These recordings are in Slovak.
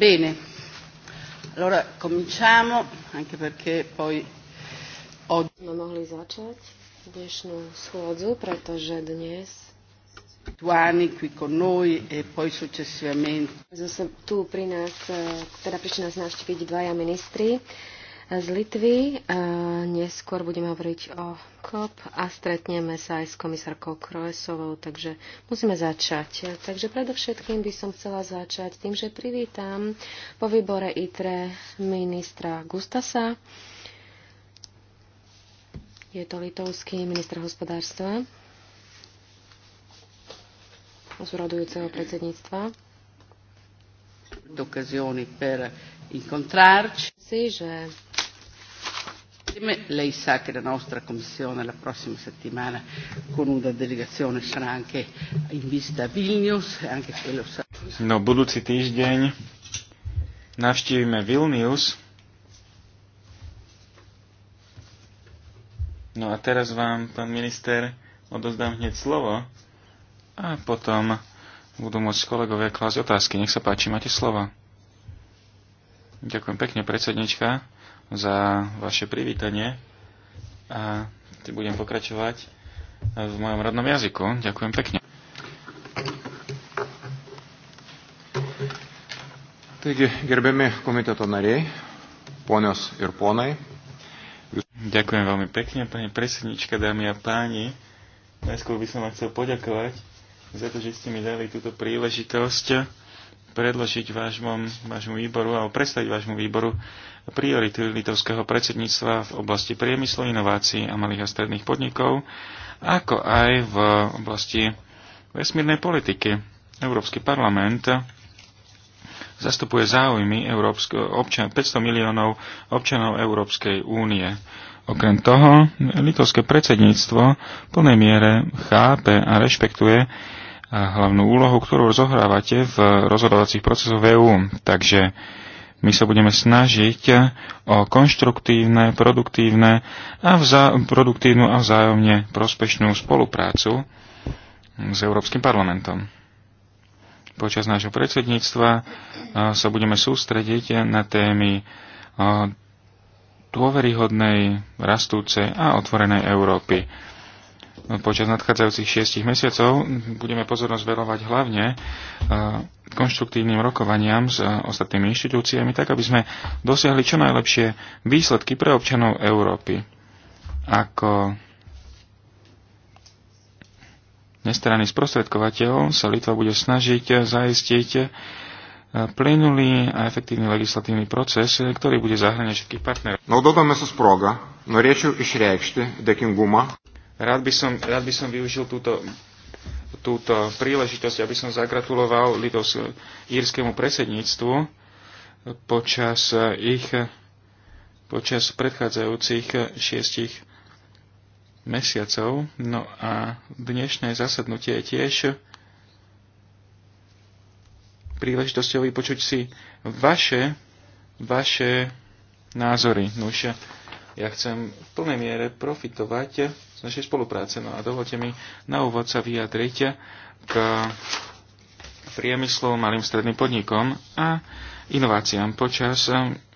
Bene, allora cominciamo, anche perché poi od... No, mohli začať dnešnú schôdzu, pretože dnes Tuani qui con noi e poi successivamente. Zase tu pri nás, e, teda prišli nás navštíviť dvaja ministri z Litvy. E, neskôr budeme hovoriť o COP a stretneme sa aj s komisárkou Kroesovou, takže musíme začať. Takže predovšetkým by som chcela začať tým, že privítam po výbore ITRE ministra Gustasa. Je to litovský minister hospodárstva z rodujúceho predsedníctva. per incontrarci. Si, že Lei sa che la nostra Commissione la prossima settimana con una delegazione sarà anche in vista a Vilnius, e anche quello sa. No, budúci týždeň navštívime Vilnius. No a teraz vám, pán minister, odozdám hneď slovo a potom budú môcť kolegovia klásť otázky. Nech sa páči, máte slovo. Ďakujem pekne, predsednička za vaše privítanie a ty budem pokračovať v mojom rodnom jazyku. Ďakujem pekne. Taigi, gerbiami komiteto nariai, ponios ir ponai. Ďakujem veľmi pekne, pani presednička, dámy a páni. Najskôr by som vám chcel poďakovať za to, že ste mi dali túto príležitosť predložiť vášmu, vášmu výboru alebo predstaviť vášmu výboru priority litovského predsedníctva v oblasti priemyslu, inovácií a malých a stredných podnikov, ako aj v oblasti vesmírnej politiky. Európsky parlament zastupuje záujmy Európsk- občan- 500 miliónov občanov Európskej únie. Okrem toho, litovské predsedníctvo v plnej miere chápe a rešpektuje hlavnú úlohu, ktorú zohrávate v rozhodovacích procesoch EÚ. Takže my sa budeme snažiť o konštruktívne, produktívne a vzá- produktívnu a vzájomne prospešnú spoluprácu s Európskym parlamentom. Počas nášho predsedníctva e, sa budeme sústrediť na témy e, dôveryhodnej, rastúcej a otvorenej Európy počas nadchádzajúcich šiestich mesiacov budeme pozornosť verovať hlavne e, konštruktívnym rokovaniam s e, ostatnými inštitúciami, tak aby sme dosiahli čo najlepšie výsledky pre občanov Európy. Ako nestranný sprostredkovateľ sa Litva bude snažiť zaistiť e, plynulý a efektívny legislatívny proces, ktorý bude zahrňať všetkých partnerov. dodáme sa sproga, norėčiau išreikšti guma. Rád by som, rád by som využil túto, túto príležitosť, aby som zagratuloval Lidos írskému predsedníctvu počas ich počas predchádzajúcich šiestich mesiacov. No a dnešné zasadnutie je tiež príležitosťou vypočuť si vaše, vaše názory. Nuž, ja chcem v plnej miere profitovať z našej spolupráce. No a dovolte mi na úvod sa vyjadriť k priemyslu, malým stredným podnikom a inováciám počas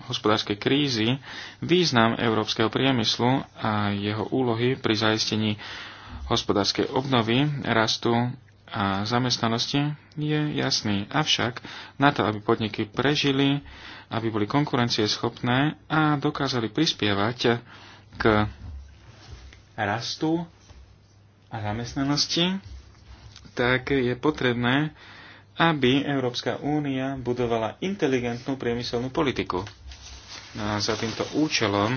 hospodárskej krízy, význam európskeho priemyslu a jeho úlohy pri zaistení hospodárskej obnovy, rastu a zamestnanosti je jasný. Avšak na to, aby podniky prežili, aby boli konkurencieschopné a dokázali prispievať k rastu a zamestnanosti, tak je potrebné, aby Európska únia budovala inteligentnú priemyselnú politiku. No a za týmto účelom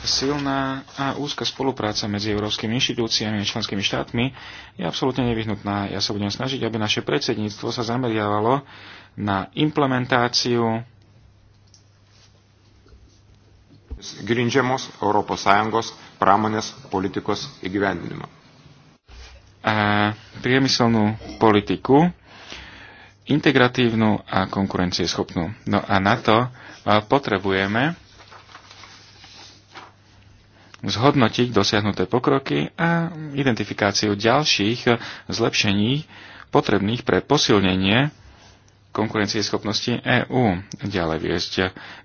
silná a úzka spolupráca medzi európskymi inštitúciami a členskými štátmi je absolútne nevyhnutná. Ja sa budem snažiť, aby naše predsedníctvo sa zameriavalo na implementáciu grindžiamos ES pramonės politikos įgyvendinimą. E, priemyselnú politiku, integratívnu a konkurencieschopnú. No a na to e, potrebujeme zhodnotiť dosiahnuté pokroky a identifikáciu ďalších zlepšení potrebných pre posilnenie konkurencieschopnosti EÚ, ďalej viesť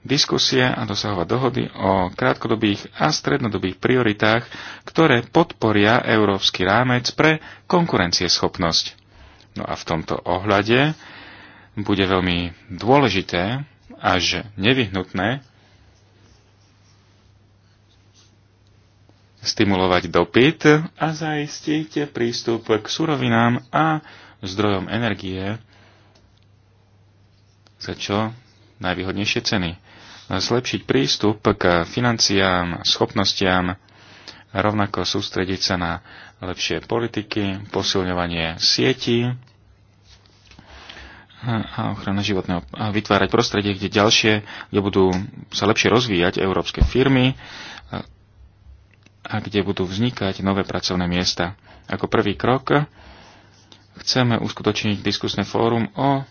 diskusie a dosahovať dohody o krátkodobých a strednodobých prioritách, ktoré podporia európsky rámec pre konkurencieschopnosť. No a v tomto ohľade bude veľmi dôležité až nevyhnutné stimulovať dopyt a zaistiť prístup k surovinám a zdrojom energie za čo najvýhodnejšie ceny. Zlepšiť prístup k financiám, schopnostiam, rovnako sústrediť sa na lepšie politiky, posilňovanie sietí a ochrana životného a vytvárať prostredie, kde ďalšie, kde budú sa lepšie rozvíjať európske firmy a kde budú vznikať nové pracovné miesta. Ako prvý krok chceme uskutočniť diskusné fórum o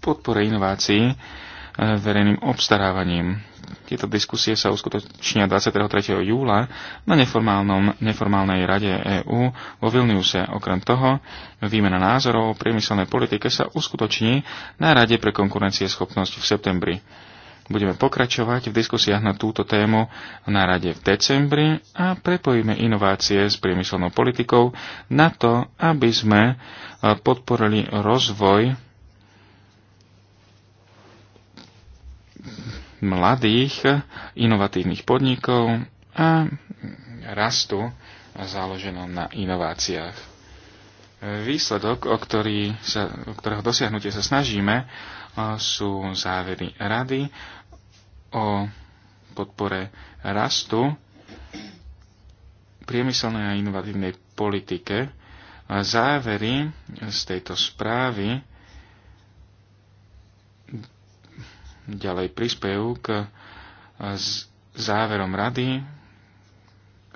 podpore inovácií e, verejným obstarávaním. Tieto diskusie sa uskutočnia 23. júla na neformálnom, neformálnej rade EÚ vo Vilniuse. Okrem toho, výmena názorov o priemyselnej politike sa uskutoční na Rade pre konkurencieschopnosť v septembri. Budeme pokračovať v diskusiách na túto tému na rade v decembri a prepojíme inovácie s priemyselnou politikou na to, aby sme e, podporili rozvoj mladých inovatívnych podnikov a rastu založenom na inováciách. Výsledok, o, ktorý sa, o ktorého dosiahnutie sa snažíme, sú závery rady o podpore rastu priemyselnej a inovatívnej politike. Závery z tejto správy ďalej prispejú k e, záverom rady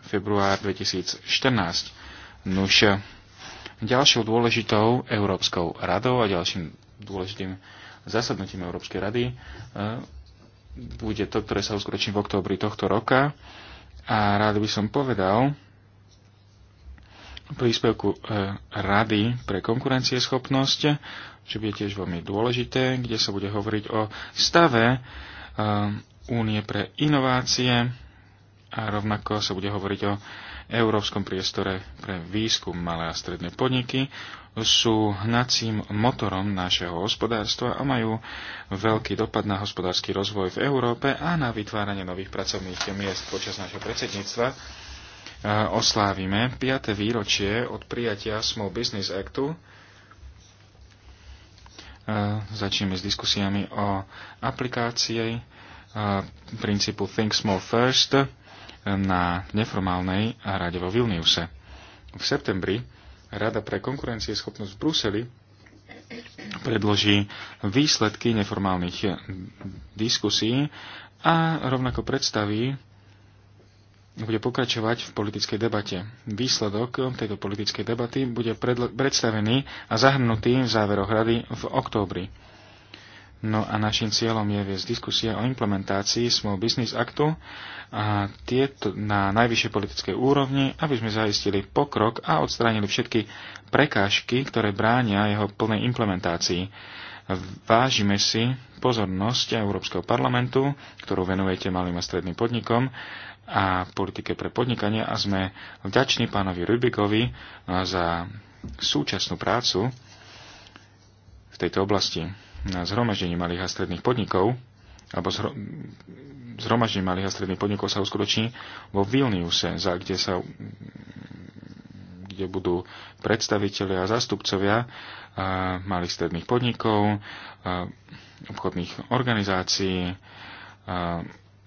február 2014. Nuž e, ďalšou dôležitou Európskou radou a ďalším dôležitým zasadnutím Európskej rady e, bude to, ktoré sa uskutoční v októbri tohto roka. A rád by som povedal, príspevku e, Rady pre konkurencieschopnosť, čo je tiež veľmi dôležité, kde sa bude hovoriť o stave e, Únie pre inovácie a rovnako sa bude hovoriť o európskom priestore pre výskum malé a stredné podniky sú hnacím motorom našeho hospodárstva a majú veľký dopad na hospodársky rozvoj v Európe a na vytváranie nových pracovných miest počas našho predsedníctva oslávime 5. výročie od prijatia Small Business Actu. Začneme s diskusiami o aplikácii princípu Think Small First na neformálnej rade vo Vilniuse. V septembri Rada pre konkurencieschopnosť v Bruseli predloží výsledky neformálnych diskusí a rovnako predstaví bude pokračovať v politickej debate. Výsledok tejto politickej debaty bude predstavený a zahrnutý v záveroch rady v októbri. No a našim cieľom je viesť diskusie o implementácii Small Business Actu a tieto na najvyššej politickej úrovni, aby sme zaistili pokrok a odstránili všetky prekážky, ktoré bránia jeho plnej implementácii. Vážime si pozornosť Európskeho parlamentu, ktorú venujete malým a stredným podnikom a politike pre podnikanie a sme vďační pánovi Rubikovi no za súčasnú prácu v tejto oblasti na zhromaždení malých a stredných podnikov alebo zhr- zhromaždenie malých a stredných podnikov sa uskutoční vo Vilniuse, za kde sa kde budú predstavitelia a zástupcovia malých stredných podnikov, obchodných organizácií,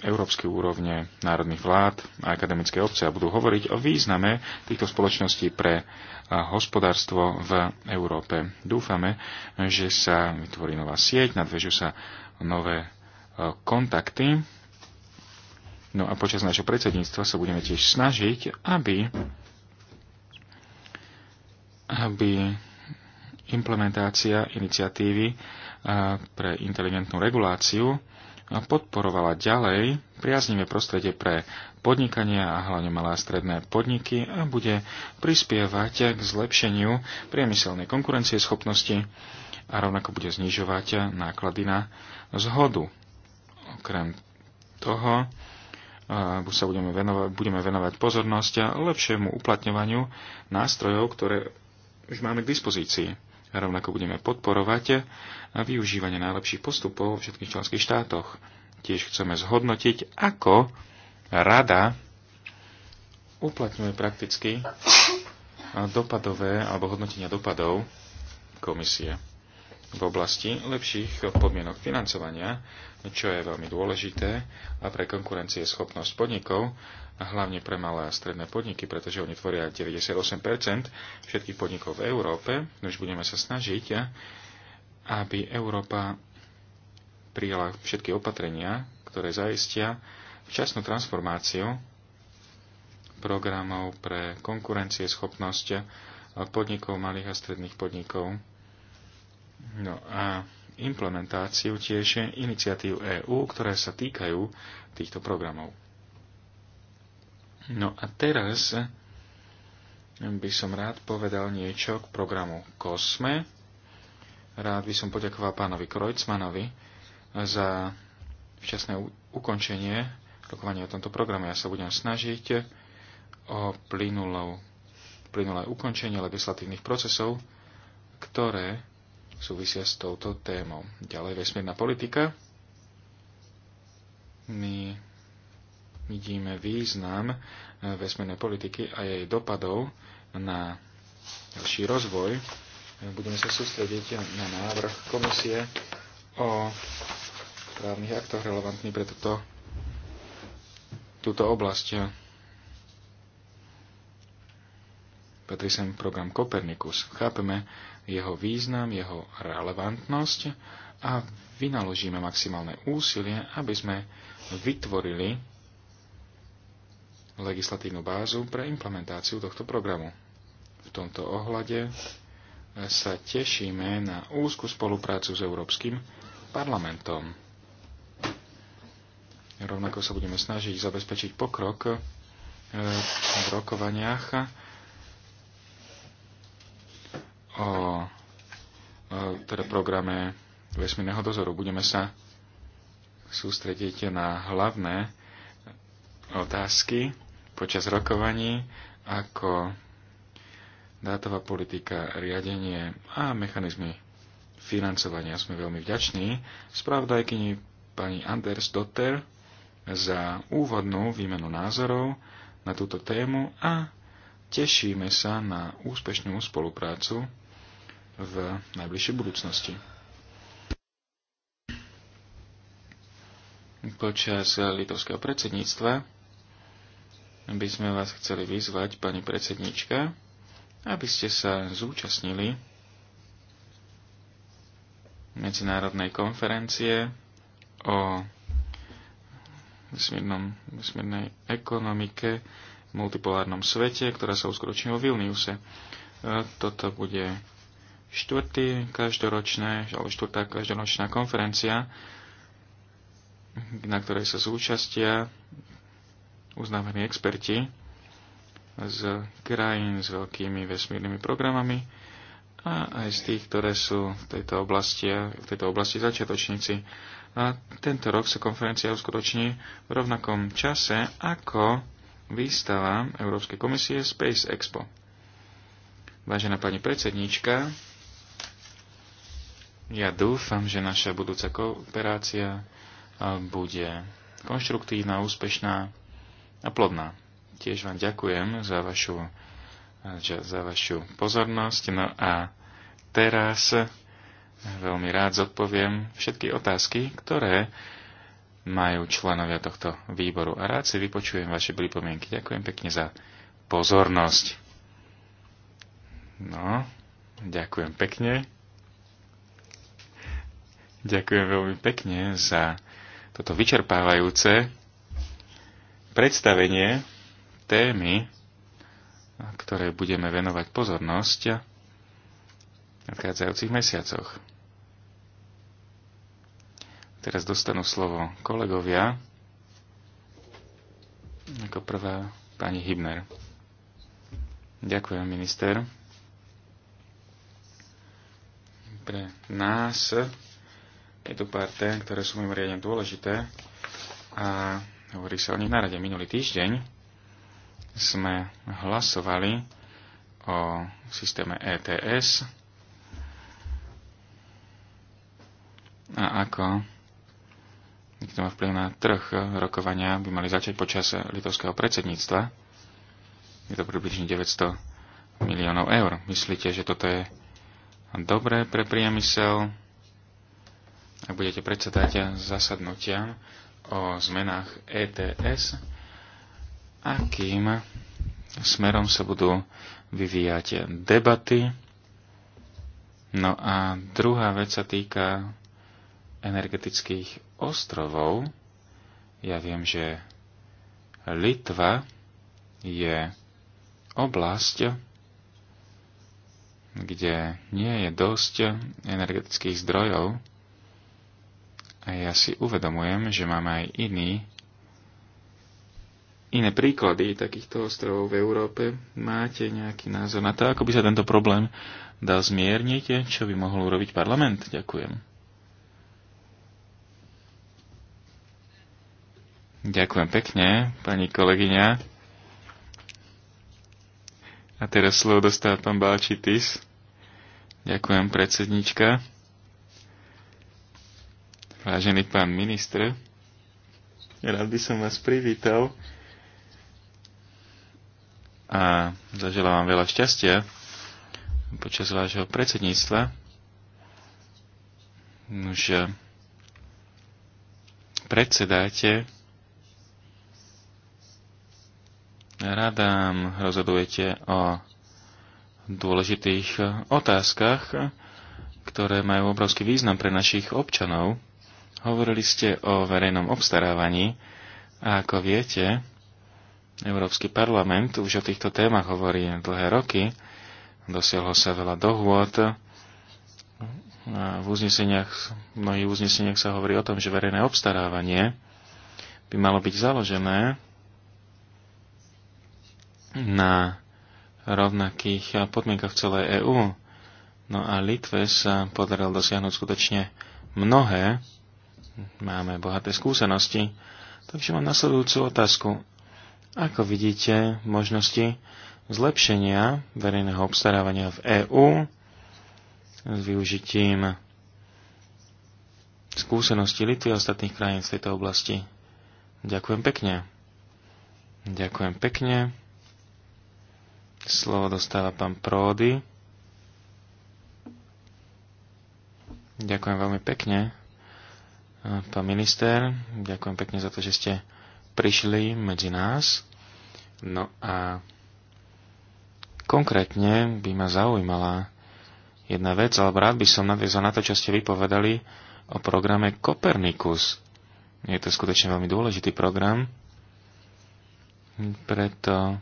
európskej úrovne národných vlád a akademické obce a budú hovoriť o význame týchto spoločností pre hospodárstvo v Európe. Dúfame, že sa vytvorí nová sieť, nadvežú sa nové kontakty. No a počas našho predsedníctva sa budeme tiež snažiť, aby, aby implementácia iniciatívy pre inteligentnú reguláciu podporovala ďalej priaznivé prostredie pre podnikanie a hlavne malé a stredné podniky a bude prispievať k zlepšeniu priemyselnej konkurencie schopnosti a rovnako bude znižovať náklady na zhodu. Okrem toho eh, sa budeme venovať, budeme venovať pozornosť a lepšiemu uplatňovaniu nástrojov, ktoré už máme k dispozícii. Rovnako budeme podporovať využívanie najlepších postupov vo všetkých členských štátoch. Tiež chceme zhodnotiť, ako rada uplatňuje prakticky dopadové alebo hodnotenia dopadov komisie v oblasti lepších podmienok financovania, čo je veľmi dôležité a pre konkurencie schopnosť podnikov, a hlavne pre malé a stredné podniky, pretože oni tvoria 98% všetkých podnikov v Európe. Už budeme sa snažiť, aby Európa prijala všetky opatrenia, ktoré zaistia včasnú transformáciu programov pre konkurencie schopnosť podnikov malých a stredných podnikov No a implementáciu tiež iniciatív EÚ, ktoré sa týkajú týchto programov. No a teraz by som rád povedal niečo k programu COSME. Rád by som poďakoval pánovi Krojcmanovi za včasné ukončenie rokovania o tomto programe. Ja sa budem snažiť o plynulé ukončenie legislatívnych procesov, ktoré súvisia s touto témou. Ďalej vesmírna politika. My vidíme význam eh, vesmírnej politiky a jej dopadov na ďalší rozvoj. Eh, budeme sa sústrediť na návrh komisie o právnych aktoch relevantných pre túto, túto oblasť. Patrí sem program Kopernikus. Chápeme, jeho význam, jeho relevantnosť a vynaložíme maximálne úsilie, aby sme vytvorili legislatívnu bázu pre implementáciu tohto programu. V tomto ohľade sa tešíme na úzku spoluprácu s Európskym parlamentom. Rovnako sa budeme snažiť zabezpečiť pokrok eh, v rokovaniach o teda programe vesmírneho dozoru. Budeme sa sústrediť na hlavné otázky počas rokovaní, ako dátová politika, riadenie a mechanizmy financovania. Sme veľmi vďační spravodajkyni pani Anders Dotter za úvodnú výmenu názorov na túto tému a tešíme sa na úspešnú spoluprácu v najbližšej budúcnosti. Počas litovského predsedníctva by sme vás chceli vyzvať, pani predsednička, aby ste sa zúčastnili medzinárodnej konferencie o vesmírnom, vesmírnej ekonomike v multipolárnom svete, ktorá sa uskutoční vo Vilniuse. Toto bude štvrtý každoročné, alebo štvrtá každoročná konferencia, na ktorej sa zúčastia uznávaní experti z krajín s veľkými vesmírnymi programami a aj z tých, ktoré sú v tejto oblasti, v tejto oblasti začiatočníci. A tento rok sa konferencia uskutoční v rovnakom čase ako výstava Európskej komisie Space Expo. Vážená pani predsedníčka, ja dúfam, že naša budúca kooperácia bude konštruktívna, úspešná a plodná. Tiež vám ďakujem za vašu, za vašu pozornosť. No a teraz veľmi rád zodpoviem všetky otázky, ktoré majú členovia tohto výboru. A rád si vypočujem vaše pripomienky. Ďakujem pekne za pozornosť. No, ďakujem pekne. Ďakujem veľmi pekne za toto vyčerpávajúce predstavenie témy, ktoré budeme venovať pozornosť v nadchádzajúcich mesiacoch. Teraz dostanú slovo kolegovia. Ako prvá pani Hibner. Ďakujem, minister. Pre nás je tu pár tém, ktoré sú mimoriadne dôležité a hovorí sa o nich na rade. Minulý týždeň sme hlasovali o systéme ETS a ako to má vplyv na trh rokovania by mali začať počas litovského predsedníctva. Je to približne 900 miliónov eur. Myslíte, že toto je dobré pre priemysel? ak budete predsedať zasadnutia o zmenách ETS, akým smerom sa budú vyvíjať debaty. No a druhá vec sa týka energetických ostrovov. Ja viem, že Litva je oblasť, kde nie je dosť energetických zdrojov, a ja si uvedomujem, že máme aj iný, iné príklady takýchto ostrovov v Európe. Máte nejaký názor na to, ako by sa tento problém dal zmierniť? Čo by mohol urobiť parlament? Ďakujem. Ďakujem pekne, pani kolegyňa. A teraz slovo dostáva pán Balčitis. Ďakujem, predsednička. Vážený pán ministr, rád by som vás privítal a zaželám vám veľa šťastia počas vášho predsedníctva. Už predsedáte radám, rozhodujete o dôležitých otázkach, ktoré majú obrovský význam pre našich občanov. Hovorili ste o verejnom obstarávaní a ako viete, Európsky parlament už o týchto témach hovorí dlhé roky. Dosiahlo sa veľa dohôd. V uzneseniach, v mnohých uzneseniach sa hovorí o tom, že verejné obstarávanie by malo byť založené na rovnakých podmienkach v celej EÚ. No a Litve sa podarilo dosiahnuť skutočne mnohé máme bohaté skúsenosti. Takže mám nasledujúcu otázku. Ako vidíte možnosti zlepšenia verejného obstarávania v EÚ s využitím skúsenosti Litvy a ostatných krajín z tejto oblasti? Ďakujem pekne. Ďakujem pekne. Slovo dostáva pán Pródy. Ďakujem veľmi pekne. Pán minister, ďakujem pekne za to, že ste prišli medzi nás. No a konkrétne by ma zaujímala jedna vec, alebo rád by som nadviezol na to, čo ste vypovedali o programe Kopernikus. Je to skutočne veľmi dôležitý program, Preto,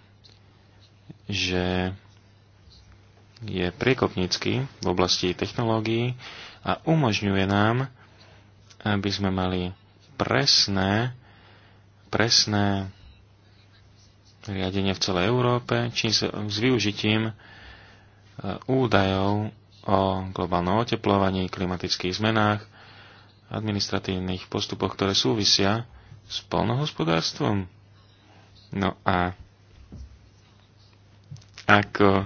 že je priekopnícky v oblasti technológií a umožňuje nám aby sme mali presné, presné riadenie v celej Európe, či s, s využitím e, údajov o globálnom oteplovaní, klimatických zmenách, administratívnych postupoch, ktoré súvisia s polnohospodárstvom. No a ako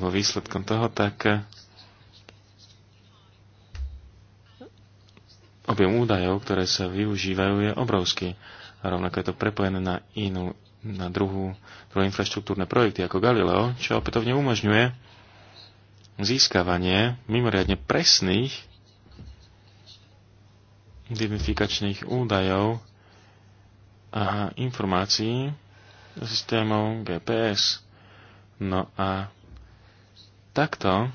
vo výsledkom toho, tak objem údajov, ktoré sa využívajú, je obrovský. A rovnako je to prepojené na inú, na druhú, druhé infraštruktúrne projekty ako Galileo, čo opätovne umožňuje získavanie mimoriadne presných identifikačných údajov a informácií systémov GPS. No a takto,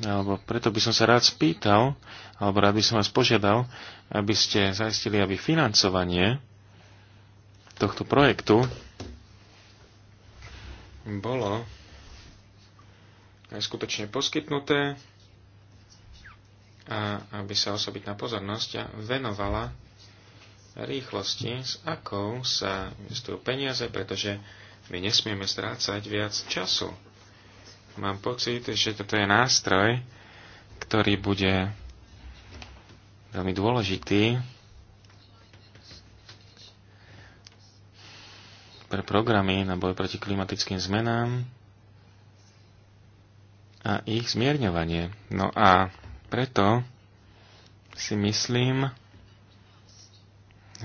alebo preto by som sa rád spýtal, alebo rád by som vás požiadal, aby ste zaistili, aby financovanie tohto projektu bolo aj skutočne poskytnuté a aby sa osobitná pozornosť venovala rýchlosti, s akou sa investujú peniaze, pretože my nesmieme strácať viac času. Mám pocit, že toto je nástroj, ktorý bude veľmi dôležitý pre programy na boj proti klimatickým zmenám a ich zmierňovanie. No a preto si myslím,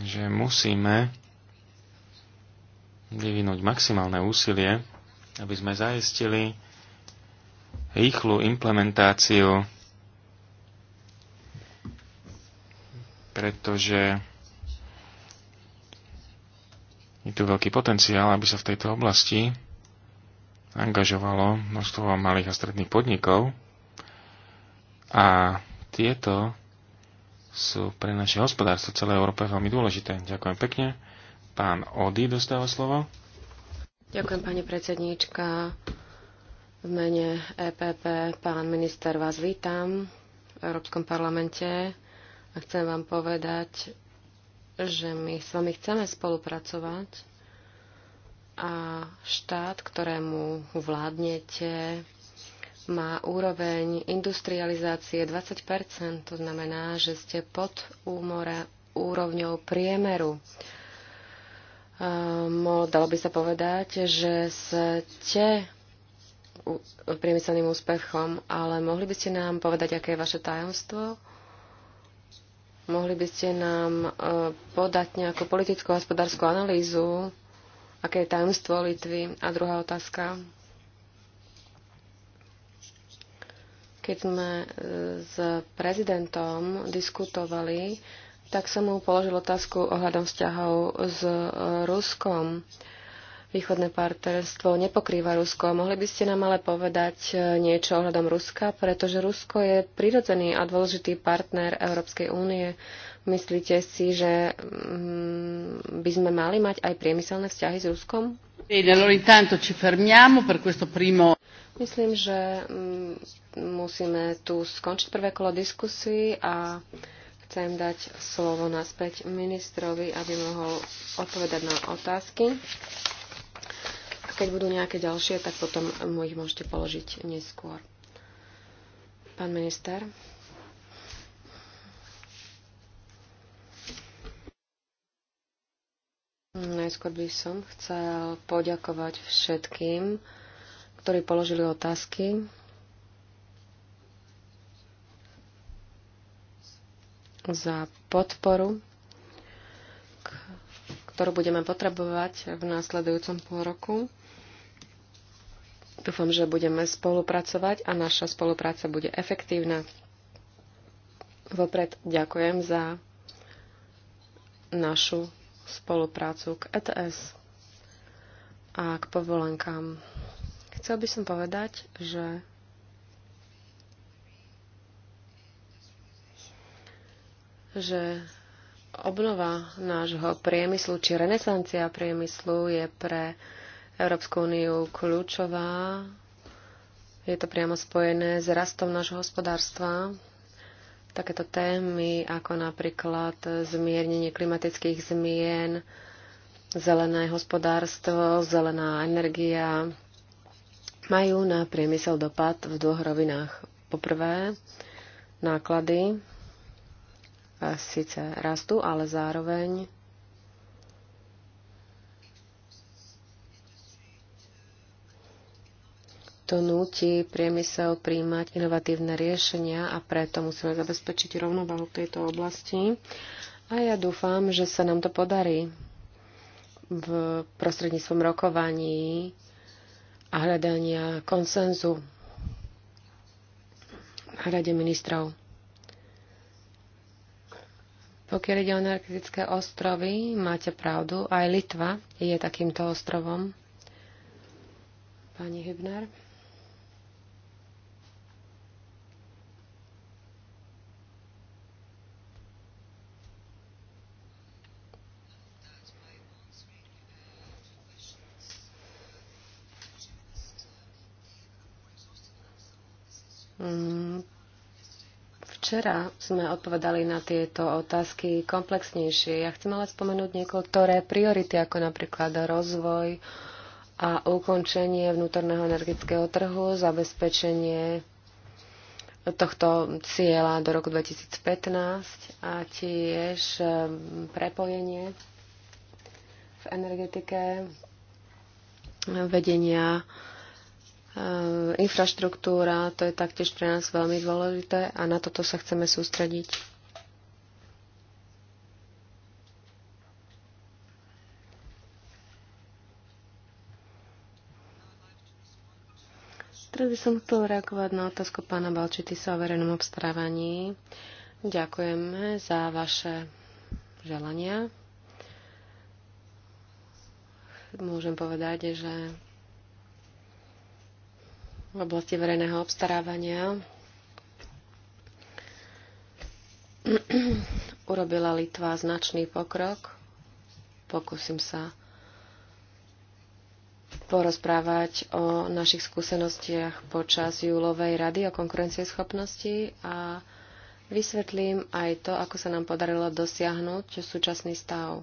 že musíme vyvinúť maximálne úsilie, aby sme zaistili rýchlu implementáciu pretože je tu veľký potenciál, aby sa v tejto oblasti angažovalo množstvo malých a stredných podnikov a tieto sú pre naše hospodárstvo celé Európe veľmi dôležité. Ďakujem pekne. Pán Ody dostáva slovo. Ďakujem, pani predsedníčka. V mene EPP, pán minister, vás vítam v Európskom parlamente. A chcem vám povedať, že my s vami chceme spolupracovať a štát, ktorému vládnete, má úroveň industrializácie 20 to znamená, že ste pod úmora, úrovňou priemeru. Um, dalo by sa povedať, že ste priemyselným úspechom, ale mohli by ste nám povedať, aké je vaše tajomstvo? Mohli by ste nám e, podať nejakú a hospodárskú analýzu, aké je tajomstvo Litvy? A druhá otázka. Keď sme e, s prezidentom diskutovali, tak som mu položil otázku ohľadom vzťahov s e, Ruskom. Uh, východné partnerstvo nepokrýva Rusko. Mohli by ste nám ale povedať e, niečo ohľadom Ruska, pretože Rusko je prirodzený a dôležitý partner Európskej únie. Myslíte si, že mm, by sme mali mať aj priemyselné vzťahy s Ruskom? Myslím, že mm, musíme tu skončiť prvé kolo diskusí a chcem dať slovo naspäť ministrovi, aby mohol odpovedať na otázky keď budú nejaké ďalšie, tak potom mu ich môžete položiť neskôr. Pán minister. Najskôr by som chcel poďakovať všetkým, ktorí položili otázky. za podporu, ktorú budeme potrebovať v následujúcom pôl roku. Dúfam, že budeme spolupracovať a naša spolupráca bude efektívna. Vopred ďakujem za našu spoluprácu k ETS a k povolenkám. Chcel by som povedať, že že obnova nášho priemyslu či renesancia priemyslu je pre Európsku úniu kľúčová. Je to priamo spojené s rastom nášho hospodárstva. Takéto témy ako napríklad zmiernenie klimatických zmien, zelené hospodárstvo, zelená energia majú na priemysel dopad v dvoch rovinách. Poprvé, náklady síce rastú, ale zároveň to núti priemysel príjmať inovatívne riešenia a preto musíme zabezpečiť rovnováhu v tejto oblasti. A ja dúfam, že sa nám to podarí v prostredníctvom rokovaní a hľadania konsenzu na rade ministrov. Pokiaľ ide o energetické ostrovy, máte pravdu, aj Litva je takýmto ostrovom. Pani Hübner. Mm, včera sme odpovedali na tieto otázky komplexnejšie. Ja chcem ale spomenúť niektoré priority, ako napríklad rozvoj a ukončenie vnútorného energetického trhu, zabezpečenie tohto cieľa do roku 2015 a tiež mm, prepojenie v energetike vedenia Ehm, infraštruktúra, to je taktiež pre nás veľmi dôležité a na toto sa chceme sústrediť. Teraz by som chcel reagovať na otázku pána Balčitisa o verejnom obstarávaní. Ďakujeme za vaše želania. Môžem povedať, že v oblasti verejného obstarávania urobila Litva značný pokrok. Pokúsim sa porozprávať o našich skúsenostiach počas júlovej rady o konkurencieschopnosti a vysvetlím aj to, ako sa nám podarilo dosiahnuť súčasný stav.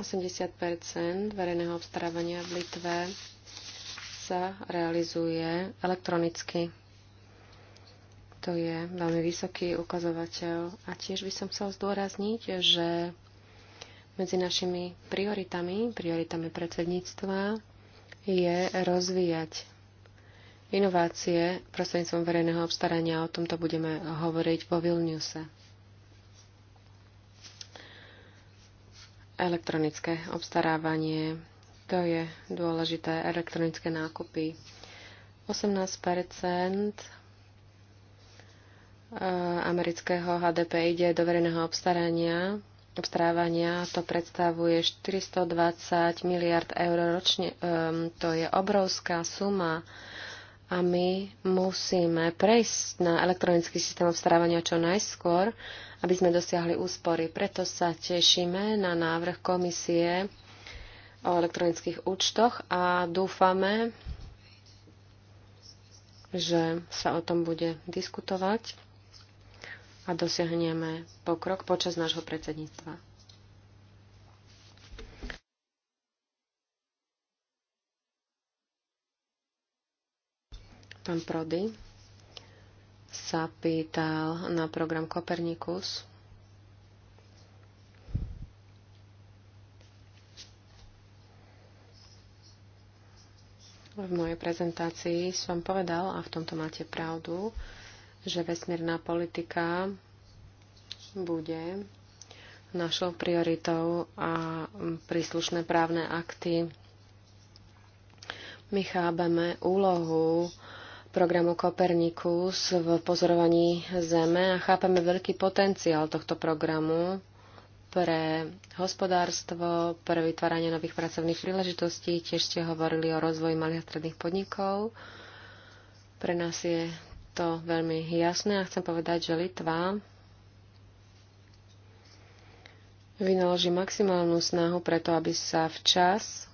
80 verejného obstarávania v Litve sa realizuje elektronicky. To je veľmi vysoký ukazovateľ. A tiež by som chcel zdôrazniť, že medzi našimi prioritami, prioritami predsedníctva, je rozvíjať inovácie prostredníctvom verejného obstarania. O tomto budeme hovoriť vo Vilniuse. Elektronické obstarávanie to je dôležité. Elektronické nákupy. 18 eh, amerického HDP ide do verejného obstarania, obstarávania. To predstavuje 420 miliard eur ročne. Ehm, to je obrovská suma a my musíme prejsť na elektronický systém obstarávania čo najskôr, aby sme dosiahli úspory. Preto sa tešíme na návrh komisie o elektronických účtoch a dúfame, že sa o tom bude diskutovať a dosiahneme pokrok počas nášho predsedníctva. Pán Prody sa pýtal na program Kopernikus. V mojej prezentácii som povedal, a v tomto máte pravdu, že vesmírna politika bude našou prioritou a príslušné právne akty. My chápeme úlohu programu Kopernikus v pozorovaní Zeme a chápeme veľký potenciál tohto programu pre hospodárstvo, pre vytváranie nových pracovných príležitostí. Tiež ste hovorili o rozvoji malých a stredných podnikov. Pre nás je to veľmi jasné a chcem povedať, že Litva vynaloží maximálnu snahu preto, aby sa včas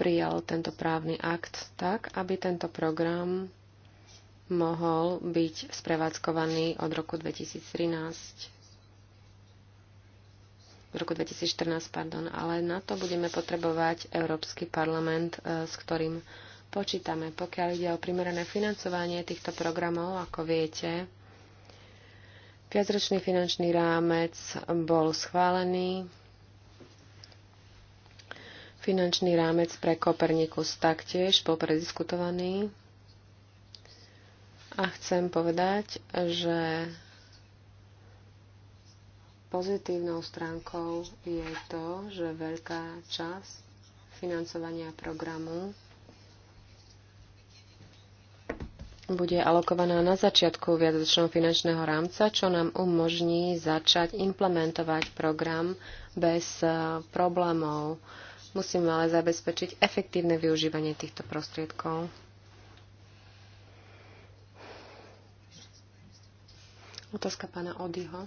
prijal tento právny akt tak, aby tento program mohol byť sprevádzkovaný od roku 2013 v roku 2014, pardon, ale na to budeme potrebovať Európsky parlament, e, s ktorým počítame. Pokiaľ ide o primerané financovanie týchto programov, ako viete, viacročný finančný rámec bol schválený. Finančný rámec pre Kopernikus taktiež bol prediskutovaný. A chcem povedať, že Pozitívnou stránkou je to, že veľká časť financovania programu bude alokovaná na začiatku viacročného finančného rámca, čo nám umožní začať implementovať program bez eh, problémov. Musíme ale zabezpečiť efektívne využívanie týchto prostriedkov. Otázka pána Odyho.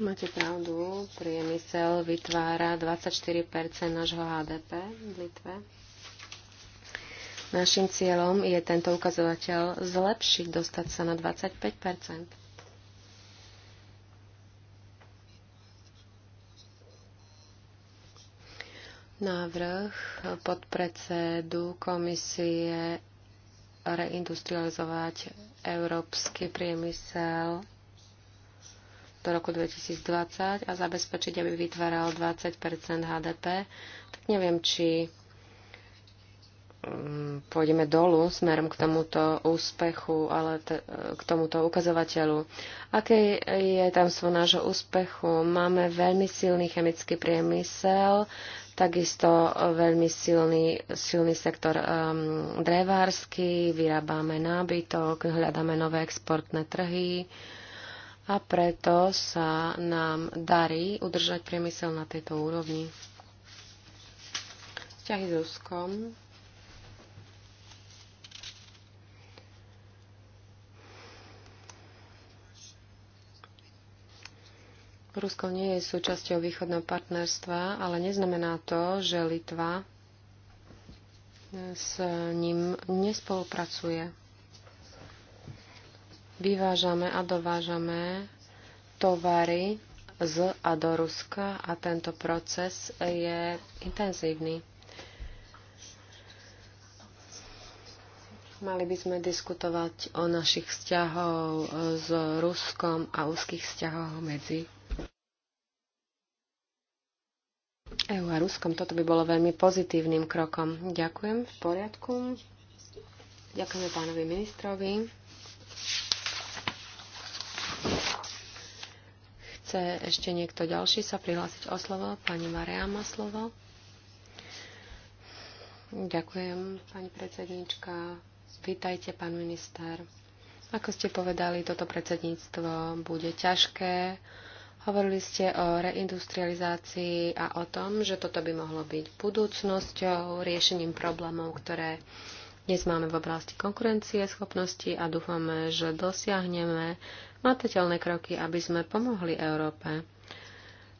Máte pravdu, priemysel vytvára 24 nášho HDP v Litve. Našim cieľom je tento ukazovateľ zlepšiť, dostať sa na 25 Návrh predsedu komisie reindustrializovať európsky priemysel do roku 2020 a zabezpečiť, aby vytváral 20 HDP, tak neviem, či mm, pôjdeme dolu smerom k tomuto úspechu, ale t- k tomuto ukazovateľu. Aké je tam svo nášho úspechu? Máme veľmi silný chemický priemysel, takisto veľmi silný, silný sektor um, ehm, drevársky, vyrábame nábytok, hľadáme nové exportné trhy, a preto sa nám darí udržať priemysel na tejto úrovni. Vzťahy s Ruskom. Rusko nie je súčasťou východného partnerstva, ale neznamená to, že Litva s ním nespolupracuje vyvážame a dovážame tovary z a do Ruska a tento proces je intenzívny. Mali by sme diskutovať o našich vzťahov s Ruskom a úzkých vzťahov medzi EU a Ruskom. Toto by bolo veľmi pozitívnym krokom. Ďakujem. V poriadku. Ďakujeme pánovi ministrovi. Chce ešte niekto ďalší sa prihlásiť o slovo? Pani Maria má slovo. Ďakujem, pani predsednička. Vítajte, pán minister. Ako ste povedali, toto predsedníctvo bude ťažké. Hovorili ste o reindustrializácii a o tom, že toto by mohlo byť budúcnosťou, riešením problémov, ktoré dnes máme v oblasti konkurencie, schopnosti a dúfame, že dosiahneme matateľné kroky, aby sme pomohli Európe.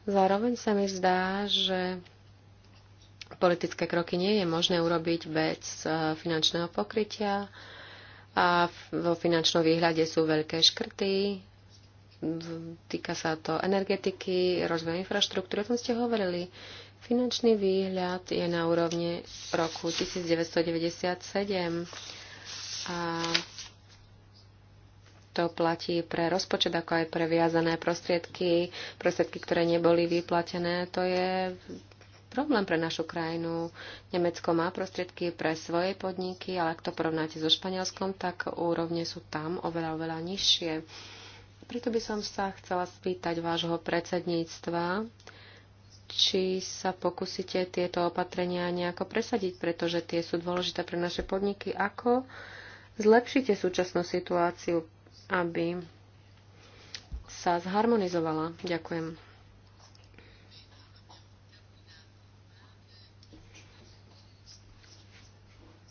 Zároveň sa mi zdá, že politické kroky nie je možné urobiť bez eh, finančného pokrytia a vo finančnom výhľade sú veľké škrty. Týka sa to energetiky, rozvoja infraštruktúry, o tom ste hovorili. Finančný výhľad je na úrovni roku 1997 a to platí pre rozpočet, ako aj pre viazané prostriedky, prostriedky, ktoré neboli vyplatené. To je problém pre našu krajinu. Nemecko má prostriedky pre svoje podniky, ale ak to porovnáte so Španielskom, tak úrovne sú tam oveľa, oveľa nižšie. Preto by som sa chcela spýtať vášho predsedníctva, či sa pokúsite tieto opatrenia nejako presadiť, pretože tie sú dôležité pre naše podniky. Ako zlepšíte súčasnú situáciu aby sa zharmonizovala. Ďakujem.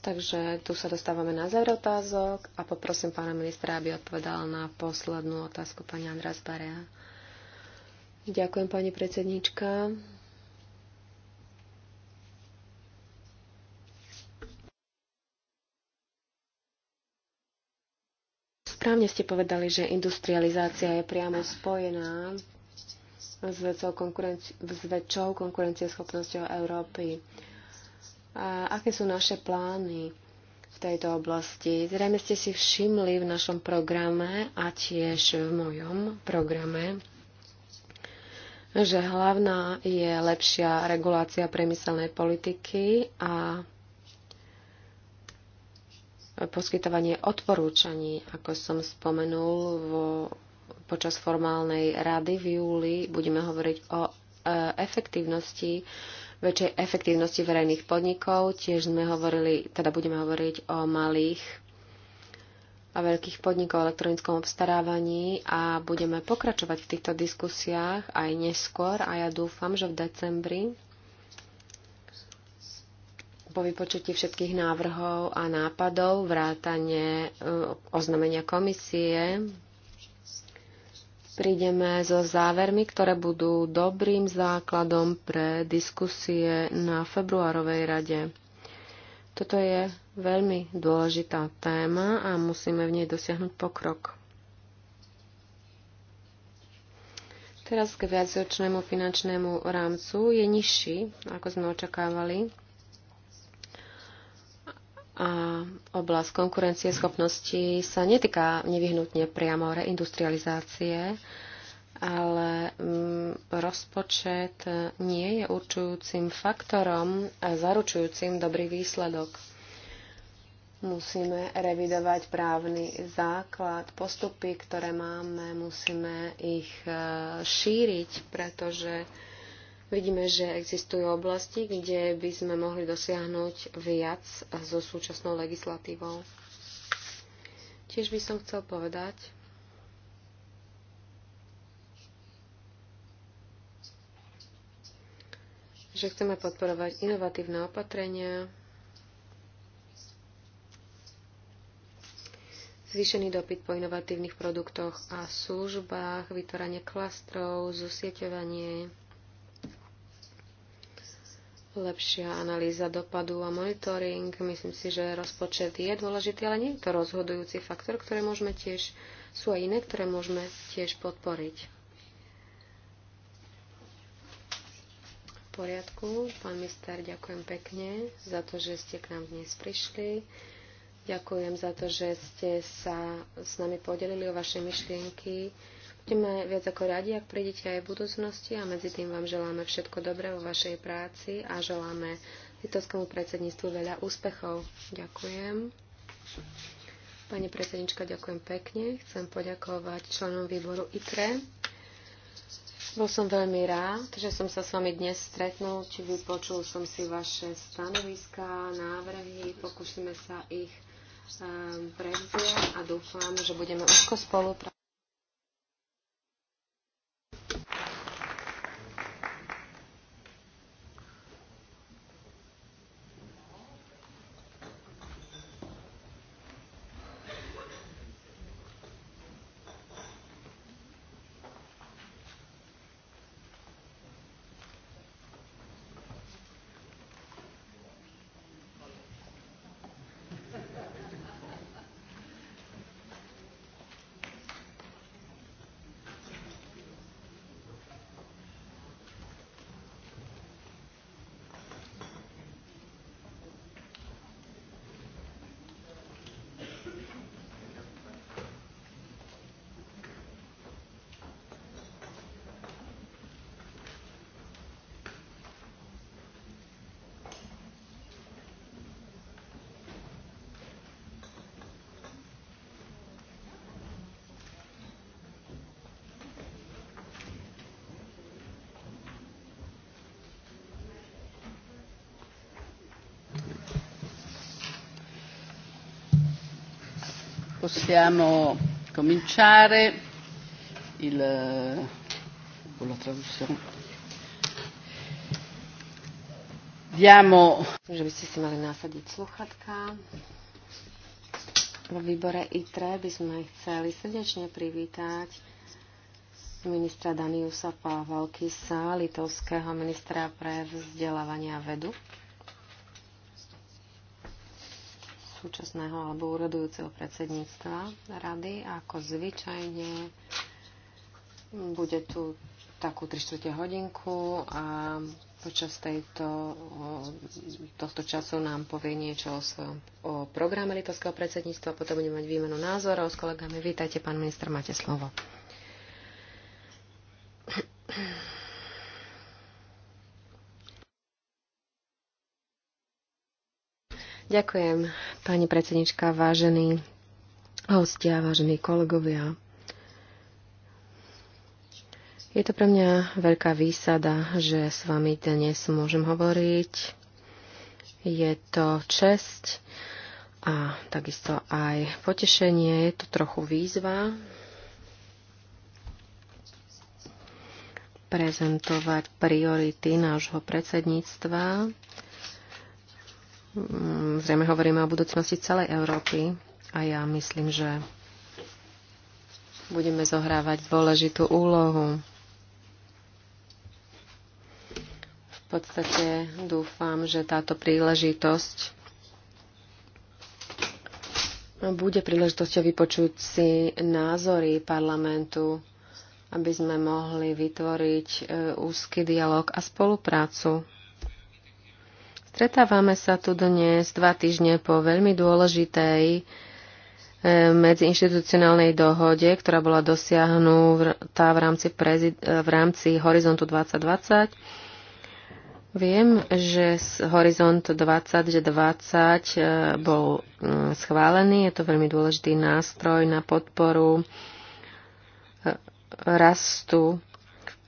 Takže tu sa dostávame na záver otázok a poprosím pána ministra, aby odpovedal na poslednú otázku pani András Barea. Ďakujem, pani predsednička. Správne ste povedali, že industrializácia je priamo spojená s väčšou, konkurenci- s väčšou konkurencieschopnosťou Európy. A aké sú naše plány v tejto oblasti? Zrejme ste si všimli v našom programe a tiež v mojom programe, že hlavná je lepšia regulácia priemyselnej politiky a poskytovanie odporúčaní, ako som spomenul vo, počas formálnej rady v júli, budeme hovoriť o e, efektívnosti, väčšej efektívnosti verejných podnikov. Tiež sme hovorili, teda budeme hovoriť o malých a veľkých podnikov v elektronickom obstarávaní a budeme pokračovať v týchto diskusiách aj neskôr a ja dúfam, že v decembri po vypočutí všetkých návrhov a nápadov, vrátane e, oznámenia komisie, prídeme so závermi, ktoré budú dobrým základom pre diskusie na februárovej rade. Toto je veľmi dôležitá téma a musíme v nej dosiahnuť pokrok. Teraz k viacročnému finančnému rámcu je nižší, ako sme očakávali. A oblasť konkurencieschopnosti sa netýka nevyhnutne priamo reindustrializácie, ale mm, rozpočet nie je určujúcim faktorom a zaručujúcim dobrý výsledok. Musíme revidovať právny základ, postupy, ktoré máme, musíme ich e, šíriť, pretože Vidíme, že existujú oblasti, kde by sme mohli dosiahnuť viac so súčasnou legislatívou. Tiež by som chcel povedať, že chceme podporovať inovatívne opatrenia, zvýšený dopyt po inovatívnych produktoch a službách, vytvorenie klastrov, zosieťovanie, lepšia analýza dopadu a monitoring. Myslím si, že rozpočet je dôležitý, ale nie je to rozhodujúci faktor, ktoré môžeme tiež, sú aj iné, ktoré môžeme tiež podporiť. V poriadku, pán minister, ďakujem pekne za to, že ste k nám dnes prišli. Ďakujem za to, že ste sa s nami podelili o vaše myšlienky. Budeme viac ako radi, ak prídete aj v budúcnosti a medzi tým vám želáme všetko dobré vo vašej práci a želáme litovskému predsedníctvu veľa úspechov. Ďakujem. Pani predsednička, ďakujem pekne. Chcem poďakovať členom výboru ITRE. Bol som veľmi rád, že som sa s vami dnes stretnul, či vypočul som si vaše stanoviská, návrhy, pokúsime sa ich um, prevziať a dúfam, že budeme úzko spolupracovať. Possiamo cominciare il, con la traduzione. Diamo... Že by ste si mali nasadiť sluchatka. Vo výbore ITRE by sme chceli srdečne privítať ministra Daniusa Pavalkisa, litovského ministra pre vzdelávanie a vedu. súčasného alebo úradujúceho predsedníctva rady. Ako zvyčajne bude tu takú 3 čtvrte hodinku a počas tejto, tohto času nám povie niečo o svojom o programe litovského predsedníctva, potom budeme mať výmenu názorov s kolegami. Vítajte, pán minister, máte slovo. Ďakujem, pani predsednička, vážení hostia, vážení kolegovia. Je to pre mňa veľká výsada, že s vami dnes môžem hovoriť. Je to česť a takisto aj potešenie. Je to trochu výzva prezentovať priority nášho predsedníctva Mm, zrejme hovoríme o budúcnosti celej Európy a ja myslím, že budeme zohrávať dôležitú úlohu. V podstate dúfam, že táto príležitosť bude príležitosťou vypočuť si názory parlamentu, aby sme mohli vytvoriť e, úzky dialog a spoluprácu. Stretávame sa tu dnes dva týždne po veľmi dôležitej e, medziinštitucionálnej dohode, ktorá bola dosiahnutá v rámci, prezid- e, v rámci Horizontu 2020. Viem, že z Horizont 20, že 20 e, bol schválený. Je to veľmi dôležitý nástroj na podporu rastu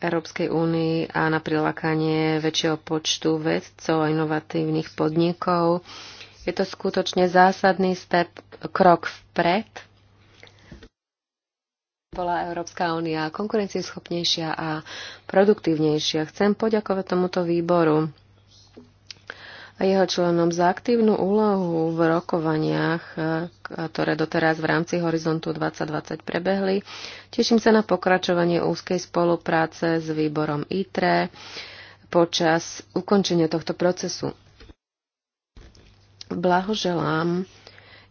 Európskej únii a na prilákanie väčšieho počtu vedcov a inovatívnych podnikov. Je to skutočne zásadný step, krok vpred. Bola Európska únia konkurencieschopnejšia a produktívnejšia. Chcem poďakovať tomuto výboru a jeho členom za aktívnu úlohu v rokovaniach, e, ktoré doteraz v rámci Horizontu 2020 prebehli. Teším sa na pokračovanie úzkej spolupráce s výborom ITRE počas ukončenia tohto procesu. Blahoželám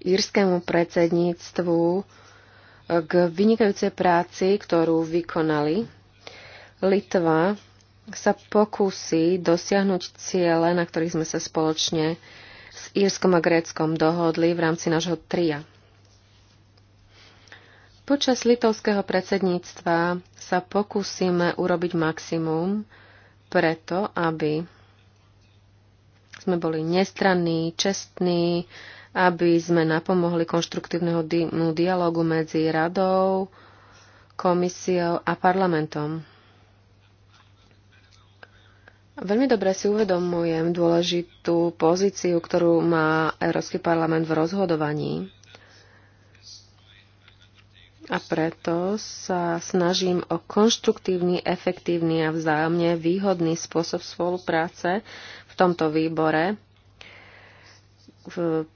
írskému predsedníctvu e, k vynikajúcej práci, ktorú vykonali. Litva sa pokúsi dosiahnuť ciele, na ktorých sme sa spoločne s Írskom a Gréckom dohodli v rámci nášho tria. Počas litovského predsedníctva sa pokúsime urobiť maximum preto, aby sme boli nestranní, čestní, aby sme napomohli konštruktívneho dialogu medzi radou, komisiou a parlamentom. Veľmi dobre si uvedomujem dôležitú pozíciu, ktorú má Európsky parlament v rozhodovaní. A preto sa snažím o konštruktívny, efektívny a vzájomne výhodný spôsob spolupráce v tomto výbore.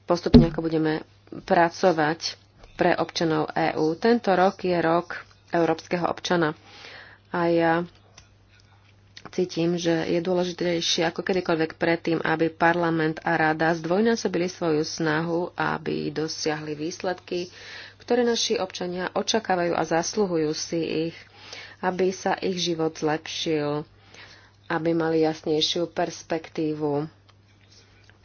Postupne ako budeme pracovať pre občanov EÚ. Tento rok je rok európskeho občana. A ja cítim, že je dôležitejšie ako kedykoľvek predtým, aby parlament a rada zdvojnásobili svoju snahu, aby dosiahli výsledky, ktoré naši občania očakávajú a zasluhujú si ich, aby sa ich život zlepšil, aby mali jasnejšiu perspektívu.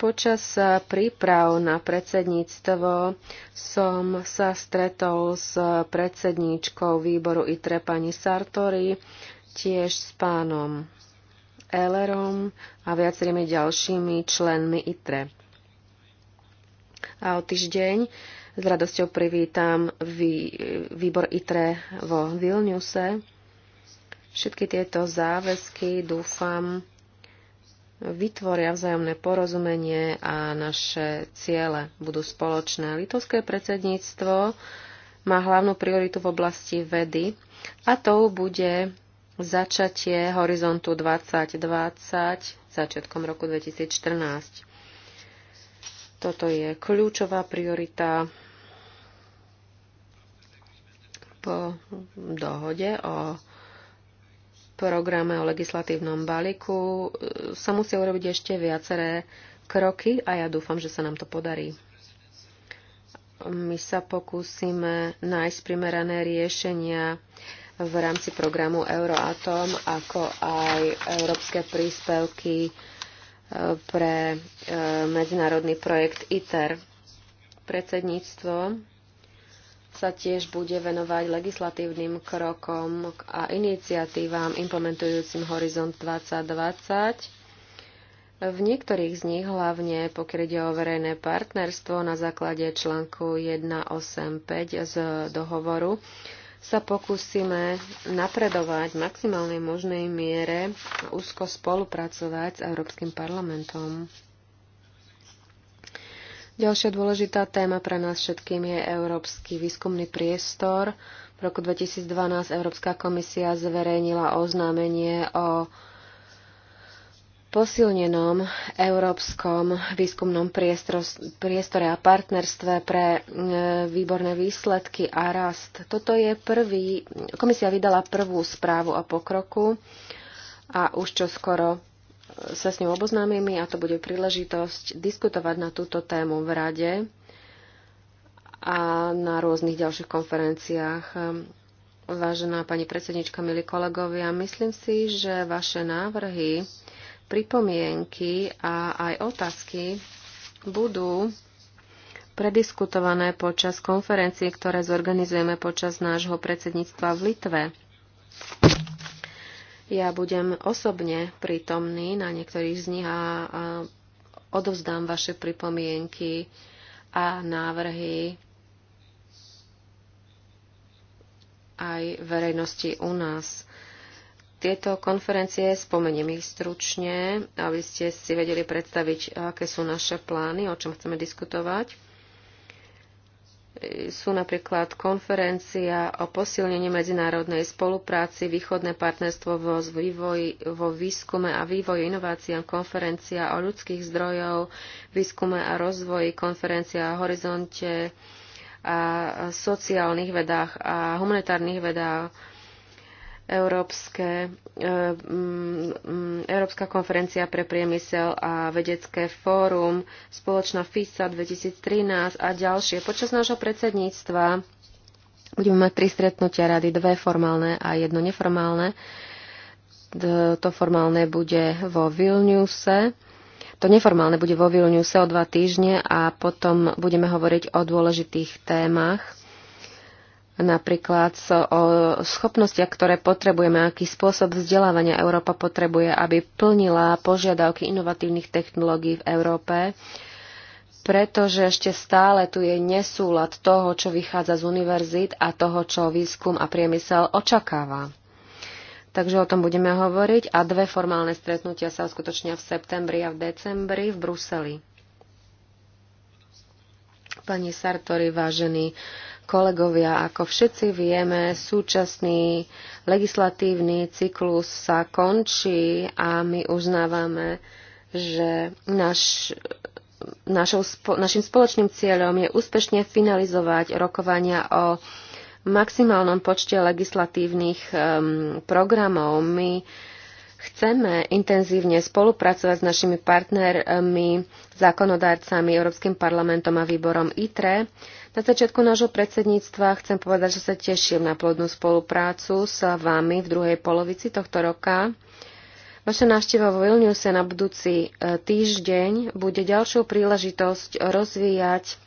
Počas príprav na predsedníctvo som sa stretol s predsedníčkou výboru ITRE pani Sartori, tiež s pánom Ellerom a viacerými ďalšími členmi ITRE. A o týždeň s radosťou privítam vý, výbor ITRE vo Vilniuse. Všetky tieto záväzky, dúfam, vytvoria vzájomné porozumenie a naše ciele budú spoločné. Litovské predsedníctvo má hlavnú prioritu v oblasti vedy a tou bude začatie horizontu 2020 začiatkom roku 2014. Toto je kľúčová priorita po dohode o programe o legislatívnom balíku sa musia urobiť ešte viaceré kroky a ja dúfam, že sa nám to podarí. My sa pokúsime nájsť primerané riešenia v rámci programu Euroatom, ako aj európske príspevky e, pre e, medzinárodný projekt ITER. Predsedníctvo sa tiež bude venovať legislatívnym krokom a iniciatívam implementujúcim Horizont 2020. V niektorých z nich, hlavne pokiaľ ide o verejné partnerstvo na základe článku 185 z dohovoru, sa pokúsime napredovať v maximálnej možnej miere a úzko spolupracovať s Európskym parlamentom. Ďalšia dôležitá téma pre nás všetkým je Európsky výskumný priestor. V roku 2012 Európska komisia zverejnila oznámenie o posilnenom európskom výskumnom priestore a partnerstve pre e, výborné výsledky a rast. Toto je prvý, komisia vydala prvú správu o pokroku a už čo skoro e, sa s ňou oboznámime a to bude príležitosť diskutovať na túto tému v rade a na rôznych ďalších konferenciách. E, vážená pani predsednička, milí kolegovia, myslím si, že vaše návrhy pripomienky a aj otázky budú prediskutované počas konferencie, ktoré zorganizujeme počas nášho predsedníctva v Litve. Ja budem osobne prítomný na niektorých z nich a, a odovzdám vaše pripomienky a návrhy aj verejnosti u nás. Tieto konferencie, spomeniem ich stručne, aby ste si vedeli predstaviť, aké sú naše plány, o čom chceme diskutovať. Sú napríklad konferencia o posilnení medzinárodnej spolupráci, východné partnerstvo vo, vývoji, vo výskume a vývoji inováciám, konferencia o ľudských zdrojov, výskume a rozvoji, konferencia o horizonte a sociálnych vedách a humanitárnych vedách, Európske, e, mm, mm, Európska konferencia pre priemysel a vedecké fórum, spoločná FISA 2013 a ďalšie. Počas nášho predsedníctva budeme mať tri stretnutia rady, dve formálne a jedno neformálne. To formálne bude vo Vilniuse. To neformálne bude vo Vilniuse o dva týždne a potom budeme hovoriť o dôležitých témach napríklad o schopnostiach, ktoré potrebujeme, aký spôsob vzdelávania Európa potrebuje, aby plnila požiadavky inovatívnych technológií v Európe, pretože ešte stále tu je nesúlad toho, čo vychádza z univerzít a toho, čo výskum a priemysel očakáva. Takže o tom budeme hovoriť a dve formálne stretnutia sa uskutočnia v septembri a v decembri v Bruseli. Pani Sartori, vážení Kolegovia, ako všetci vieme, súčasný legislatívny cyklus sa končí a my uznávame, že naš, našou, našim spoločným cieľom je úspešne finalizovať rokovania o maximálnom počte legislatívnych um, programov. My chceme intenzívne spolupracovať s našimi partnermi, zákonodárcami, Európskym parlamentom a výborom ITRE na začiatku nášho predsedníctva chcem povedať, že sa teším na plodnú spoluprácu s vami v druhej polovici tohto roka. Vaša návšteva vo Vilniuse na budúci e, týždeň bude ďalšou príležitosť rozvíjať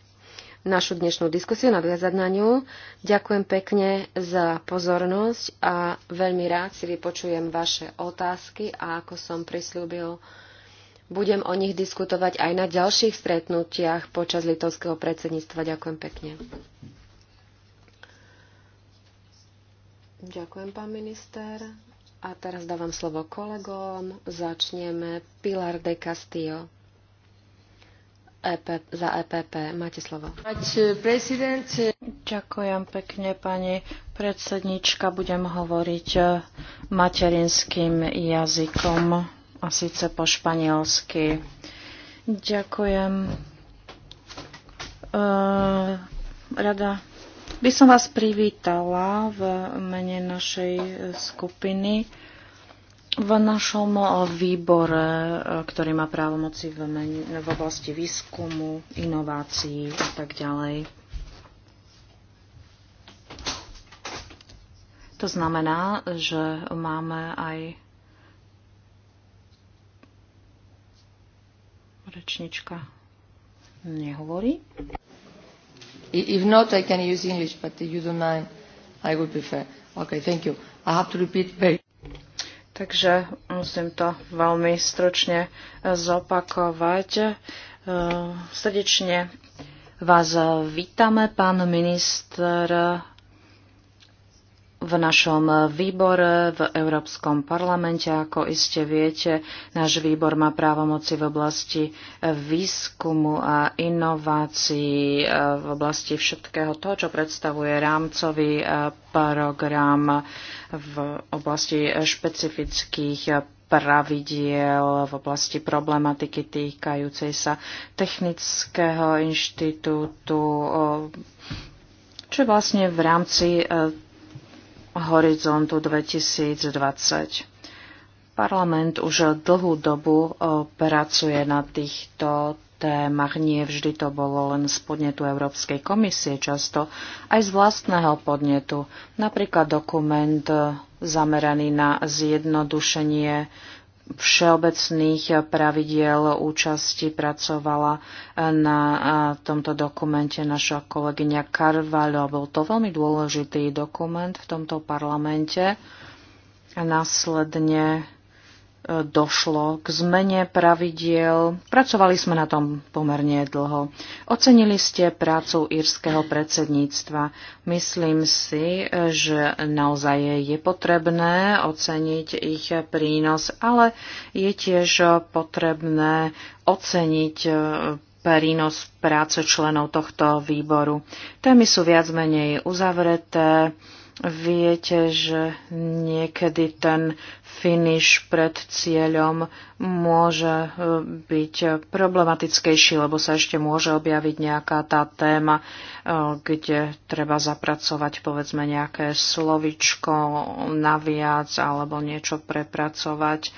našu dnešnú diskusiu, nadviazať na ňu. Ďakujem pekne za pozornosť a veľmi rád si vypočujem vaše otázky a ako som prislúbil, budem o nich diskutovať aj na ďalších stretnutiach počas litovského predsedníctva. Ďakujem pekne. Ďakujem, pán minister. A teraz dávam slovo kolegom. Začneme. Pilar de Castillo. EP, za EPP. Máte slovo. Ďakujem pekne, pani predsednička. Budem hovoriť eh, materinským jazykom a síce po španielsky. Ďakujem. E, Rada by som vás privítala v mene našej skupiny v našom výbore, ktorý má právomoci v, mene, v oblasti výskumu, inovácií a tak ďalej. To znamená, že máme aj Rečnička nehovorí. If not, I can use English, but if you don't mind, I would prefer. Okay, thank you. I have to repeat very Takže musím to veľmi stručne zopakovať. E, srdečne vás vítame, pán minister v našom výbore v Európskom parlamente. Ako iste viete, náš výbor má právomoci v oblasti výskumu a inovácií, eh, v oblasti všetkého toho, čo predstavuje rámcový eh, program v oblasti špecifických pravidiel v oblasti problematiky týkajúcej sa technického inštitútu, eh, čo vlastne v rámci horizontu 2020. Parlament už dlhú dobu e, pracuje na týchto témach. Nie vždy to bolo len z podnetu Európskej komisie, často aj z vlastného podnetu. Napríklad dokument e, zameraný na zjednodušenie všeobecných pravidiel účasti pracovala na tomto dokumente naša kolegyňa Carvalho. Bol to veľmi dôležitý dokument v tomto parlamente. Následne došlo k zmene pravidiel. Pracovali sme na tom pomerne dlho. Ocenili ste prácu írskeho predsedníctva. Myslím si, že naozaj je potrebné oceniť ich prínos, ale je tiež potrebné oceniť e, prínos práce členov tohto výboru. Témy sú viac menej uzavreté Viete, že niekedy ten finish pred cieľom môže e, byť problematickejší, lebo sa ešte môže objaviť nejaká tá téma, e, kde treba zapracovať povedzme nejaké slovičko naviac alebo niečo prepracovať.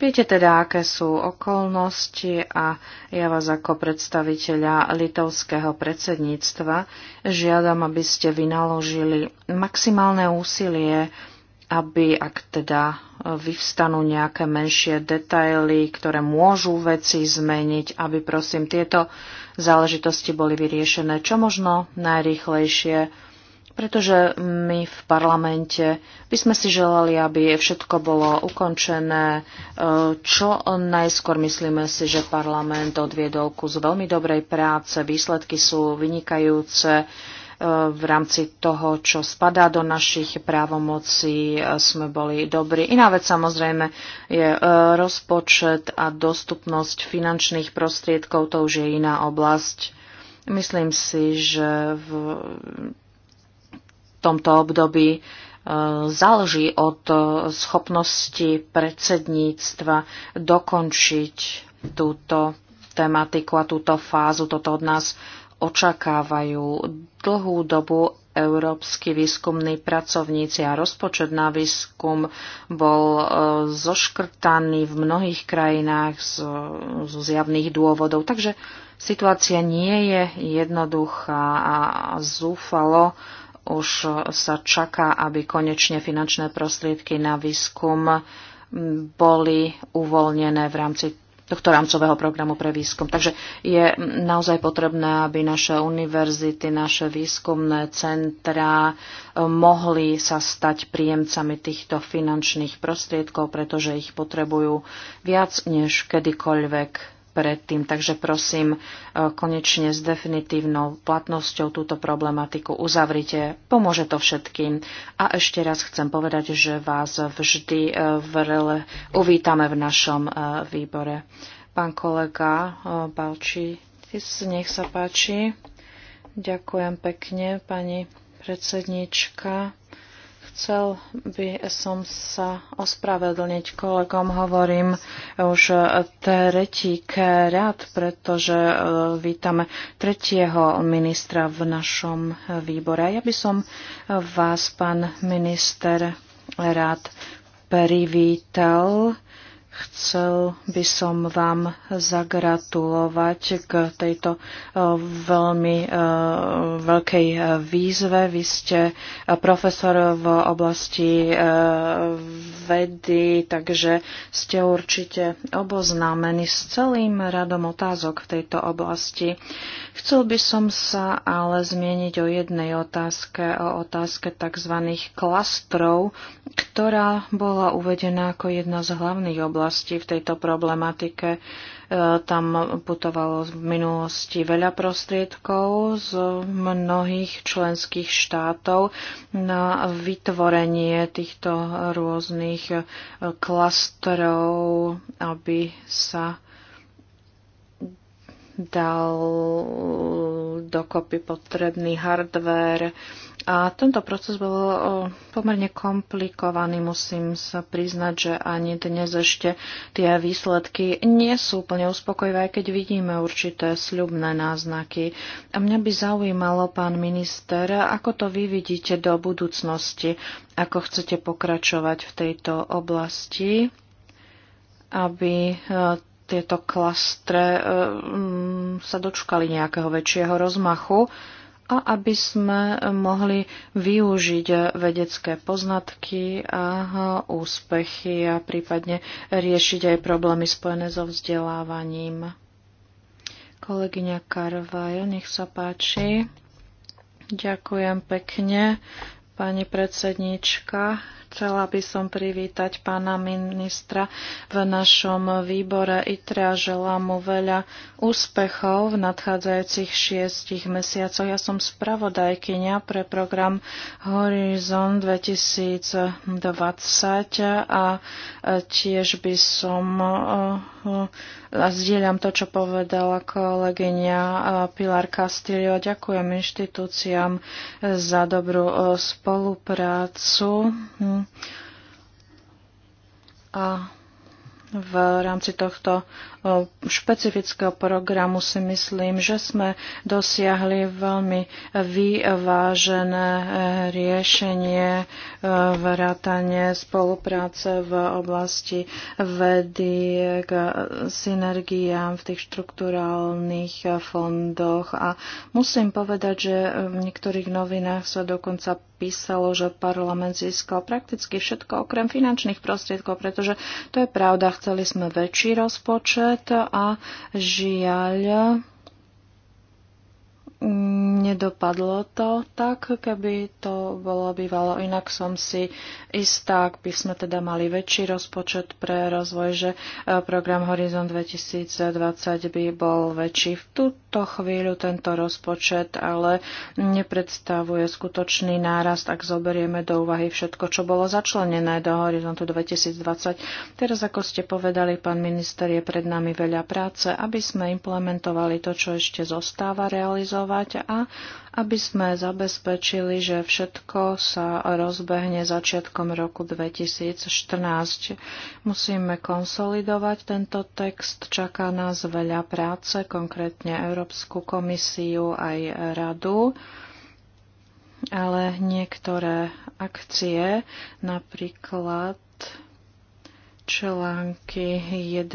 Viete teda, aké sú okolnosti a ja vás ako predstaviteľa litovského predsedníctva žiadam, aby ste vynaložili maximálne úsilie, aby ak teda vyvstanú nejaké menšie detaily, ktoré môžu veci zmeniť, aby prosím tieto záležitosti boli vyriešené čo možno najrychlejšie pretože my v parlamente by sme si želali, aby všetko bolo ukončené. E, čo najskôr myslíme si, že parlament odviedol kus veľmi dobrej práce, výsledky sú vynikajúce e, v rámci toho, čo spadá do našich právomocí, e, sme boli dobrí. Iná vec samozrejme je rozpočet a dostupnosť finančných prostriedkov, to už je iná oblasť. Myslím si, že v tomto období e, záleží od e, schopnosti predsedníctva dokončiť túto tematiku a túto fázu. Toto od nás očakávajú dlhú dobu európsky výskumní pracovníci a rozpočet na výskum bol e, zoškrtaný v mnohých krajinách z, z zjavných dôvodov. Takže situácia nie je jednoduchá a zúfalo už sa čaká, aby konečne finančné prostriedky na výskum boli uvoľnené v rámci tohto rámcového programu pre výskum. Takže je naozaj potrebné, aby naše univerzity, naše výskumné centrá mohli sa stať príjemcami týchto finančných prostriedkov, pretože ich potrebujú viac než kedykoľvek predtým. Takže prosím, e, konečne s definitívnou platnosťou túto problematiku uzavrite. Pomôže to všetkým. A ešte raz chcem povedať, že vás vždy e, v rele uvítame v našom e, výbore. Pán kolega Balči, nech sa páči. Ďakujem pekne, pani predsednička. Chcel by som sa ospravedlniť kolegom, hovorím už tretí krát, pretože e, vítame tretieho ministra v našom výbore. Ja by som vás, pán minister, rád privítal Chcel by som vám zagratulovať k tejto eh, veľmi eh, veľkej eh, výzve. Vy ste profesor v oblasti vedy, takže ste určite oboznámení s celým radom otázok v tejto oblasti. Chcel by som sa ale zmieniť o jednej otázke, o otázke tzv. klastrov, ktorá bola uvedená ako jedna z hlavných oblastí v tejto problematike. E, tam putovalo v minulosti veľa prostriedkov z mnohých členských štátov na vytvorenie týchto rôznych e, klastrov, aby sa dal uh, dokopy potrebný hardware. A tento proces bol uh, pomerne komplikovaný, musím sa priznať, že ani dnes ešte tie výsledky nie sú úplne uspokojivé, aj keď vidíme určité sľubné náznaky. A mňa by zaujímalo, pán minister, ako to vy vidíte do budúcnosti, ako chcete pokračovať v tejto oblasti, aby uh, tieto klastre e, sa dočkali nejakého väčšieho rozmachu a aby sme mohli využiť vedecké poznatky a úspechy a prípadne riešiť aj problémy spojené so vzdelávaním. Kolegyňa Karvajo, nech sa páči. Ďakujem pekne, pani predsednička. Chcela by som privítať pána ministra v našom výbore ITRE a želám mu veľa úspechov v nadchádzajúcich šiestich mesiacoch. Ja som spravodajkynia pre program Horizon 2020 a tiež by som eh, a zdieľam to, čo povedala kolegyňa eh, Pilar Castillo. Ďakujem inštitúciám za dobrú eh, spoluprácu. Hm. A v rámci tohto Eh, špecifického programu si myslím, že sme dosiahli veľmi vyvážené eh, riešenie eh, vrátanie spolupráce v oblasti vedy k synergiám v tých štruktúrálnych fondoch. A musím povedať, že v niektorých novinách sa dokonca písalo, že parlament získal prakticky všetko okrem finančných prostriedkov, pretože to je pravda, chceli sme väčší rozpočet, svet a žiaľ Nedopadlo to tak, keby to bolo bývalo. Inak som si istá, ak by sme teda mali väčší rozpočet pre rozvoj, že e, program Horizon 2020 by bol väčší. V túto chvíľu tento rozpočet ale nepredstavuje skutočný nárast, ak zoberieme do úvahy všetko, čo bolo začlenené do Horizontu 2020. Teraz, ako ste povedali, pán minister, je pred nami veľa práce, aby sme implementovali to, čo ešte zostáva realizovať vyhľadávať a aby sme zabezpečili, že všetko sa rozbehne začiatkom roku 2014. Musíme konsolidovať tento text, čaká nás veľa práce, konkrétne Európsku komisiu aj radu ale niektoré akcie, napríklad Články 1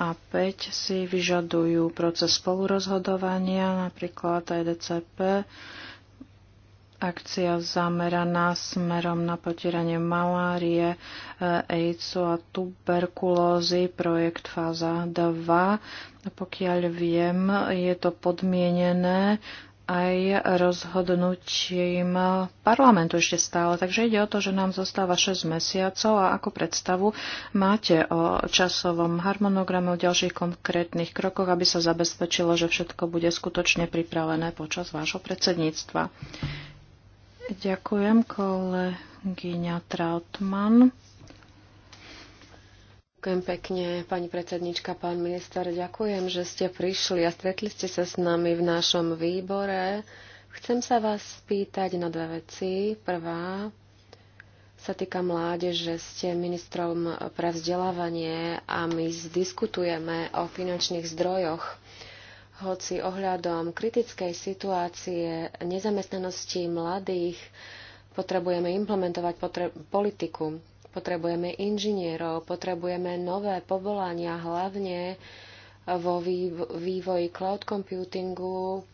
a 5 si vyžadujú proces spolurozhodovania, napríklad aj e DCP, akcia zameraná smerom na potieranie malárie, eh, AIDSu a tuberkulózy, projekt fáza 2. Pokiaľ viem, je to podmienené aj rozhodnutím parlamentu ešte stále. Takže ide o to, že nám zostáva 6 mesiacov a ako predstavu máte o časovom harmonograme, o ďalších konkrétnych krokoch, aby sa zabezpečilo, že všetko bude skutočne pripravené počas vášho predsedníctva. Ďakujem, kolegyňa Trautmann. Ďakujem pekne, pani predsednička, pán minister. Ďakujem, že ste prišli a stretli ste sa s nami v našom výbore. Chcem sa vás spýtať na dve veci. Prvá sa týka mládeže. Ste ministrom pre vzdelávanie a my diskutujeme o finančných zdrojoch hoci ohľadom kritickej situácie nezamestnanosti mladých potrebujeme implementovať potre- politiku Potrebujeme inžinierov, potrebujeme nové povolania, hlavne vo vývoji cloud computingu,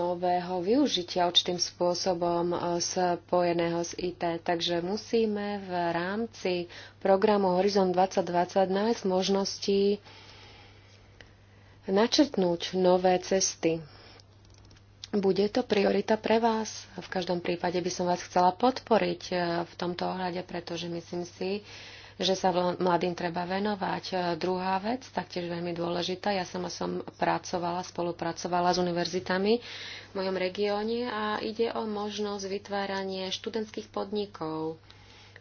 nového využitia určitým spôsobom e, spojeného s IT. Takže musíme v rámci programu Horizon 2020 nájsť možnosti načrtnúť nové cesty. Bude to priorita pre vás? V každom prípade by som vás chcela podporiť eh, v tomto ohľade, pretože myslím si, že sa mladým treba venovať. Eh, druhá vec, taktiež veľmi dôležitá, ja sama som pracovala, spolupracovala s univerzitami v mojom regióne a ide o možnosť vytváranie študentských podnikov.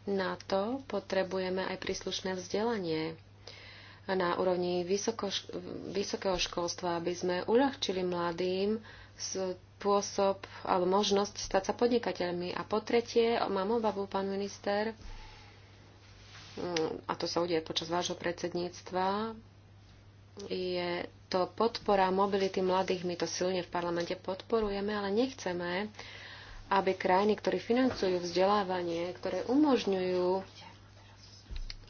Na to potrebujeme aj príslušné vzdelanie na úrovni vysoko, vysokého školstva, aby sme uľahčili mladým spôsob alebo možnosť stať sa podnikateľmi. A po tretie, mám obavu, pán minister, mm, a to sa udeje počas vášho predsedníctva, je to podpora mobility mladých. My to silne v parlamente podporujeme, ale nechceme, aby krajiny, ktoré financujú vzdelávanie, ktoré umožňujú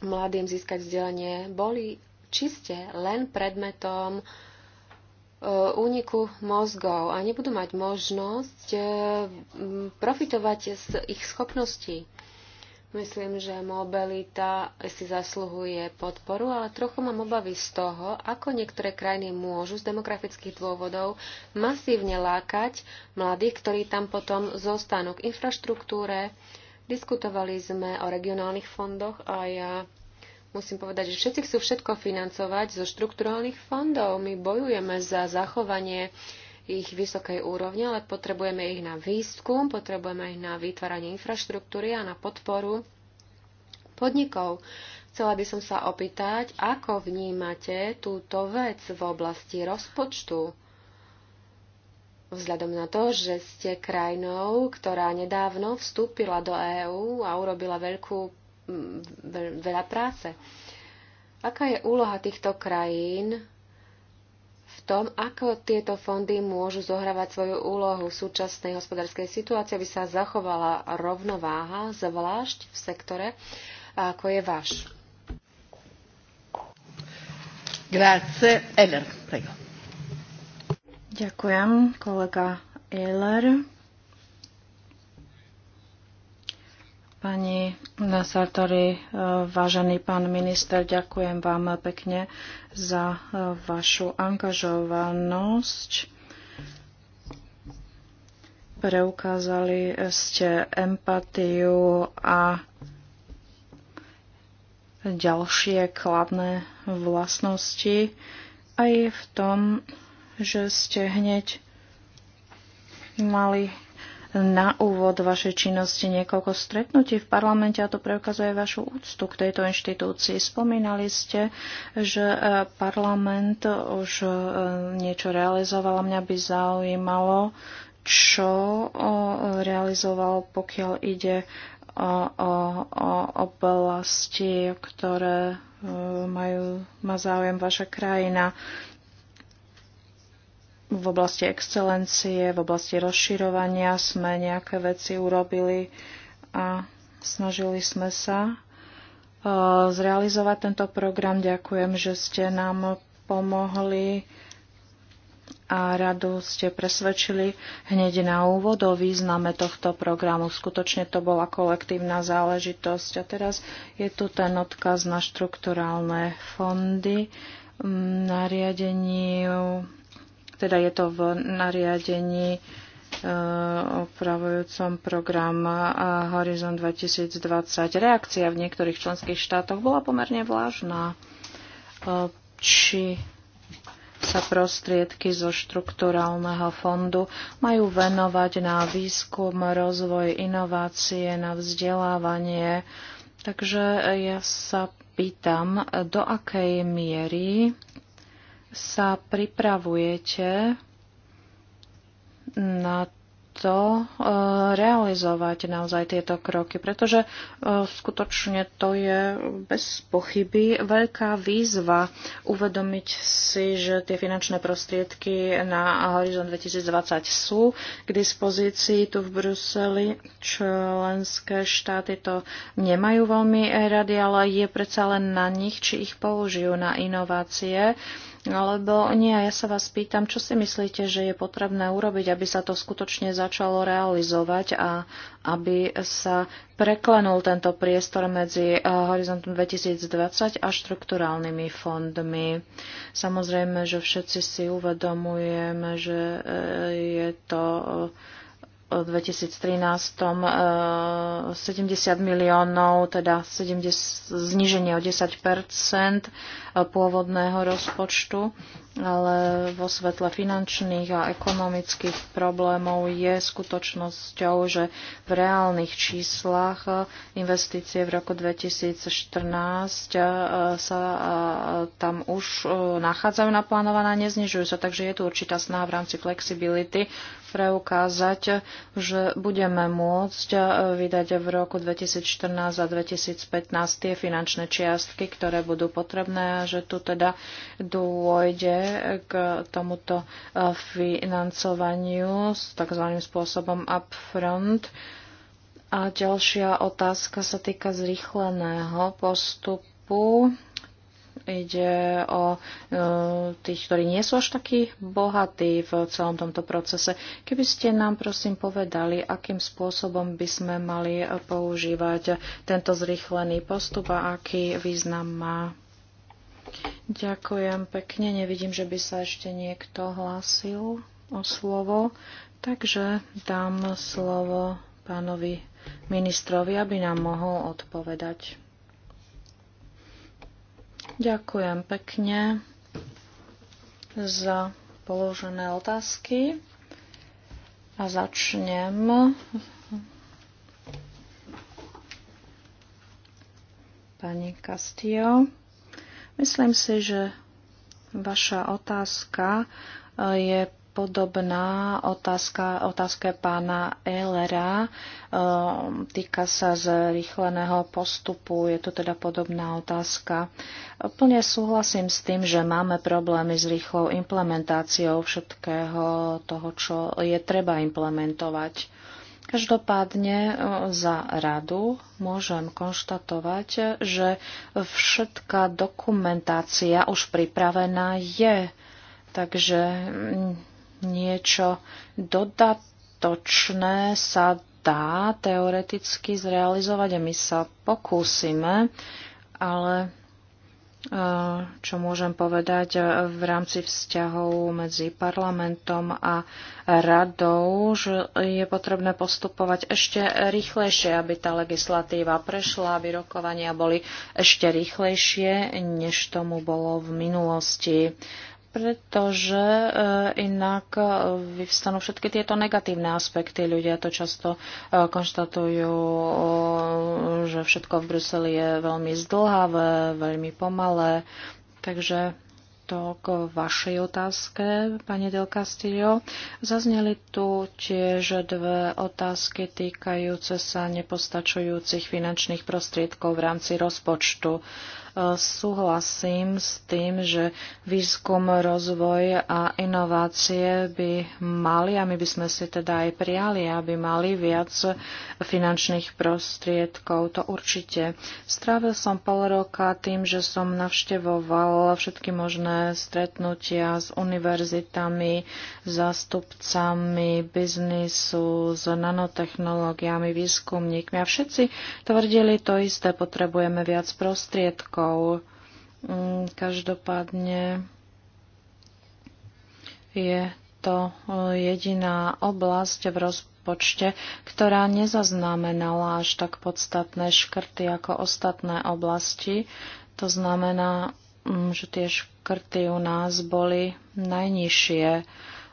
mladým získať vzdelanie, boli čiste len predmetom uh, Eh, úniku mozgov a nebudú mať možnosť eh, profitovať z ich schopností. Myslím, že mobilita si zasluhuje podporu, ale trochu mám obavy z toho, ako niektoré krajiny môžu z demografických dôvodov masívne lákať mladých, ktorí tam potom zostanú k infraštruktúre. Diskutovali sme o regionálnych fondoch a ja musím povedať, že všetci chcú všetko financovať zo štrukturálnych fondov. My bojujeme za zachovanie ich vysokej úrovne, ale potrebujeme ich na výskum, potrebujeme ich na vytváranie infraštruktúry a na podporu podnikov. Chcela by som sa opýtať, ako vnímate túto vec v oblasti rozpočtu? Vzhľadom na to, že ste krajinou, ktorá nedávno vstúpila do EÚ a urobila veľkú Mm, veľa práce. Aká je úloha týchto krajín v tom, ako tieto fondy môžu zohrávať svoju úlohu v súčasnej hospodárskej situácii, aby sa zachovala rovnováha, zvlášť v sektore, ako je váš? Grazie. Eller, prego. Ďakujem, kolega Eller. Pani Sartori, e, vážený pán minister, ďakujem vám pekne za e, vašu angažovanosť. Preukázali ste empatiu a ďalšie kladné vlastnosti aj v tom, že ste hneď mali na úvod vašej činnosti niekoľko stretnutí v parlamente a to preukazuje vašu úctu k tejto inštitúcii. Spomínali ste, že e, parlament už e, niečo realizoval a mňa by zaujímalo, čo e, realizoval, pokiaľ ide o, o, o oblasti, ktoré majú, má záujem vaša krajina v oblasti excelencie, v oblasti rozširovania sme nejaké veci urobili a snažili sme sa e, zrealizovať tento program. Ďakujem, že ste nám pomohli a radu ste presvedčili hneď na úvod o význame tohto programu. Skutočne to bola kolektívna záležitosť. A teraz je tu ten odkaz na štrukturálne fondy, nariadeniu teda je to v nariadení e, opravujúcom program Horizon 2020. Reakcia v niektorých členských štátoch bola pomerne vlážna. E, či sa prostriedky zo štrukturálneho fondu majú venovať na výskum, rozvoj, inovácie, na vzdelávanie. Takže ja sa pýtam, do akej miery sa pripravujete na to e, realizovať naozaj tieto kroky, pretože e, skutočne to je bez pochyby veľká výzva uvedomiť si, že tie finančné prostriedky na Horizon 2020 sú k dispozícii tu v Bruseli. Členské štáty to nemajú veľmi rady, ale je predsa len na nich, či ich použijú na inovácie. Lebo nie, ja sa vás pýtam, čo si myslíte, že je potrebné urobiť, aby sa to skutočne začalo realizovať a aby sa preklenul tento priestor medzi eh, Horizontom 2020 a štrukturálnymi fondmi. Samozrejme, že všetci si uvedomujeme, že eh, je to 2013 70 eh, miliónov, teda 70, zniženie o 10 eh, pôvodného rozpočtu, ale vo svetle finančných a ekonomických problémov je skutočnosťou, že v reálnych číslach eh, investície v roku 2014 sa tam už nachádzajú naplánované a neznižujú sa, takže je tu určitá snaha v rámci flexibility preukázať, že budeme môcť eh, vydať v roku 2014 a 2015 tie finančné čiastky, ktoré budú potrebné a že tu teda dôjde k tomuto eh, financovaniu s tzv. spôsobom upfront. A ďalšia otázka sa týka zrýchleného postupu Ide o e, tých, ktorí nie sú až takí bohatí v celom tomto procese. Keby ste nám prosím povedali, akým spôsobom by sme mali používať tento zrýchlený postup a aký význam má. Ďakujem pekne. Nevidím, že by sa ešte niekto hlásil o slovo. Takže dám slovo pánovi ministrovi, aby nám mohol odpovedať. Ďakujem pekne za položené otázky a začnem pani Castillo. Myslím si, že vaša otázka je podobná otázka, otázka pána Ehlera. Ehm, týka sa zrýchleného postupu. Je to teda podobná otázka. Plne súhlasím s tým, že máme problémy s rýchlou implementáciou všetkého toho, čo je treba implementovať. Každopádne ehm, za radu môžem konštatovať, že všetká dokumentácia už pripravená je. Takže mm, niečo dodatočné sa dá teoreticky zrealizovať a my sa pokúsime, ale e, čo môžem povedať e, v rámci vzťahov medzi parlamentom a radou, že je potrebné postupovať ešte rýchlejšie, aby tá legislatíva prešla, aby rokovania boli ešte rýchlejšie, než tomu bolo v minulosti pretože eh, inak eh, vyvstanú všetky tieto negatívne aspekty. Ľudia to často eh, konštatujú, že všetko v Bruseli je veľmi zdlhavé, veľmi pomalé. Takže to k vašej otázke, pani Del Castillo. Zazneli tu tiež dve otázky týkajúce sa nepostačujúcich finančných prostriedkov v rámci rozpočtu súhlasím s tým, že výskum, rozvoj a inovácie by mali, a my by sme si teda aj prijali, aby mali viac finančných prostriedkov. To určite. Strávil som pol roka tým, že som navštevoval všetky možné stretnutia s univerzitami, zástupcami biznisu, s nanotechnológiami, výskumníkmi a všetci tvrdili to isté, potrebujeme viac prostriedkov rokov. Mm, každopádne je to e, jediná oblasť v rozpočte, ktorá nezaznamenala až tak podstatné škrty ako ostatné oblasti. To znamená, mm, že tie škrty u nás boli najnižšie.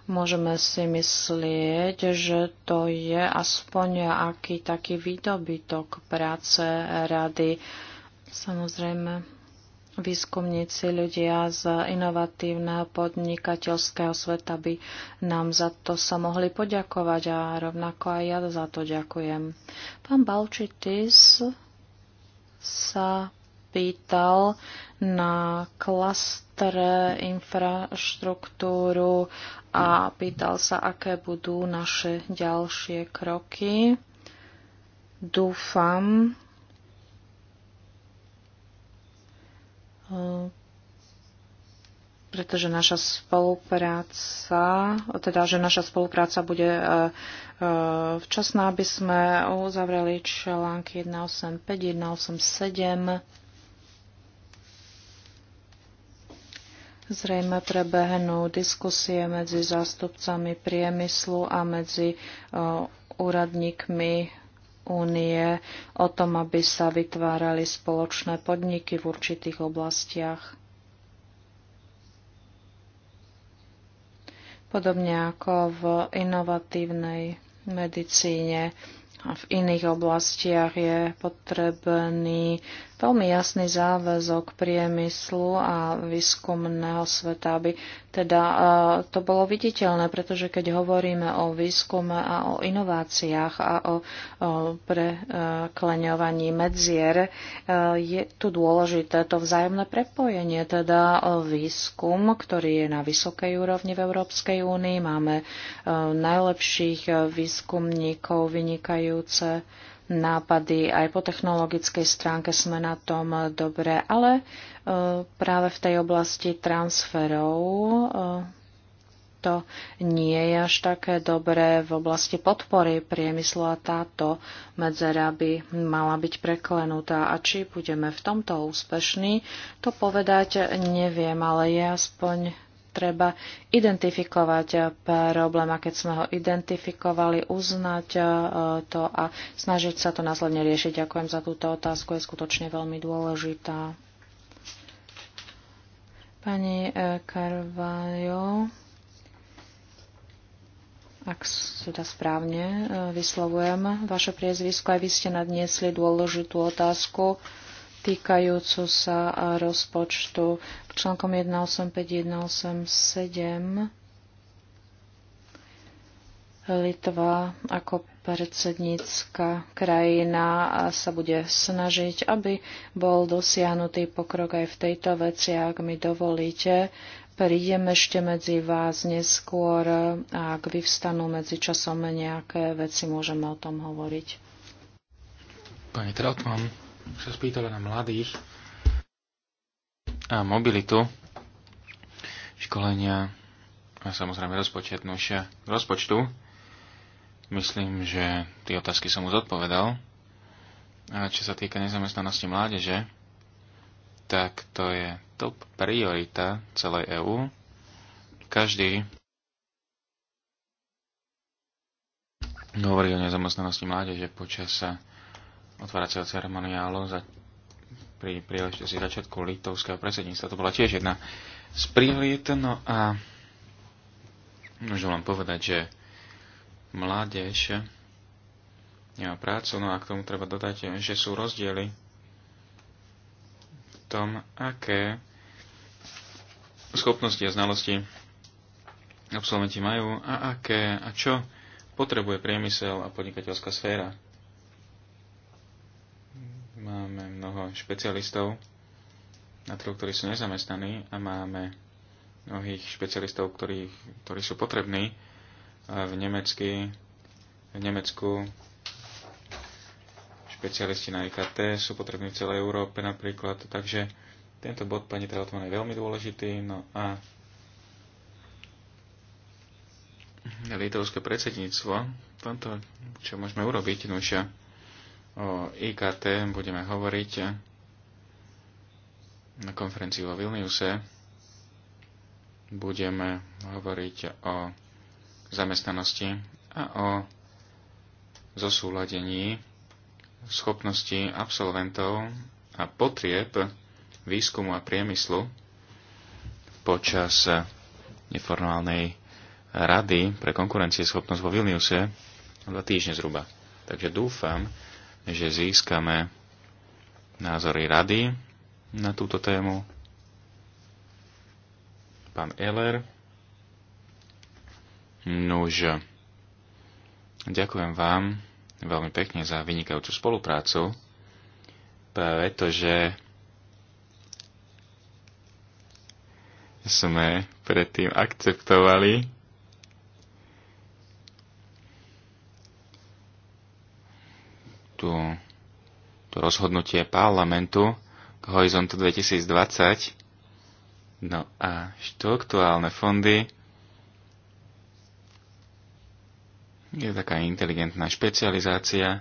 Môžeme si myslieť, že to je aspoň aký taký výdobytok práce rady. Samozrejme, výskumníci, ľudia z inovatívneho podnikateľského sveta by nám za to sa mohli poďakovať a rovnako aj ja za to ďakujem. Pán Balčitis sa pýtal na klastre, infraštruktúru a pýtal sa, aké budú naše ďalšie kroky. Dúfam, Hm. pretože naša spolupráca, teda, že naša spolupráca bude e, e, včasná, aby sme uzavreli články 185, 187. Zrejme prebehnú diskusie medzi zástupcami priemyslu a medzi e, úradníkmi únie o tom, aby sa vytvárali spoločné podniky v určitých oblastiach. Podobne ako v inovatívnej medicíne a v iných oblastiach je potrebný veľmi jasný záväzok priemyslu a výskumného sveta, aby teda e, to bolo viditeľné, pretože keď hovoríme o výskume a o inováciách a o prekleňovaní medzier, e, je tu dôležité to vzájomné prepojenie, teda e, výskum, ktorý je na vysokej úrovni v Európskej únii. Máme najlepších výskumníkov, vynikajúce nápady. Aj po technologickej stránke sme na tom dobre, ale e, práve v tej oblasti transferov e, to nie je až také dobré v oblasti podpory priemyslu a táto medzera by mala byť preklenutá. A či budeme v tomto úspešní, to povedať neviem, ale je aspoň treba identifikovať problém a keď sme ho identifikovali, uznať e, to a snažiť sa to následne riešiť. Ďakujem za túto otázku, je skutočne veľmi dôležitá. Pani e, Carvajo, ak teda správne e, vyslovujem vaše priezvisko, aj vy ste nadniesli dôležitú otázku týkajúcu sa rozpočtu k článkom 185187. Litva ako predsednícka krajina sa bude snažiť, aby bol dosiahnutý pokrok aj v tejto veci, ak mi dovolíte. Prídem ešte medzi vás neskôr a ak vyvstanú medzi časom nejaké veci, môžeme o tom hovoriť. Pani Trautmann, sa spýtala na mladých a mobilitu, školenia a samozrejme rozpočet, rozpočtu. Myslím, že tie otázky som už odpovedal. A čo sa týka nezamestnanosti mládeže, tak to je top priorita celej EÚ. Každý hovorí o nezamestnanosti mládeže počas otváracieho ceremoniálu za, pri príležitosti začiatku litovského predsedníctva. To bola tiež jedna z priorít. No a môžem vám povedať, že mládež nemá prácu, no a k tomu treba dodať, že sú rozdiely v tom, aké schopnosti a znalosti absolventi majú a aké a čo potrebuje priemysel a podnikateľská sféra. Máme mnoho špecialistov na trhu, ktorí sú nezamestnaní a máme mnohých špecialistov, ktorí, ktorí sú potrební eh, v, Nemecky, v Nemecku. Špecialisti na IKT sú potrební v celej Európe napríklad, takže tento bod pani Trautmann je veľmi dôležitý. No a litovské predsedníctvo, toto, čo môžeme urobiť, nuša, o IKT budeme hovoriť na konferencii vo Vilniuse. Budeme hovoriť o zamestnanosti a o zosúladení schopností absolventov a potrieb výskumu a priemyslu počas neformálnej rady pre konkurencieschopnosť vo Vilniuse dva týždne zhruba. Takže dúfam, že získame názory rady na túto tému. Pán Eller. Nuž, ďakujem vám veľmi pekne za vynikajúcu spoluprácu, pretože sme predtým akceptovali tú, to rozhodnutie parlamentu k Horizontu 2020. No a štruktúrálne fondy je taká inteligentná špecializácia.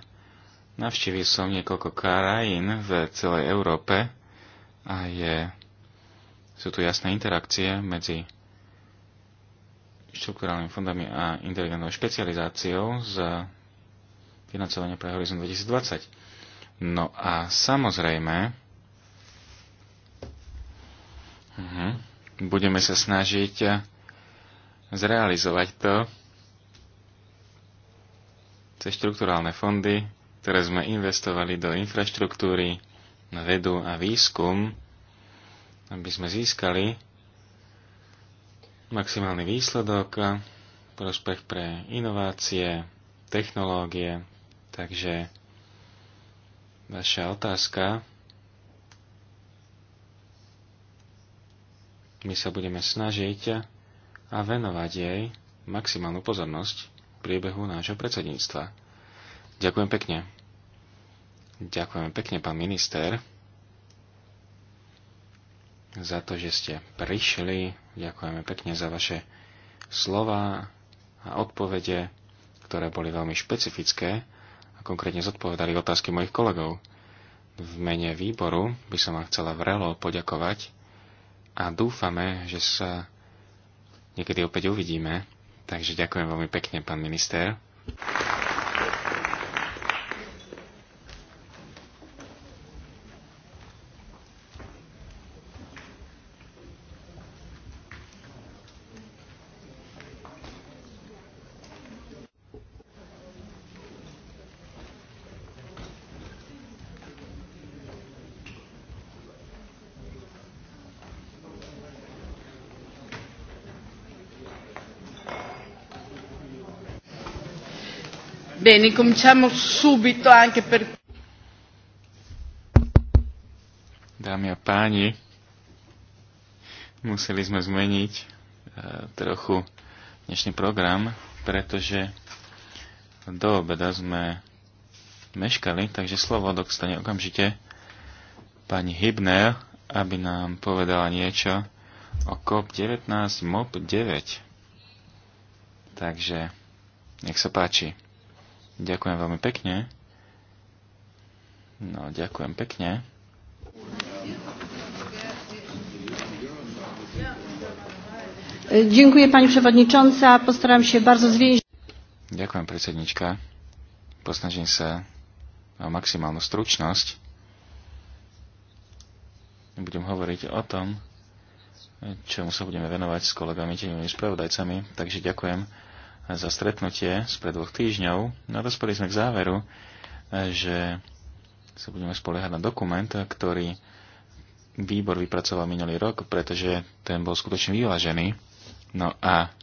Navštívil som niekoľko krajín v celej Európe a je, sú tu jasné interakcie medzi štruktúrálnymi fondami a inteligentnou špecializáciou z financovania pre Horizon 2020. No a samozrejme, uh-huh, budeme sa snažiť zrealizovať to cez štruktúrálne fondy, ktoré sme investovali do infraštruktúry, na vedu a výskum, aby sme získali maximálny výsledok, prospech pre inovácie, technológie, Takže vaša otázka. My sa budeme snažiť a venovať jej maximálnu pozornosť v priebehu nášho predsedníctva. Ďakujem pekne. Ďakujem pekne, pán minister, za to, že ste prišli. Ďakujeme pekne za vaše slova a odpovede, ktoré boli veľmi špecifické konkrétne zodpovedali otázky mojich kolegov. V mene výboru by som vám chcela vrelo poďakovať a dúfame, že sa niekedy opäť uvidíme. Takže ďakujem veľmi pekne, pán minister. Bene, cominciamo subito anche per... Dámy a páni, museli sme zmeniť uh, trochu dnešný program, pretože do obeda sme meškali, takže slovo dostane okamžite pani Hybner, aby nám povedala niečo o COP19 MOP 9. Takže nech sa páči. Ďakujem veľmi pekne. No, ďakujem pekne. Dziękuję Pani Przewodnicząca. Postaram się bardzo zwięzić. Ďakujem, predsednička. Posnažím sa o maximálnu stručnosť. Budem hovoriť o tom, čomu sa budeme venovať s kolegami, tými spravodajcami. Takže ďakujem za stretnutie spred dvoch týždňov, no dospeli sme k záveru, e, že sa budeme spoliehať na dokument, ktorý výbor vypracoval minulý rok, pretože ten bol skutočne vyvážený. No a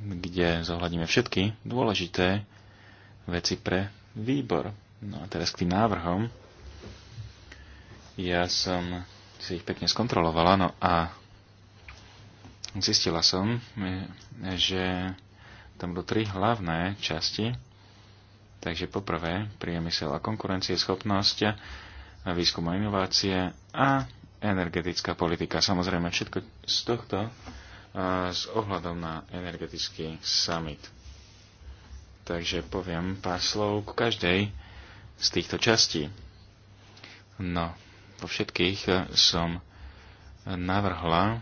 kde zohľadíme všetky dôležité veci pre výbor. No a teraz k tým návrhom. Ja som si ich pekne skontrolovala, no a zistila som, e, že tam budú tri hlavné časti. Takže poprvé priemysel a konkurencieschopnosť, výskum a inovácie a energetická politika. Samozrejme všetko z tohto e, s ohľadom na energetický summit. Takže poviem pár slov k každej z týchto častí. No, po všetkých e, som navrhla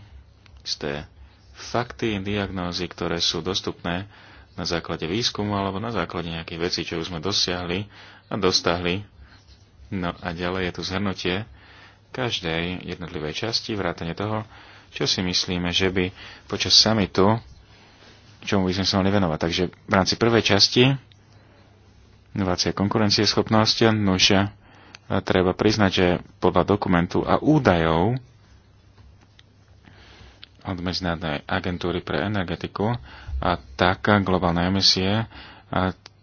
isté fakty, diagnózy, ktoré sú dostupné na základe výskumu alebo na základe nejakých vecí, čo už sme dosiahli a dostahli. No a ďalej je tu zhrnutie každej jednotlivej časti, vrátane toho, čo si myslíme, že by počas samitu, čomu by sme sa mali venovať. Takže v rámci prvej časti, inovácia konkurencieschopnosť, nuž treba priznať, že podľa dokumentu a údajov od Medzinárodnej agentúry pre energetiku, a tak globálne emisie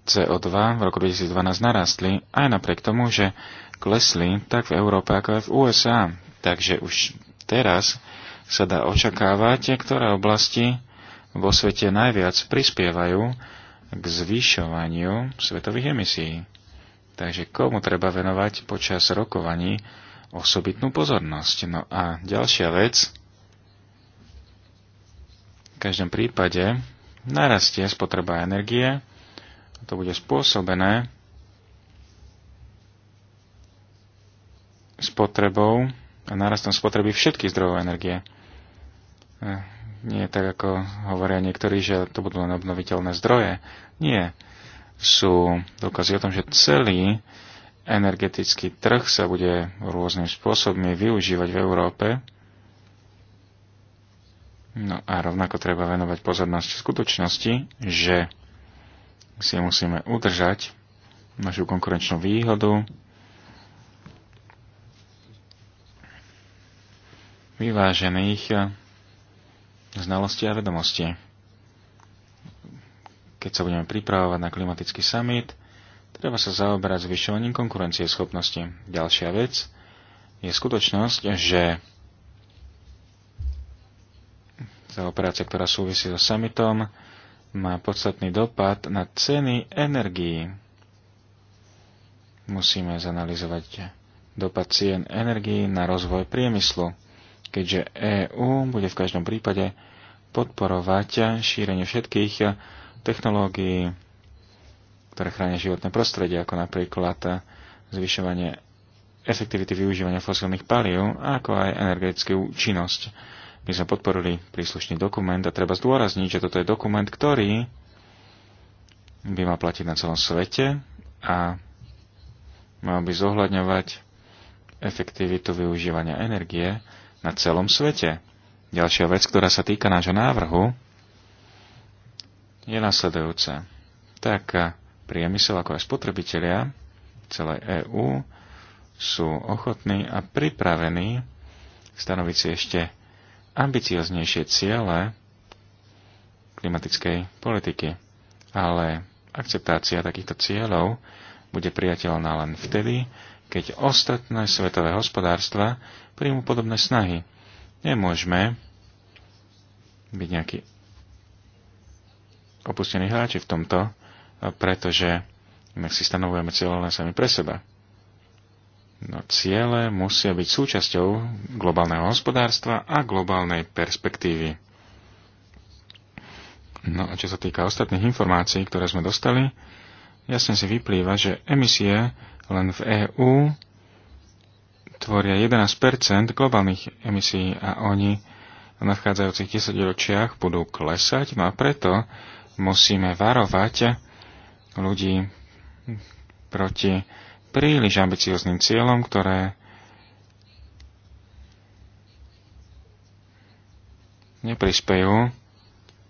CO2 v roku 2012 narastli, aj napriek tomu, že klesli tak v Európe ako aj v USA. Takže už teraz sa dá očakávať, ktoré oblasti vo svete najviac prispievajú k zvyšovaniu svetových emisí. Takže komu treba venovať počas rokovaní osobitnú pozornosť. No a ďalšia vec, v každom prípade narastie spotreba energie a to bude spôsobené spotrebou a narastom spotreby všetkých zdrojov energie. E, nie je tak, ako hovoria niektorí, že to budú len obnoviteľné zdroje. Nie. Sú dokazy o tom, že celý energetický trh sa bude rôznym spôsobmi využívať v Európe No a rovnako treba venovať pozornosť skutočnosti, že si musíme udržať našu konkurenčnú výhodu, vyvážených znalostí a vedomostí. Keď sa budeme pripravovať na klimatický summit, treba sa zaoberať zvyšovaním konkurencie schopnosti. Ďalšia vec je skutočnosť, že tá operácia, ktorá súvisí so summitom, má podstatný dopad na ceny energií. Musíme zanalizovať dopad cien energií na rozvoj priemyslu, keďže EÚ bude v každom prípade podporovať šírenie všetkých technológií, ktoré chránia životné prostredie, ako napríklad zvyšovanie efektivity využívania fosílnych palív, ako aj energetickú účinnosť. My sme podporili príslušný dokument a treba zdôrazniť, že toto je dokument, ktorý by mal platiť na celom svete a mal by zohľadňovať efektivitu využívania energie na celom svete. Ďalšia vec, ktorá sa týka nášho návrhu, je nasledujúca. Tak priemysel ako aj spotrebitelia celej EÚ sú ochotní a pripravení stanoviť si ešte ambicioznejšie ciele klimatickej politiky, ale akceptácia takýchto cieľov bude priateľná len vtedy, keď ostatné svetové hospodárstva príjmu podobné snahy. Nemôžeme byť nejaký opustení hráči v tomto, pretože my si stanovujeme cieľe len sami pre seba. No, ciele musia byť súčasťou globálneho hospodárstva a globálnej perspektívy. No a čo sa týka ostatných informácií, ktoré sme dostali, jasne si vyplýva, že emisie len v EÚ tvoria 11 globálnych emisí a oni v nadchádzajúcich 10 ročiach budú klesať, no a preto musíme varovať ľudí proti príliš ambiciozným cieľom, ktoré neprispejú,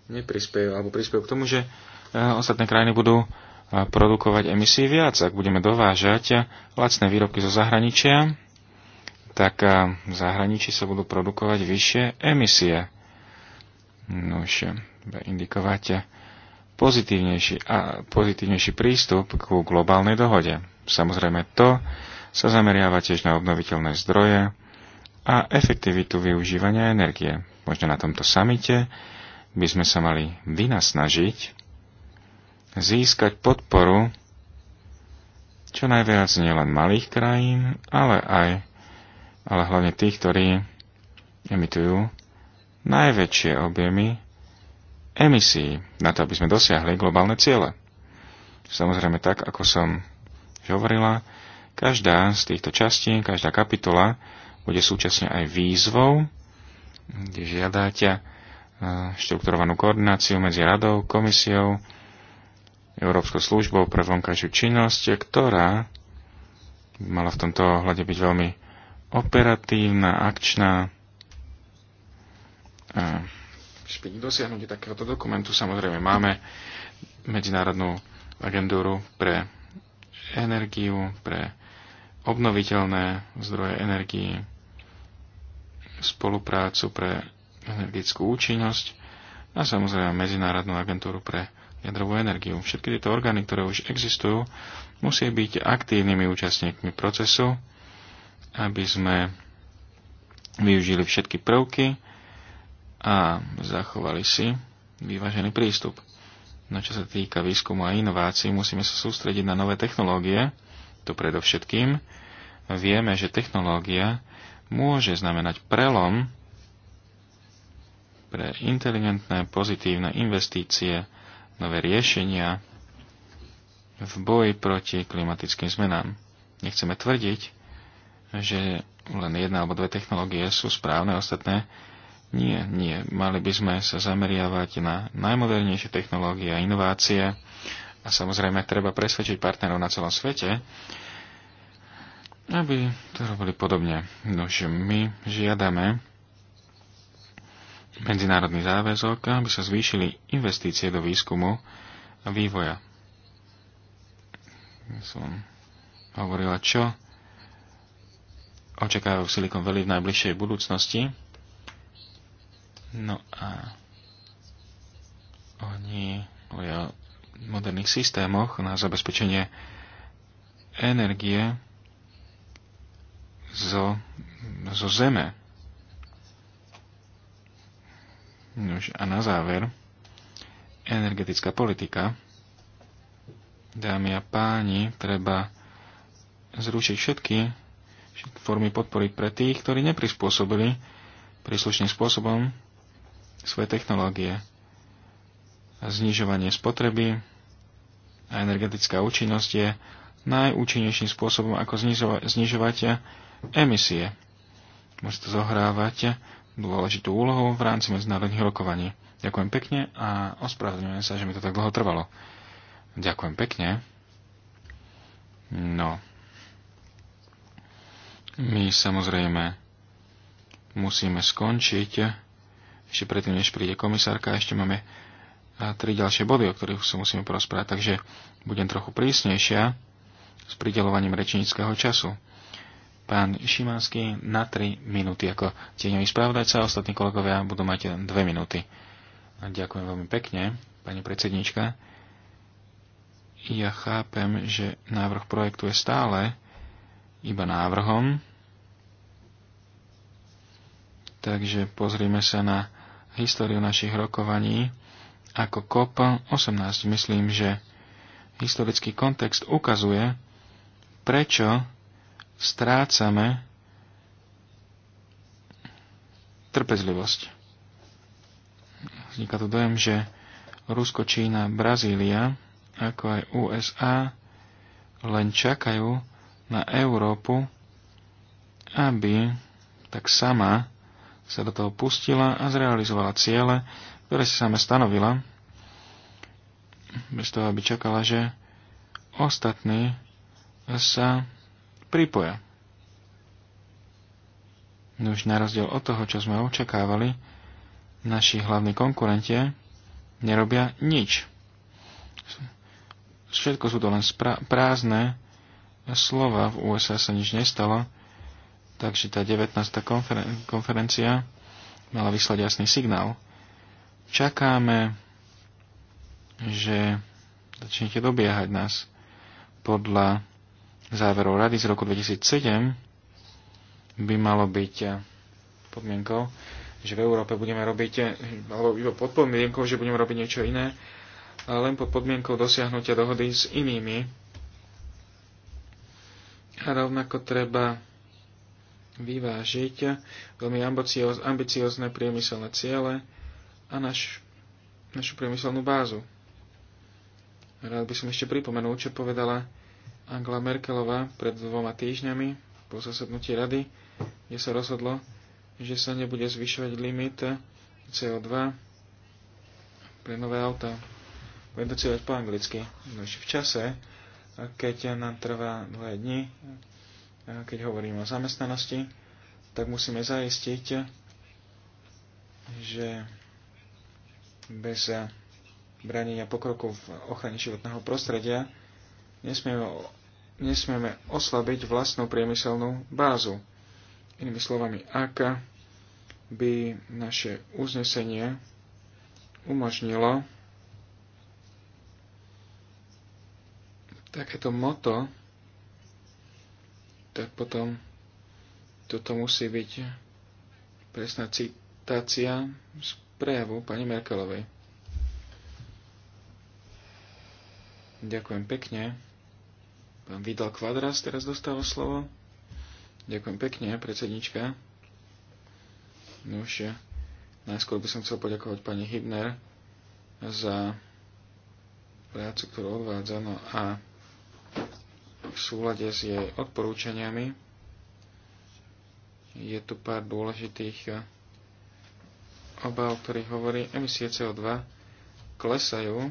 neprispejú alebo prispejú k tomu, že e, ostatné krajiny budú e, produkovať emisí viac. Ak budeme dovážať e, lacné výrobky zo zahraničia, tak v zahraničí sa budú produkovať vyššie emisie. už indikovať pozitívnejší, a pozitívnejší prístup ku globálnej dohode. Samozrejme to sa zameriava tiež na obnoviteľné zdroje a efektivitu využívania energie. Možno na tomto samite by sme sa mali vynasnažiť získať podporu čo najviac nielen malých krajín, ale aj ale hlavne tých, ktorí emitujú najväčšie objemy emisí na to, aby sme dosiahli globálne ciele. Samozrejme tak, ako som že hovorila, každá z týchto častí, každá kapitola bude súčasne aj výzvou, kde žiadáte štrukturovanú koordináciu medzi radou, komisiou, Európskou službou pre vonkajšiu činnosť, ktorá mala v tomto ohľade byť veľmi operatívna, akčná. A dosiahnutie takéhoto dokumentu samozrejme máme medzinárodnú agentúru pre energiu, pre obnoviteľné zdroje energii, spoluprácu pre energetickú účinnosť a samozrejme Medzinárodnú agentúru pre jadrovú energiu. Všetky tieto orgány, ktoré už existujú, musia byť aktívnymi účastníkmi procesu, aby sme využili všetky prvky a zachovali si vyvážený prístup. No čo sa týka výskumu a inovácií, musíme sa sústrediť na nové technológie, to predovšetkým. Vieme, že technológia môže znamenať prelom pre inteligentné pozitívne investície, nové riešenia v boji proti klimatickým zmenám. Nechceme tvrdiť, že len jedna alebo dve technológie sú správne, ostatné nie, nie. Mali by sme sa zameriavať na najmodernejšie technológie a inovácie a samozrejme treba presvedčiť partnerov na celom svete, aby to robili podobne. Nož my žiadame medzinárodný záväzok, aby sa zvýšili investície do výskumu a vývoja. Som hovorila, čo očakávajú v Silicon Valley v najbližšej budúcnosti No a oni hovoria o moderných systémoch na zabezpečenie energie zo, zo zeme. Nož a na záver, energetická politika. Dámy a páni, treba zrušiť všetky, všetky formy podpory pre tých, ktorí neprispôsobili príslušným spôsobom svoje technológie. Znižovanie spotreby a energetická účinnosť je najúčinnejším spôsobom, ako znižovať emisie. Môžete to zohrávať dôležitú úlohu v rámci medzinárodných rokovaní. Ďakujem pekne a ospravedlňujem sa, že mi to tak dlho trvalo. Ďakujem pekne. No. My samozrejme musíme skončiť ešte predtým, než príde komisárka, ešte máme tri ďalšie body, o ktorých sa musíme porozprávať, takže budem trochu prísnejšia s pridelovaním rečníckého času. Pán Šimanský na 3 minúty ako tieňový spravodajca, ostatní kolegovia budú mať 2 minúty. ďakujem veľmi pekne, pani predsednička. Ja chápem, že návrh projektu je stále iba návrhom, takže pozrime sa na históriu našich rokovaní ako COP18. Myslím, že historický kontext ukazuje, prečo strácame trpezlivosť. Vzniká tu dojem, že Rusko, Čína, Brazília, ako aj USA, len čakajú na Európu, aby tak sama sa do toho pustila a zrealizovala ciele, ktoré si sama stanovila, bez toho, aby čakala, že ostatní sa pripoja. No už na rozdiel od toho, čo sme očakávali, naši hlavní konkurenti nerobia nič. Všetko sú to len prázdne slova, v USA sa nič nestalo, Takže tá 19. Konferen- konferencia mala vyslať jasný signál. Čakáme, že začnete dobiehať nás podľa záverov rady z roku 2007 by malo byť eh, podmienkou, že v Európe budeme robiť, eh, alebo iba pod podmienkou, že budeme robiť niečo iné, ale len pod podmienkou dosiahnutia dohody s inými. A rovnako treba vyvážiť veľmi ambicioz, ambiciozne priemyselné ciele a naš, našu priemyselnú bázu. Rád by som ešte pripomenul, čo povedala Angela Merkelová pred dvoma týždňami po zasadnutí rady, kde sa rozhodlo, že sa nebude zvyšovať limit CO2 pre nové auta. Budem to po anglicky. No v čase, keď nám trvá dva dni, keď hovorím o zamestnanosti, tak musíme zaistiť, že bez bránenia pokroku v ochrane životného prostredia nesmieme, nesmieme oslabiť vlastnú priemyselnú bázu. Inými slovami, ak by naše uznesenie umožnilo takéto moto tak potom toto musí byť presná citácia z prejavu pani Merkelovej. Ďakujem pekne. Pán Vidal Kvadras teraz dostáva slovo. Ďakujem pekne, predsednička. No najskôr by som chcel poďakovať pani Hibner za prácu, ktorú odvádza. No a v súlade s jej odporúčaniami. Je tu pár dôležitých eh, obav, ktorý hovorí emisie CO2 klesajú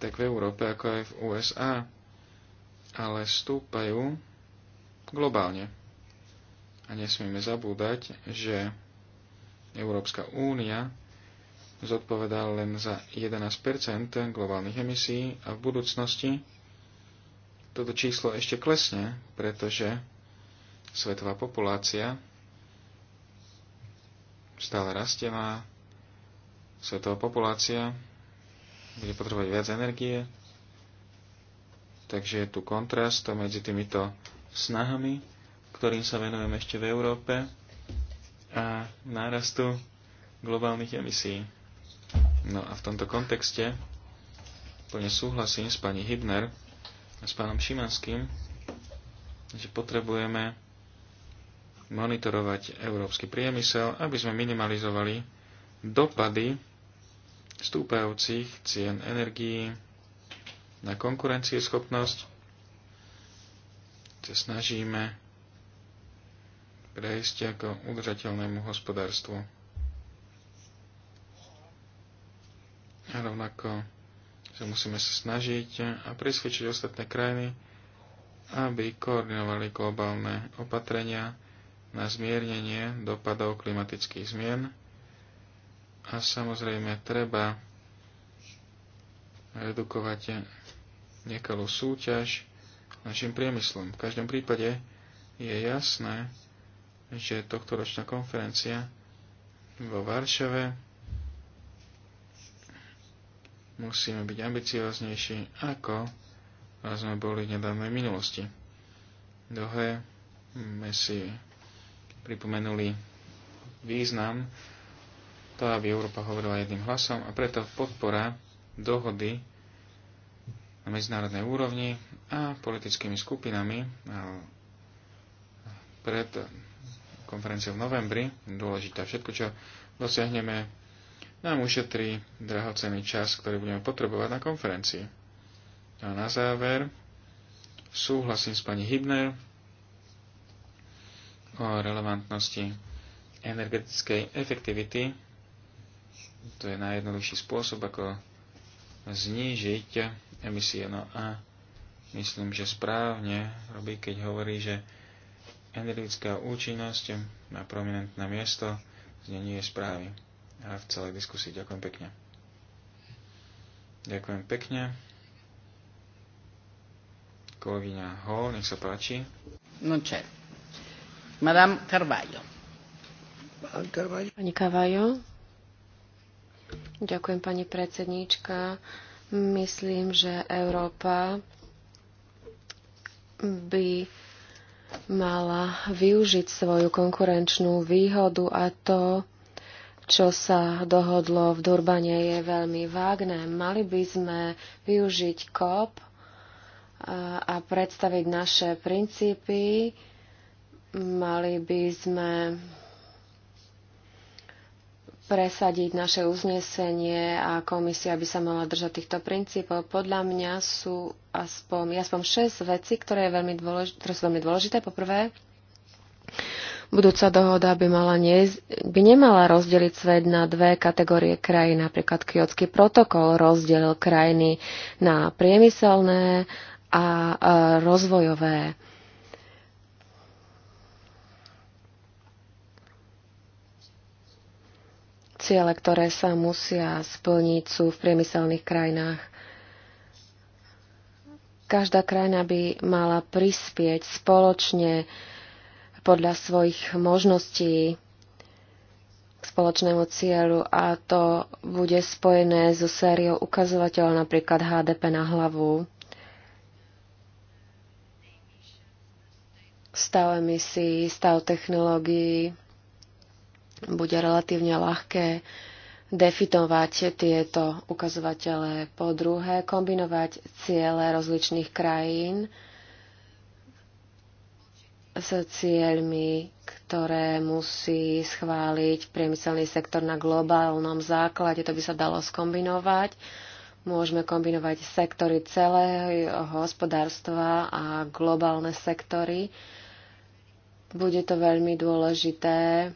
tak v Európe ako aj v USA, ale stúpajú globálne. A nesmieme zabúdať, že Európska únia zodpovedá len za 11 globálnych emisí a v budúcnosti toto číslo ešte klesne, pretože svetová populácia stále rastie má svetová populácia bude potrebovať viac energie, takže je tu kontrast medzi týmito snahami, ktorým sa venujeme ešte v Európe a nárastu globálnych emisí. No a v tomto kontexte plne súhlasím s pani Hibner, s pánom Šimanským, že potrebujeme monitorovať európsky priemysel, aby sme minimalizovali dopady stúpajúcich cien energií na konkurencieschopnosť. Sa snažíme prejsť ako udržateľnému hospodárstvu. A rovnako že musíme sa snažiť a presvedčiť ostatné krajiny, aby koordinovali globálne opatrenia na zmiernenie dopadov klimatických zmien. A samozrejme treba redukovať nekalú súťaž našim priemyslom. V každom prípade je jasné, že tohto ročná konferencia vo Varšave musíme byť ambicioznejší, ako sme boli v nedávnej minulosti. Dohe sme si pripomenuli význam to, aby Európa hovorila jedným hlasom a preto podpora dohody na medzinárodnej úrovni a politickými skupinami pred konferenciou v novembri. Dôležité všetko, čo dosiahneme nám ušetrí drahocený čas, ktorý budeme potrebovať na konferencii. A na záver súhlasím s pani Hibner o relevantnosti energetickej efektivity. To je najjednoduchší spôsob, ako znížiť emisie. No a myslím, že správne robí, keď hovorí, že energetická účinnosť na prominentné miesto znenie správy v celej diskusii. Ďakujem pekne. Ďakujem pekne. Kolegyňa Ho, nech sa páči. No čo? Madame Carvajo. Pani Carvajo. Ďakujem, pani predsedníčka. Myslím, že Európa by mala využiť svoju konkurenčnú výhodu a to čo sa dohodlo v Durbane, je veľmi vágne. Mali by sme využiť COP a predstaviť naše princípy. Mali by sme presadiť naše uznesenie a komisia by sa mala držať týchto princípov. Podľa mňa sú aspoň, aspoň 6 vecí, ktoré, je veľmi dôležité, ktoré sú veľmi dôležité. Poprvé, Budúca dohoda by, mala nie, by nemala rozdeliť svet na dve kategórie krajín. Napríklad Kyotský protokol rozdelil krajiny na priemyselné a e, rozvojové. Ciele, ktoré sa musia splniť, sú v priemyselných krajinách. Každá krajina by mala prispieť spoločne podľa svojich možností k spoločnému cieľu a to bude spojené so sériou ukazovateľov napríklad HDP na hlavu, stav emisí, stav technológií. Bude relatívne ľahké definovať tieto ukazovatele. Po druhé, kombinovať ciele rozličných krajín, s cieľmi, ktoré musí schváliť priemyselný sektor na globálnom základe. To by sa dalo skombinovať. Môžeme kombinovať sektory celého hospodárstva a globálne sektory. Bude to veľmi dôležité,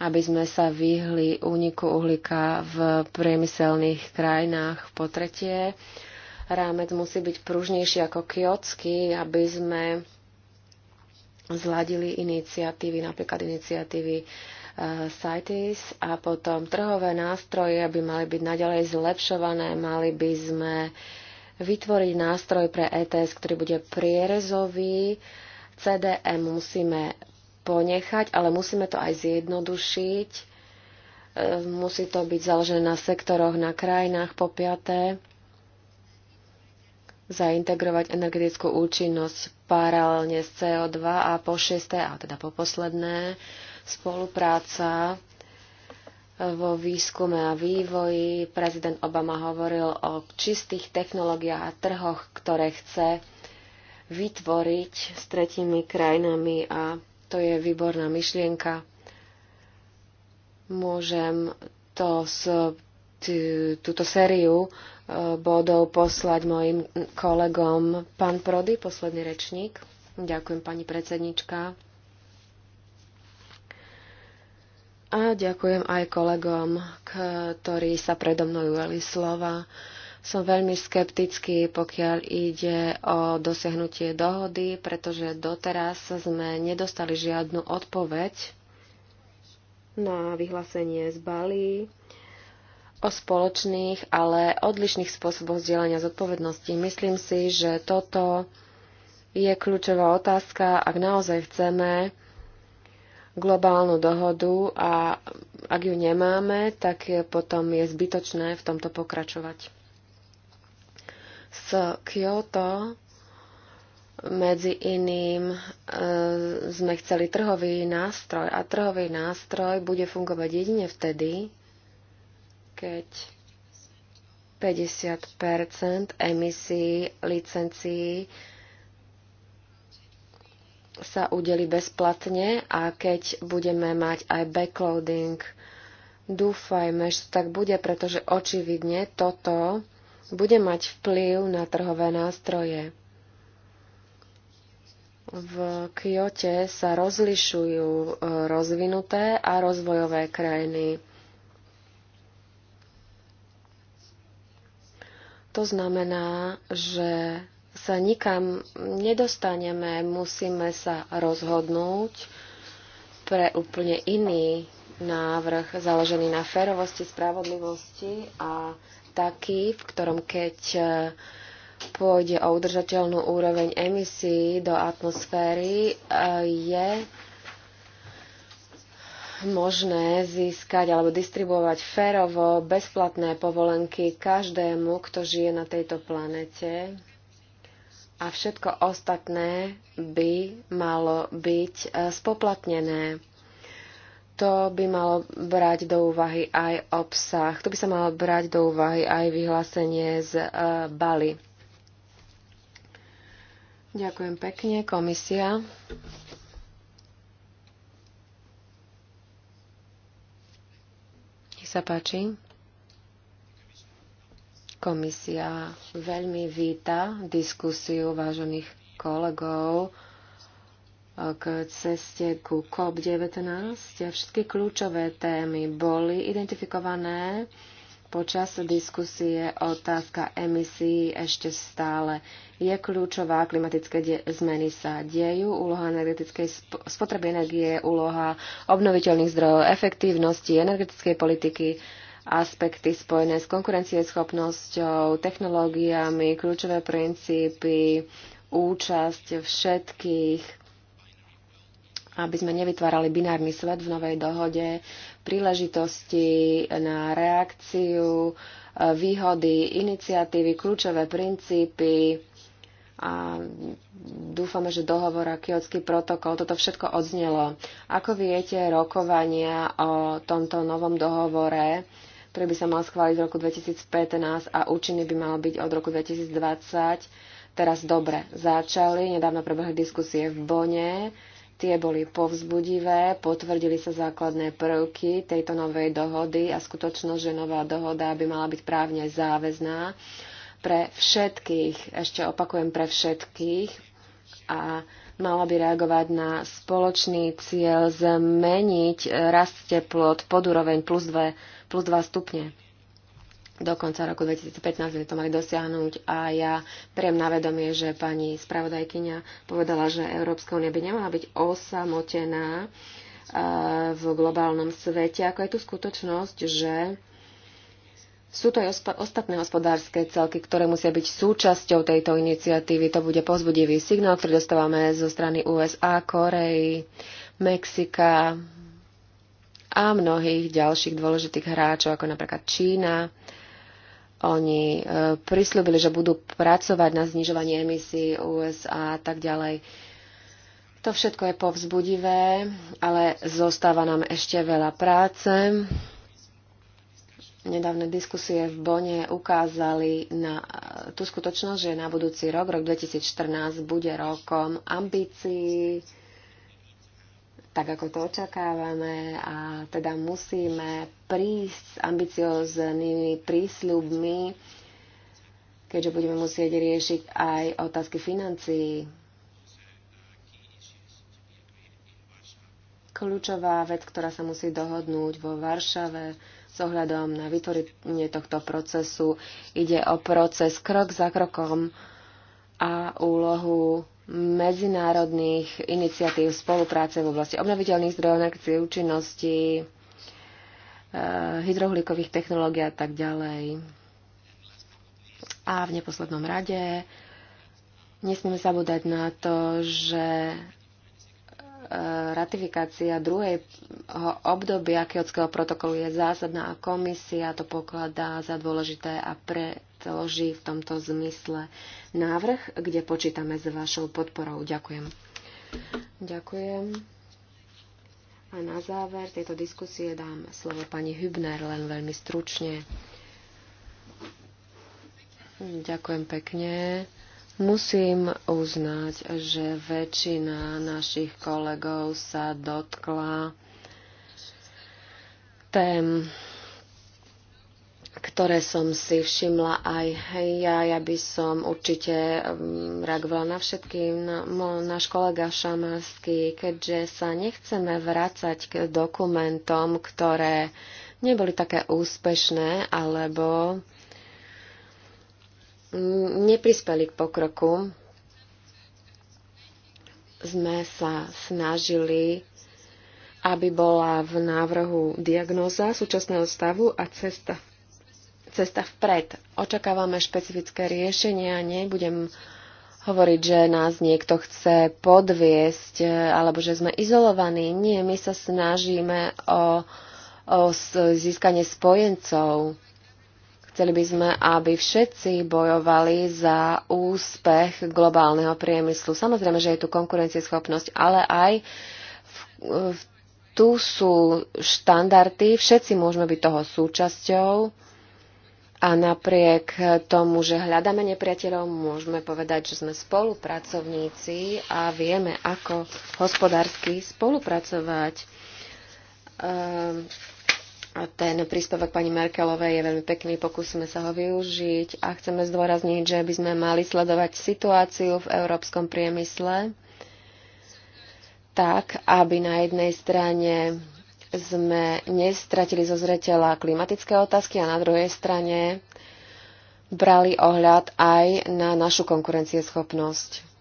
aby sme sa vyhli úniku uhlíka v priemyselných krajinách po tretie. Rámec musí byť pružnejší ako kiocky, aby sme zladili iniciatívy, napríklad iniciatívy e, CITES a potom trhové nástroje by mali byť naďalej zlepšované, mali by sme vytvoriť nástroj pre ETS, ktorý bude prierezový. CDM e musíme ponechať, ale musíme to aj zjednodušiť. E, musí to byť založené na sektoroch, na krajinách po piaté zaintegrovať energetickú účinnosť paralelne s CO2 a po šesté, a teda po posledné, spolupráca e, vo výskume a vývoji. Prezident Obama hovoril o čistých technológiách a trhoch, ktoré chce vytvoriť s tretími krajinami a to je výborná myšlienka. Môžem to s túto sériu e, bodov poslať mojim kolegom. Pán Prody, posledný rečník. Ďakujem, pani predsednička. A ďakujem aj kolegom, ktorí sa predo mnou ujeli slova. Som veľmi skeptický, pokiaľ ide o dosiahnutie dohody, pretože doteraz sme nedostali žiadnu odpoveď na vyhlásenie z Bali o spoločných, ale odlišných spôsoboch zdieľania zodpovednosti. Myslím si, že toto je kľúčová otázka, ak naozaj chceme globálnu dohodu a ak ju nemáme, tak je, potom je zbytočné v tomto pokračovať. Z Kyoto medzi iným e, sme chceli trhový nástroj a trhový nástroj bude fungovať jedine vtedy, keď 50 emisí licencií sa udeli bezplatne a keď budeme mať aj backloading, dúfajme, že tak bude, pretože očividne toto bude mať vplyv na trhové nástroje. V Kyote sa rozlišujú e, rozvinuté a rozvojové krajiny To znamená, že sa nikam nedostaneme, musíme sa rozhodnúť pre úplne iný návrh založený na férovosti, spravodlivosti a taký, v ktorom keď e, pôjde o udržateľnú úroveň emisí do atmosféry, e, je možné získať alebo distribuovať férovo bezplatné povolenky každému, kto žije na tejto planete. A všetko ostatné by malo byť e, spoplatnené. To by malo brať do úvahy aj obsah. To by sa malo brať do úvahy aj vyhlásenie z e, Bali. Ďakujem pekne, komisia. sa páči. Komisia veľmi víta diskusiu vážených kolegov k ceste ku COP19. Všetky kľúčové témy boli identifikované Počas diskusie otázka emisí ešte stále je kľúčová. Klimatické zmeny sa dejú. Úloha energetickej spotreby energie, úloha obnoviteľných zdrojov, efektívnosti energetickej politiky, aspekty spojené s konkurencieschopnosťou, technológiami, kľúčové princípy, účasť všetkých aby sme nevytvárali binárny svet v novej dohode, príležitosti na reakciu, e, výhody, iniciatívy, kľúčové princípy a dúfame, že dohovor a kiotský protokol, toto všetko odznelo. Ako viete, rokovania o tomto novom dohovore, ktorý by sa mal schváliť v roku 2015 a účinný by mal byť od roku 2020, teraz dobre začali. Nedávno prebehli diskusie v Bone Tie boli povzbudivé, potvrdili sa základné prvky tejto novej dohody a skutočnosť, že nová dohoda by mala byť právne záväzná pre všetkých, ešte opakujem pre všetkých a mala by reagovať na spoločný cieľ zmeniť rast teplot pod úroveň plus 2, plus 2 stupne do konca roku 2015 sme to mali dosiahnuť a ja priem na vedomie, že pani spravodajkyňa povedala, že Európska únia by nemala byť osamotená eh, v globálnom svete, ako je tu skutočnosť, že sú to aj ostatné hospodárske celky, ktoré musia byť súčasťou tejto iniciatívy. To bude pozbudivý signál, ktorý dostávame zo strany USA, Korei, Mexika a mnohých ďalších dôležitých hráčov, ako napríklad Čína oni e, prislúbili, že budú pracovať na znižovanie emisí USA a tak ďalej. To všetko je povzbudivé, ale zostáva nám ešte veľa práce. Nedávne diskusie v Bone ukázali na tú skutočnosť, že na budúci rok, rok 2014, bude rokom ambícií tak ako to očakávame a teda musíme prísť s ambicióznymi prísľubmi, keďže budeme musieť riešiť aj otázky financií. Kľúčová vec, ktorá sa musí dohodnúť vo Varšave s ohľadom na vytvorenie tohto procesu, ide o proces krok za krokom a úlohu medzinárodných iniciatív spolupráce v oblasti obnoviteľných zdrojov, energetickej účinnosti, eh, hydrohlikových technológií a tak ďalej. A v neposlednom rade nesmieme zabúdať na to, že eh, ratifikácia druhého obdobia Kyotského protokolu je zásadná a komisia to pokladá za dôležité a pre predloží v tomto zmysle návrh, kde počítame s vašou podporou. Ďakujem. Ďakujem. A na záver tejto diskusie dám slovo pani Hübner len veľmi stručne. Ďakujem pekne. Musím uznať, že väčšina našich kolegov sa dotkla tém ktoré som si všimla aj ja. Ja by som určite mm, reagovala na všetky. No, náš kolega Šamanský, keďže sa nechceme vrácať k dokumentom, ktoré neboli také úspešné alebo mm, neprispeli k pokroku, sme sa snažili aby bola v návrhu diagnóza súčasného stavu a cesta cesta vpred. Očakávame špecifické riešenia, nebudem hovoriť, že nás niekto chce podviesť e, alebo že sme izolovaní. Nie, my sa snažíme o, o získanie spojencov. Chceli by sme, aby všetci bojovali za úspech globálneho priemyslu. Samozrejme, že je tu konkurencieschopnosť, ale aj v, v, tu sú štandardy, všetci môžeme byť toho súčasťou a napriek tomu, že hľadáme nepriateľov, môžeme povedať, že sme spolupracovníci a vieme, ako hospodársky spolupracovať. Ehm, a ten príspevok pani Merkelovej je veľmi pekný, pokúsime sa ho využiť a chceme zdôrazniť, že by sme mali sledovať situáciu v európskom priemysle tak, aby na jednej strane sme nestratili zo zreteľa klimatické otázky a na druhej strane brali ohľad aj na našu konkurencieschopnosť.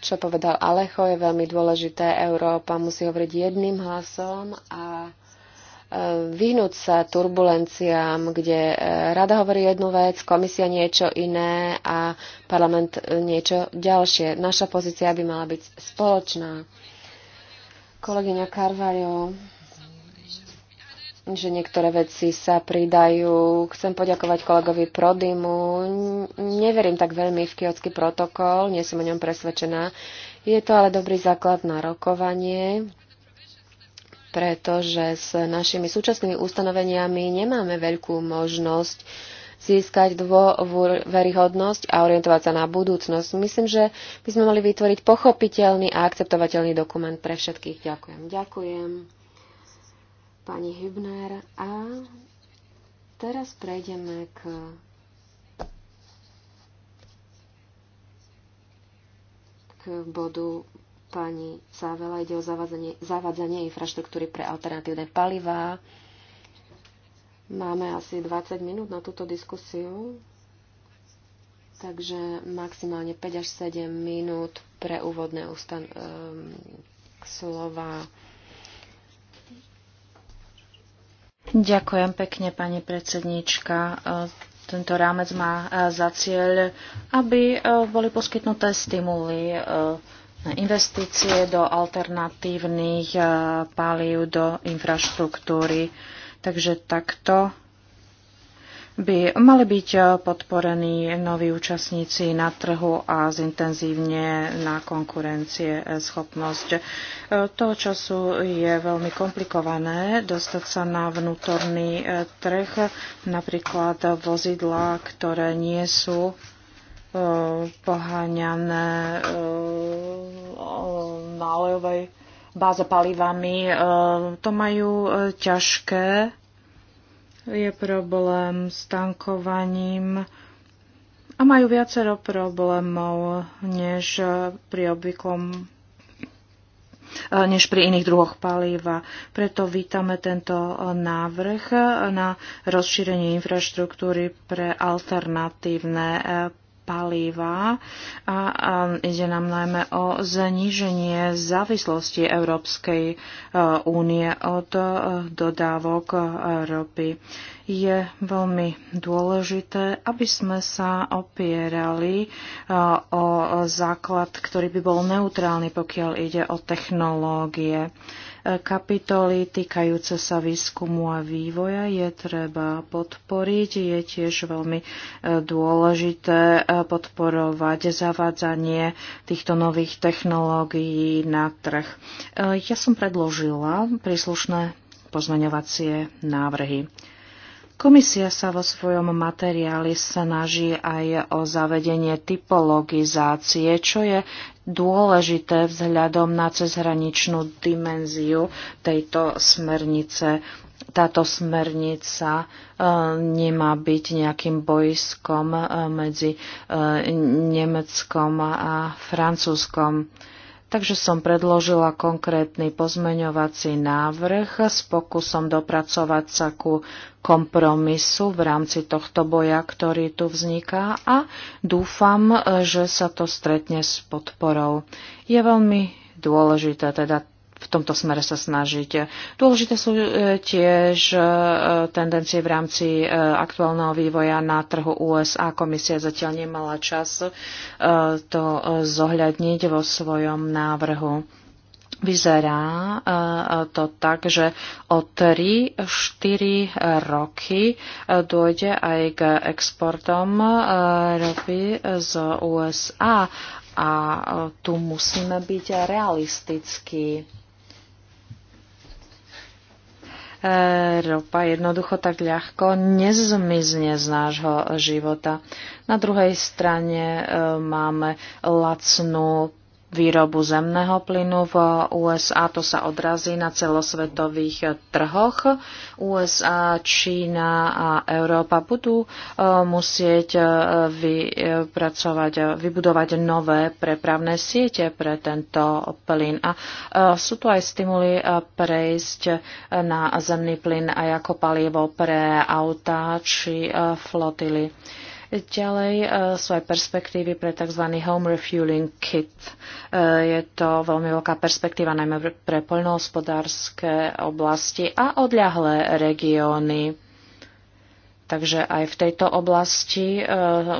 Čo povedal Alecho, je veľmi dôležité. Európa musí hovoriť jedným hlasom a e, vyhnúť sa turbulenciám, kde e, rada hovorí jednu vec, komisia niečo iné a parlament e, niečo ďalšie. Naša pozícia by mala byť spoločná. Kolegyňa Carvalho že niektoré veci sa pridajú. Chcem poďakovať kolegovi Prodimu. Neverím tak veľmi v kiotský protokol, nie som o ňom presvedčená. Je to ale dobrý základ na rokovanie, pretože s našimi súčasnými ustanoveniami nemáme veľkú možnosť získať dôveryhodnosť a orientovať sa na budúcnosť. Myslím, že by sme mali vytvoriť pochopiteľný a akceptovateľný dokument pre všetkých. Ďakujem. Ďakujem pani Hübner a teraz prejdeme k k bodu pani Sávela. Ide o zavádzanie, infraštruktúry pre alternatívne palivá. Máme asi 20 minút na túto diskusiu, takže maximálne 5 až 7 minút pre úvodné ustan- um, slova. Ďakujem pekne, pani predsednička. E, tento rámec má e, za cieľ, aby e, boli poskytnuté stimuly investície do alternatívnych palív, do infraštruktúry. Takže takto by mali byť e, podporení noví účastníci na trhu a zintenzívne na konkurencie e, schopnosť. E, to času je veľmi komplikované dostať sa na vnútorný trh, napríklad vozidla, ktoré nie sú poháňané na olejovej báze palivami, to majú ťažké je problém s tankovaním a majú viacero problémov než pri obvyklom eh, než pri iných druhoch palíva. Preto vítame tento návrh na rozšírenie infraštruktúry pre alternatívne eh, paliva a, a ide nám najmä o zníženie závislosti Európskej e, únie od e, dodávok e, ropy. Je veľmi dôležité, aby sme sa opierali o základ, ktorý by bol neutrálny, pokiaľ ide o technológie. Kapitoly týkajúce sa výskumu a vývoja je treba podporiť. Je tiež veľmi e, dôležité e, podporovať zavádzanie týchto nových technológií na trh. E, ja som predložila príslušné pozmeňovacie návrhy. Komisia sa vo svojom materiáli snaží aj o zavedenie typologizácie, čo je dôležité vzhľadom na cezhraničnú dimenziu tejto smernice. Táto smernica e, nemá byť nejakým bojskom e, medzi e, Nemeckom a Francúzskom takže som predložila konkrétny pozmeňovací návrh s pokusom dopracovať sa ku kompromisu v rámci tohto boja, ktorý tu vzniká a dúfam, že sa to stretne s podporou. Je veľmi dôležité teda v tomto smere sa snažiť. Dôležité sú e, tiež e, tendencie v rámci e, aktuálneho vývoja na trhu USA. Komisia zatiaľ nemala čas to zohľadniť vo svojom návrhu. Vyzerá to tak, že o 3-4 roky dôjde aj k exportom ropy z USA a tu musíme byť realistickí ropa jednoducho tak ľahko nezmizne z nášho života. Na druhej strane e, máme lacnú výrobu zemného plynu v USA. To sa odrazí na celosvetových trhoch. USA, Čína a Európa budú e, musieť e, vypracovať, e, vybudovať nové prepravné siete pre tento plyn. A sú tu aj stimuly prejsť na zemný plyn aj ako palivo pre autá či flotily. Ďalej e, svoje perspektívy pre tzv. Home Refueling Kit. E, je to veľmi veľká perspektíva najmä pre poľnohospodárske oblasti a odľahlé regióny. Takže aj v tejto oblasti e,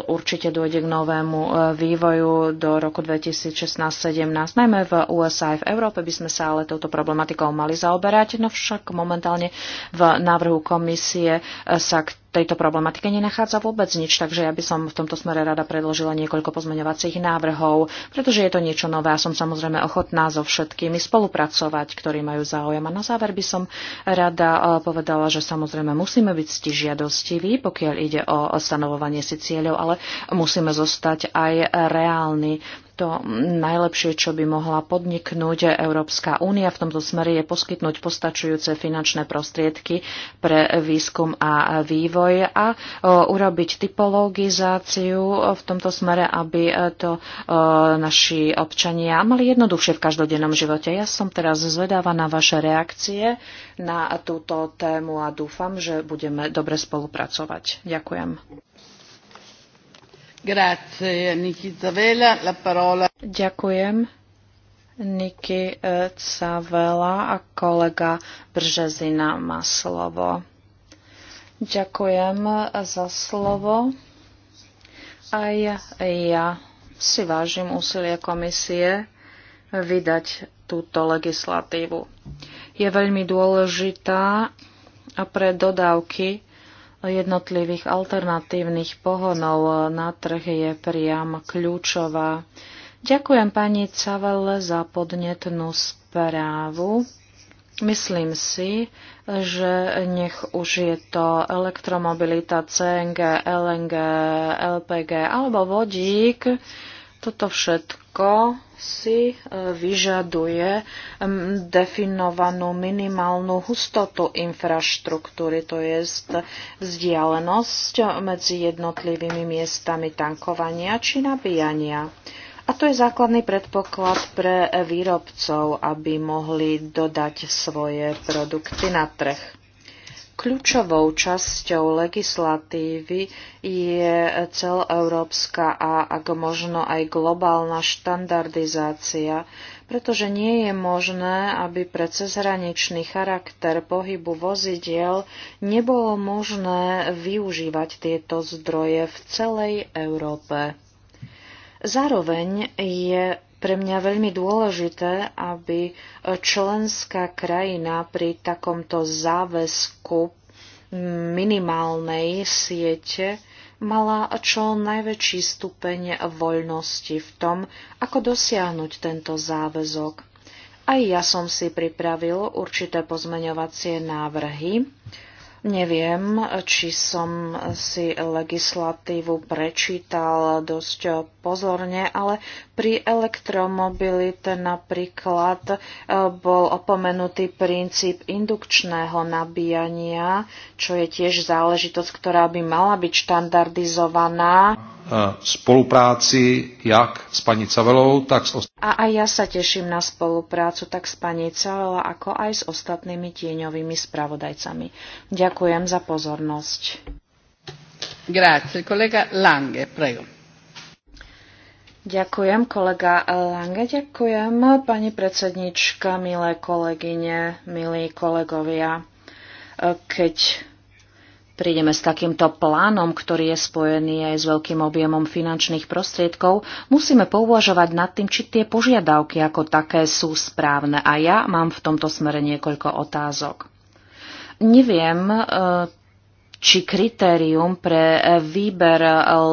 určite dôjde k novému vývoju do roku 2016-17. Najmä v USA aj v Európe by sme sa ale touto problematikou mali zaoberať, no však momentálne v návrhu komisie sa k tejto problematike nenachádza vôbec nič, takže ja by som v tomto smere rada predložila niekoľko pozmeňovacích návrhov, pretože je to niečo nové a som samozrejme ochotná so všetkými spolupracovať, ktorí majú záujem. A na záver by som rada e, povedala, že samozrejme musíme byť stižiadostiví, pokiaľ ide o stanovovanie si cieľov, ale musíme zostať aj reálni to najlepšie, čo by mohla podniknúť Európska únia v tomto smere je poskytnúť postačujúce finančné prostriedky pre výskum a vývoj a urobiť typologizáciu v tomto smere, aby e, to naši občania mali jednoduchšie v každodennom živote. Ja som teraz zvedáva na vaše reakcie na túto tému a dúfam, že budeme dobre spolupracovať. Ďakujem. Ďakujem. Niki Cavela eh, a kolega Bržezina má slovo. Ďakujem eh, za slovo. Aj ja si vážim úsilie komisie vydať túto legislatívu. Je veľmi dôležitá pre dodávky jednotlivých alternatívnych pohonov na trh je priam kľúčová. Ďakujem pani Cavele za podnetnú správu. Myslím si, že nech už je to elektromobilita CNG, LNG, LPG alebo vodík, toto všetko Slovensko si e, vyžaduje definovanú minimálnu hustotu infraštruktúry, to je vzdialenosť medzi jednotlivými miestami tankovania či nabíjania. A to je základný predpoklad pre výrobcov, aby mohli dodať svoje produkty na trh. Kľúčovou časťou legislatívy je celoeurópska a ak možno aj globálna štandardizácia, pretože nie je možné, aby pre cezhraničný charakter pohybu vozidiel nebolo možné využívať tieto zdroje v celej Európe. Zároveň je pre mňa veľmi dôležité, aby členská krajina pri takomto záväzku minimálnej siete mala čo najväčší stupeň voľnosti v tom, ako dosiahnuť tento záväzok. Aj ja som si pripravil určité pozmeňovacie návrhy. Neviem, či som si legislatívu prečítal dosť pozorne, ale pri elektromobilite napríklad e, bol opomenutý princíp indukčného nabíjania, čo je tiež záležitosť, ktorá by mala byť štandardizovaná. E, spolupráci jak s pani Cavelou, tak s ostatnými. A aj ja sa teším na spoluprácu tak s pani Cavela, ako aj s ostatnými tieňovými spravodajcami. Ďakujem za pozornosť. Grazie. Kolega Lange, prego. Ďakujem, kolega Lange, ďakujem, pani predsednička, milé kolegyne, milí kolegovia. Keď prídeme s takýmto plánom, ktorý je spojený aj s veľkým objemom finančných prostriedkov, musíme pouvažovať nad tým, či tie požiadavky ako také sú správne. A ja mám v tomto smere niekoľko otázok. Neviem, eh, či kritérium pre výber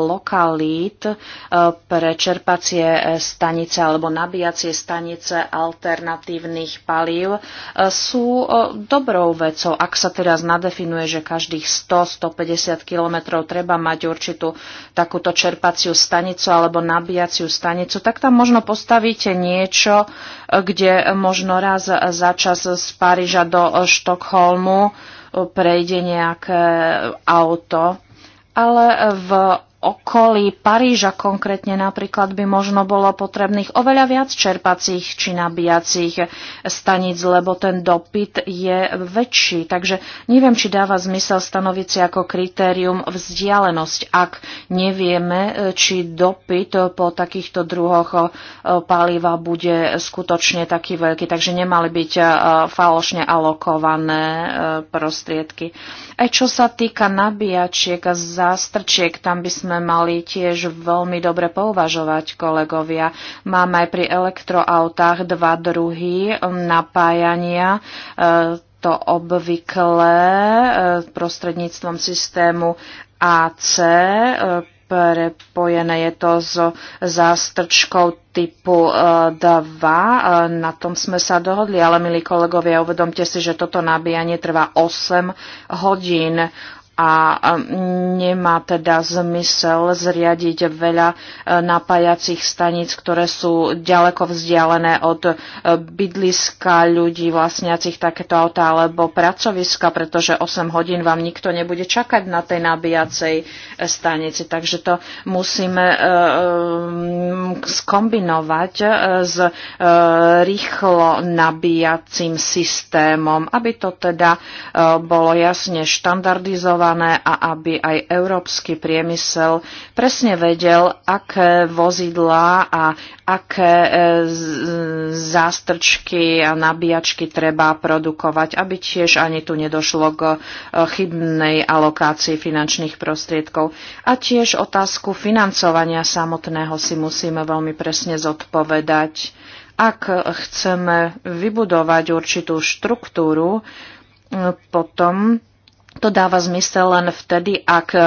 lokalít e, pre čerpacie stanice alebo nabíjacie stanice alternatívnych palív e, sú e, dobrou vecou. Ak sa teraz nadefinuje, že každých 100-150 kilometrov treba mať určitú takúto čerpaciu stanicu alebo nabíjaciu stanicu, tak tam možno postavíte niečo, kde možno raz za čas z Paríža do Štokholmu prejde nejaké auto, ale v okolí Paríža konkrétne napríklad by možno bolo potrebných oveľa viac čerpacích či nabíjacích staníc, lebo ten dopyt je väčší. Takže neviem, či dáva zmysel stanoviť si ako kritérium vzdialenosť, ak nevieme, e, či dopyt po takýchto druhoch e, paliva bude skutočne taký veľký. Takže nemali byť e, falošne alokované prostriedky. Aj čo sa týka nabíjačiek a zástrčiek, tam by sme sme mali tiež veľmi dobre pouvažovať, kolegovia. Máme aj pri elektroautách dva druhy napájania e, to obvyklé e, prostredníctvom systému AC. E, prepojené je to s zástrčkou typu 2. Na tom sme sa dohodli, ale milí kolegovia, uvedomte si, že toto nabíjanie trvá 8 hodín a nemá teda zmysel zriadiť veľa e, napájacích staníc, ktoré sú ďaleko vzdialené od e, bydliska ľudí vlastniacich takéto auta alebo pracoviska, pretože 8 hodín vám nikto nebude čakať na tej nabíjacej e, stanici. Takže to musíme skombinovať s rýchlo nabíjacím systémom, aby to teda bolo jasne štandardizované kontrolované a aby aj európsky priemysel presne vedel, aké vozidlá a aké e, zástrčky a nabíjačky treba produkovať, aby tiež ani tu nedošlo k e, chybnej alokácii finančných prostriedkov. A tiež otázku financovania samotného si musíme veľmi presne zodpovedať. Ak chceme vybudovať určitú štruktúru, e, potom to dáva zmysel len vtedy, ak e,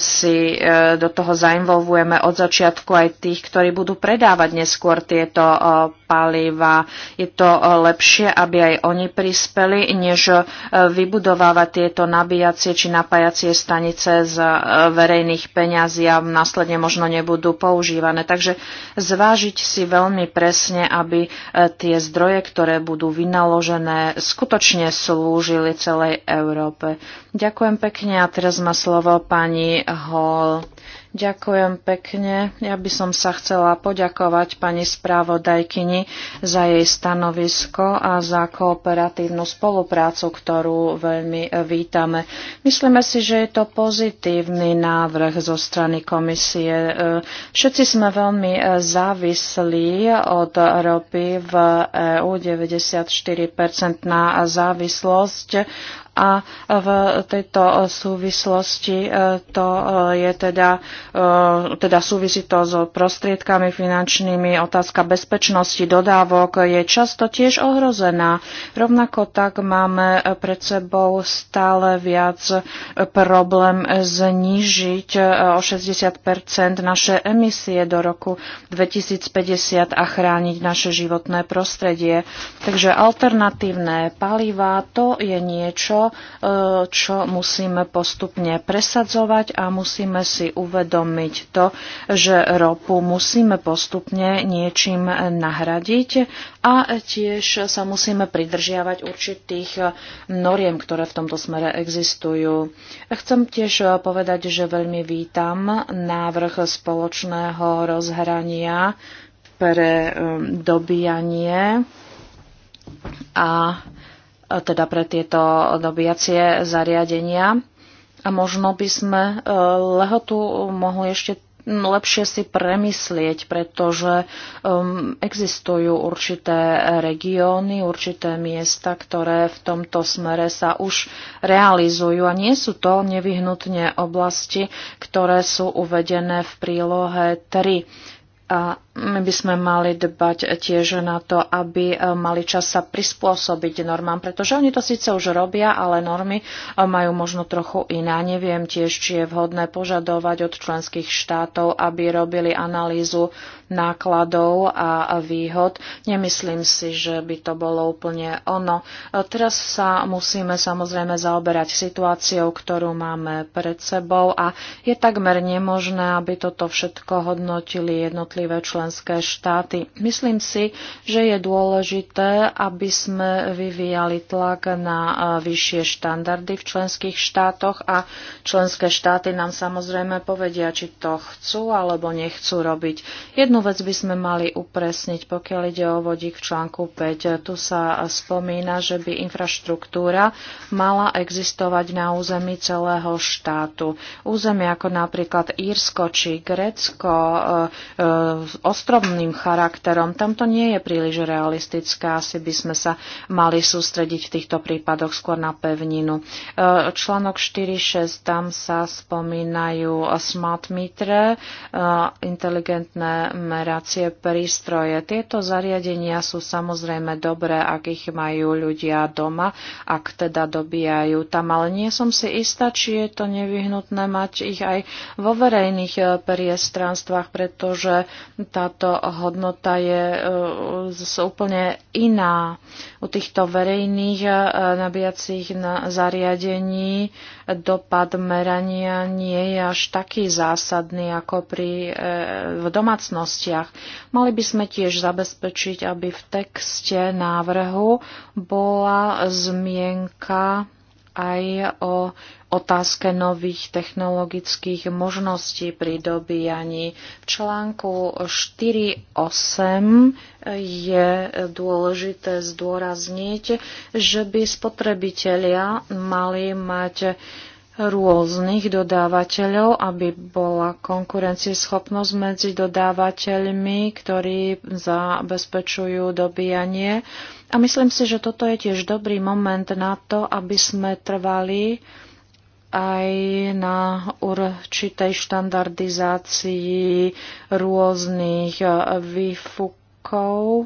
si e, do toho zainvolvujeme od začiatku aj tých, ktorí budú predávať neskôr tieto e, paliva. Je to e, lepšie, aby aj oni prispeli, než e, vybudovávať tieto nabíjacie či napájacie stanice z e, verejných peňazí a následne možno nebudú používané. Takže zvážiť si veľmi presne, aby tie zdroje, ktoré budú vynaložené, skutočne slúžili celej Európe. Ďakujem pekne a teraz má slovo pani Hall. Ďakujem pekne. Ja by som sa chcela poďakovať pani správodajkyni za jej stanovisko a za kooperatívnu spoluprácu, ktorú veľmi vítame. Myslíme si, že je to pozitívny návrh zo strany komisie. Všetci sme veľmi závislí od ropy v EU, 94% závislosť a v tejto súvislosti e, to e, je teda, e, teda súvisí to s prostriedkami finančnými. Otázka bezpečnosti dodávok je často tiež ohrozená. Rovnako tak máme pred sebou stále viac problém znižiť o 60 naše emisie do roku 2050 a chrániť naše životné prostredie. Takže alternatívne palivá to je niečo, Eh, čo musíme postupne presadzovať a musíme si uvedomiť to, že ropu musíme postupne niečím nahradiť a tiež sa musíme pridržiavať určitých noriem, ktoré v tomto smere existujú. Chcem tiež povedať, že veľmi vítam návrh spoločného rozhrania pre eh, dobíjanie a teda pre tieto dobíjacie zariadenia. A možno by sme e, lehotu mohli ešte lepšie si premyslieť, pretože um, existujú určité regióny, určité miesta, ktoré v tomto smere sa už realizujú a nie sú to nevyhnutne oblasti, ktoré sú uvedené v prílohe 3. A my by sme mali dbať tiež na to, aby e, mali čas sa prispôsobiť normám, pretože oni to síce už robia, ale normy e, majú možno trochu iná. Neviem tiež, či je vhodné požadovať od členských štátov, aby robili analýzu nákladov a výhod. Nemyslím si, že by to bolo úplne ono. E, teraz sa musíme samozrejme zaoberať situáciou, ktorú máme pred sebou a je takmer nemožné, aby toto všetko hodnotili jednotlivé členské členské štáty. Myslím si, že je dôležité, aby sme vyvíjali tlak na e, vyššie štandardy v členských štátoch a členské štáty nám samozrejme povedia, či to chcú alebo nechcú robiť. Jednu vec by sme mali upresniť, pokiaľ ide o vodík v článku 5. Tu sa spomína, že by infraštruktúra mala existovať na území celého štátu. Územia ako napríklad Írsko či Grécko, e, e, ostromným charakterom. Tam to nie je príliš realistické. Asi by sme sa mali sústrediť v týchto prípadoch skôr na pevninu. E, článok 4.6, tam sa spomínajú smart metre, e, inteligentné meracie prístroje. Tieto zariadenia sú samozrejme dobré, ak ich majú ľudia doma, ak teda dobíjajú tam, ale nie som si istá, či je to nevyhnutné mať ich aj vo verejných e, priestranstvách, pretože tá táto hodnota je zase úplne iná. U týchto verejných e, nabíjacích zariadení dopad merania nie je až taký zásadný ako pri, e, v domácnostiach. Mali by sme tiež zabezpečiť, aby v texte návrhu bola zmienka aj o otázke nových technologických možností pri dobíjaní. V článku 4.8 je dôležité zdôrazniť, že by spotrebitelia mali mať rôznych dodávateľov, aby bola konkurencieschopnosť medzi dodávateľmi, ktorí zabezpečujú dobíjanie. A myslím si, že toto je tiež dobrý moment na to, aby sme trvali aj na určitej štandardizácii rôznych e, výfukov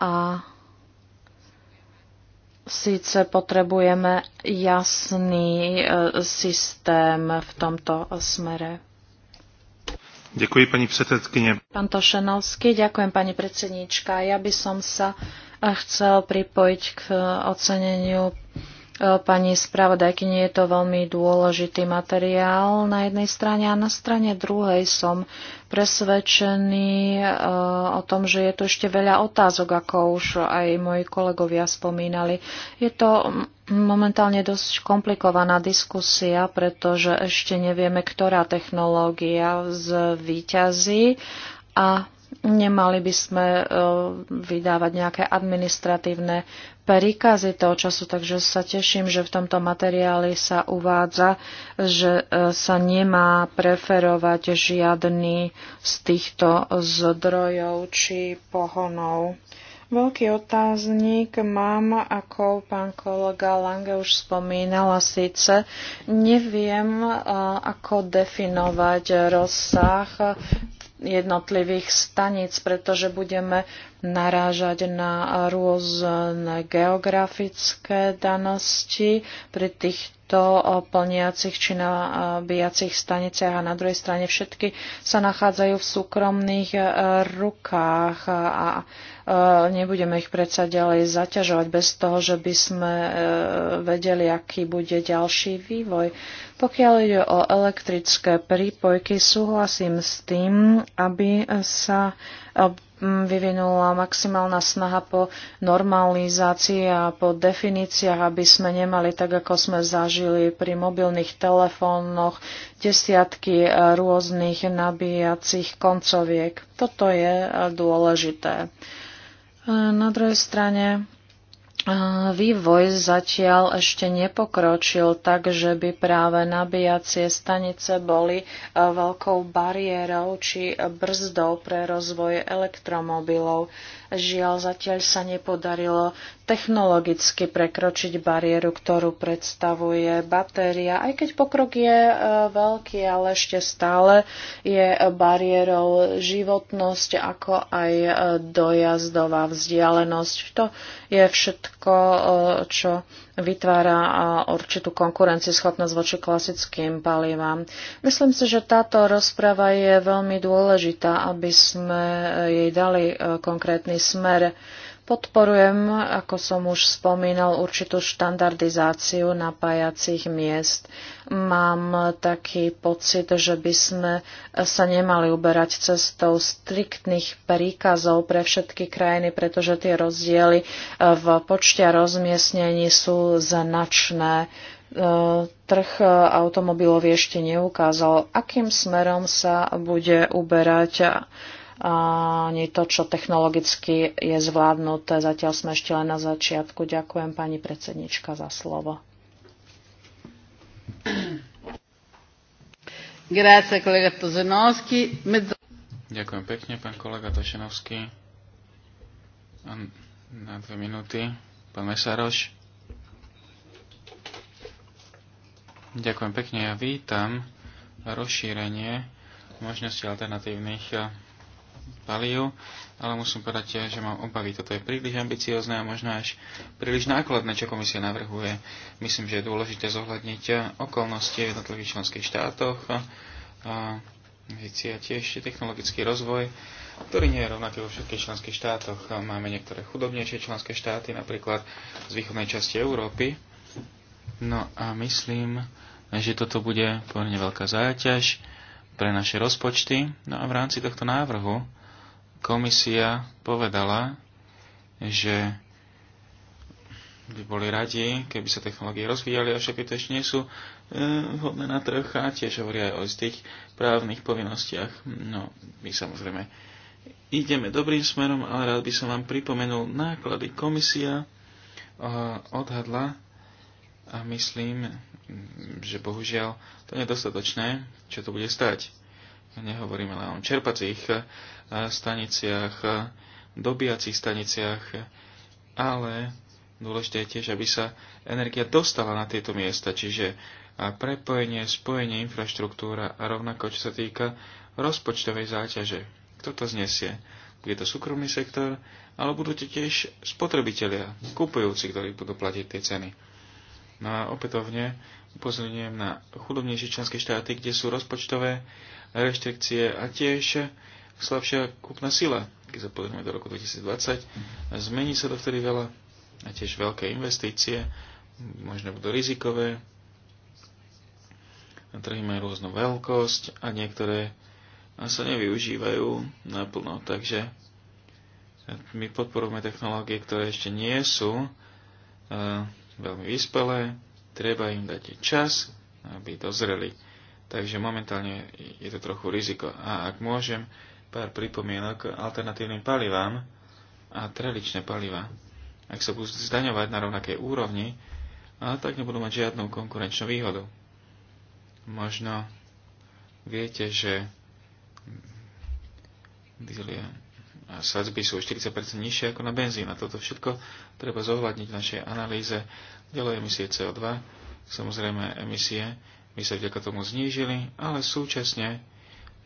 a síce potrebujeme jasný e, systém v tomto smere. Ďakujem pani predsedkyne. Pán Tošenovský, ďakujem pani predsedníčka. Ja by som sa eh, chcel pripojiť k eh, oceneniu pani spravodajkyni je to veľmi dôležitý materiál na jednej strane a na strane druhej som presvedčený e, o tom, že je tu ešte veľa otázok, ako už aj moji kolegovia spomínali. Je to momentálne dosť komplikovaná diskusia, pretože ešte nevieme, ktorá technológia zvýťazí a Nemali by sme e, vydávať nejaké administratívne príkazy toho času, takže sa teším, že v tomto materiáli sa uvádza, že e, sa nemá preferovať žiadny z týchto zdrojov či pohonov. Veľký otáznik mám, ako pán kolega Lange už spomínala, síce neviem, e, ako definovať rozsah jednotlivých staníc, pretože budeme narážať na rôzne geografické danosti pri týchto to o plniacich či nabíjacích staniciach a na druhej strane všetky sa nachádzajú v súkromných e, rukách a e, nebudeme ich predsa ďalej zaťažovať bez toho, že by sme e, vedeli, aký bude ďalší vývoj. Pokiaľ ide o elektrické prípojky, súhlasím s tým, aby sa Mm, vyvinula maximálna snaha po normalizácii a po definíciách, aby sme nemali tak, ako sme zažili pri mobilných telefónoch, desiatky eh, rôznych nabíjacích koncoviek. Toto je eh, dôležité. Eh, na druhej strane vývoj zatiaľ ešte nepokročil tak, že by práve nabíjacie stanice boli e, veľkou bariérou či brzdou pre rozvoj elektromobilov. Žiaľ, zatiaľ sa nepodarilo technologicky prekročiť bariéru, ktorú predstavuje batéria. Aj keď pokrok je e, veľký, ale ešte stále je bariérou životnosť, ako aj e, dojazdová vzdialenosť. To je všetko všetko, e, čo vytvára e, určitú konkurencieschopnosť voči klasickým palivám. Myslím si, že táto rozprava je veľmi dôležitá, aby sme jej dali e, konkrétny smer. Podporujem, ako som už spomínal, určitú štandardizáciu napájacích miest. Mám taký pocit, že by sme sa nemali uberať cestou striktných príkazov pre všetky krajiny, pretože tie rozdiely e, v počte a rozmiestnení sú značné e, trh automobilov ešte neukázal, akým smerom sa bude uberať ani to, čo technologicky je zvládnuté. Zatiaľ sme ešte len na začiatku. Ďakujem pani predsednička za slovo. Grazie, kolega Tozenovský. Ďakujem pekne, pán kolega Tošenovský. Na dve minúty. Pán Mesaroš. Ďakujem pekne. Ja vítam rozšírenie možnosti alternatívnych Paliu, ale musím povedať, tiež, eh, že mám obavy. Toto je príliš ambiciozne a možno až príliš nákladné, čo komisia navrhuje. Myslím, že je dôležité zohľadniť eh, okolnosti v jednotlivých členských štátoch, a tiež technologický rozvoj, ktorý nie je rovnaký vo všetkých členských štátoch. Máme niektoré chudobnejšie členské štáty, napríklad z východnej časti Európy. No a myslím, že toto bude pomerne veľká záťaž pre naše rozpočty. No a v rámci tohto návrhu komisia povedala, že by boli radi, keby sa technológie rozvíjali, avšak to ešte nie sú e, vhodné na trh a tiež hovoria aj o tých právnych povinnostiach. No, my samozrejme ideme dobrým smerom, ale rád by som vám pripomenul náklady. Komisia e, odhadla a myslím, že bohužiaľ to nedostatočné, čo to bude stať. Nehovoríme len o čerpacích eh, staniciach, eh, dobíjacích staniciach, ale dôležité je tiež, aby sa energia dostala na tieto miesta, čiže eh, prepojenie, spojenie, infraštruktúra a rovnako, čo sa týka rozpočtovej záťaže. Kto to znesie? Bude to súkromný sektor, ale budú to tiež spotrebitelia, kupujúci, ktorí budú platiť tie ceny. No a opätovne upozorňujem na chudobnejšie členské štáty, kde sú rozpočtové reštrikcie a tiež slabšia kúpna sila. Keď sa pozrieme do roku 2020, zmení sa dovtedy veľa a tiež veľké investície, možno budú rizikové, trhy majú rôznu veľkosť a niektoré sa nevyužívajú naplno. Takže my podporujeme technológie, ktoré ešte nie sú e, veľmi vyspelé, treba im dať čas, aby dozreli. Takže momentálne je to trochu riziko. A ak môžem, pár pripomienok alternatívnym palivám a tradičné paliva. Ak sa budú zdaňovať na rovnakej úrovni, a tak nebudú mať žiadnu konkurenčnú výhodu. Možno viete, že a sadzby sú 40% nižšie ako na benzín. A toto všetko treba zohľadniť v našej analýze. Ďalej emisie CO2, samozrejme emisie by sa vďaka tomu znížili, ale súčasne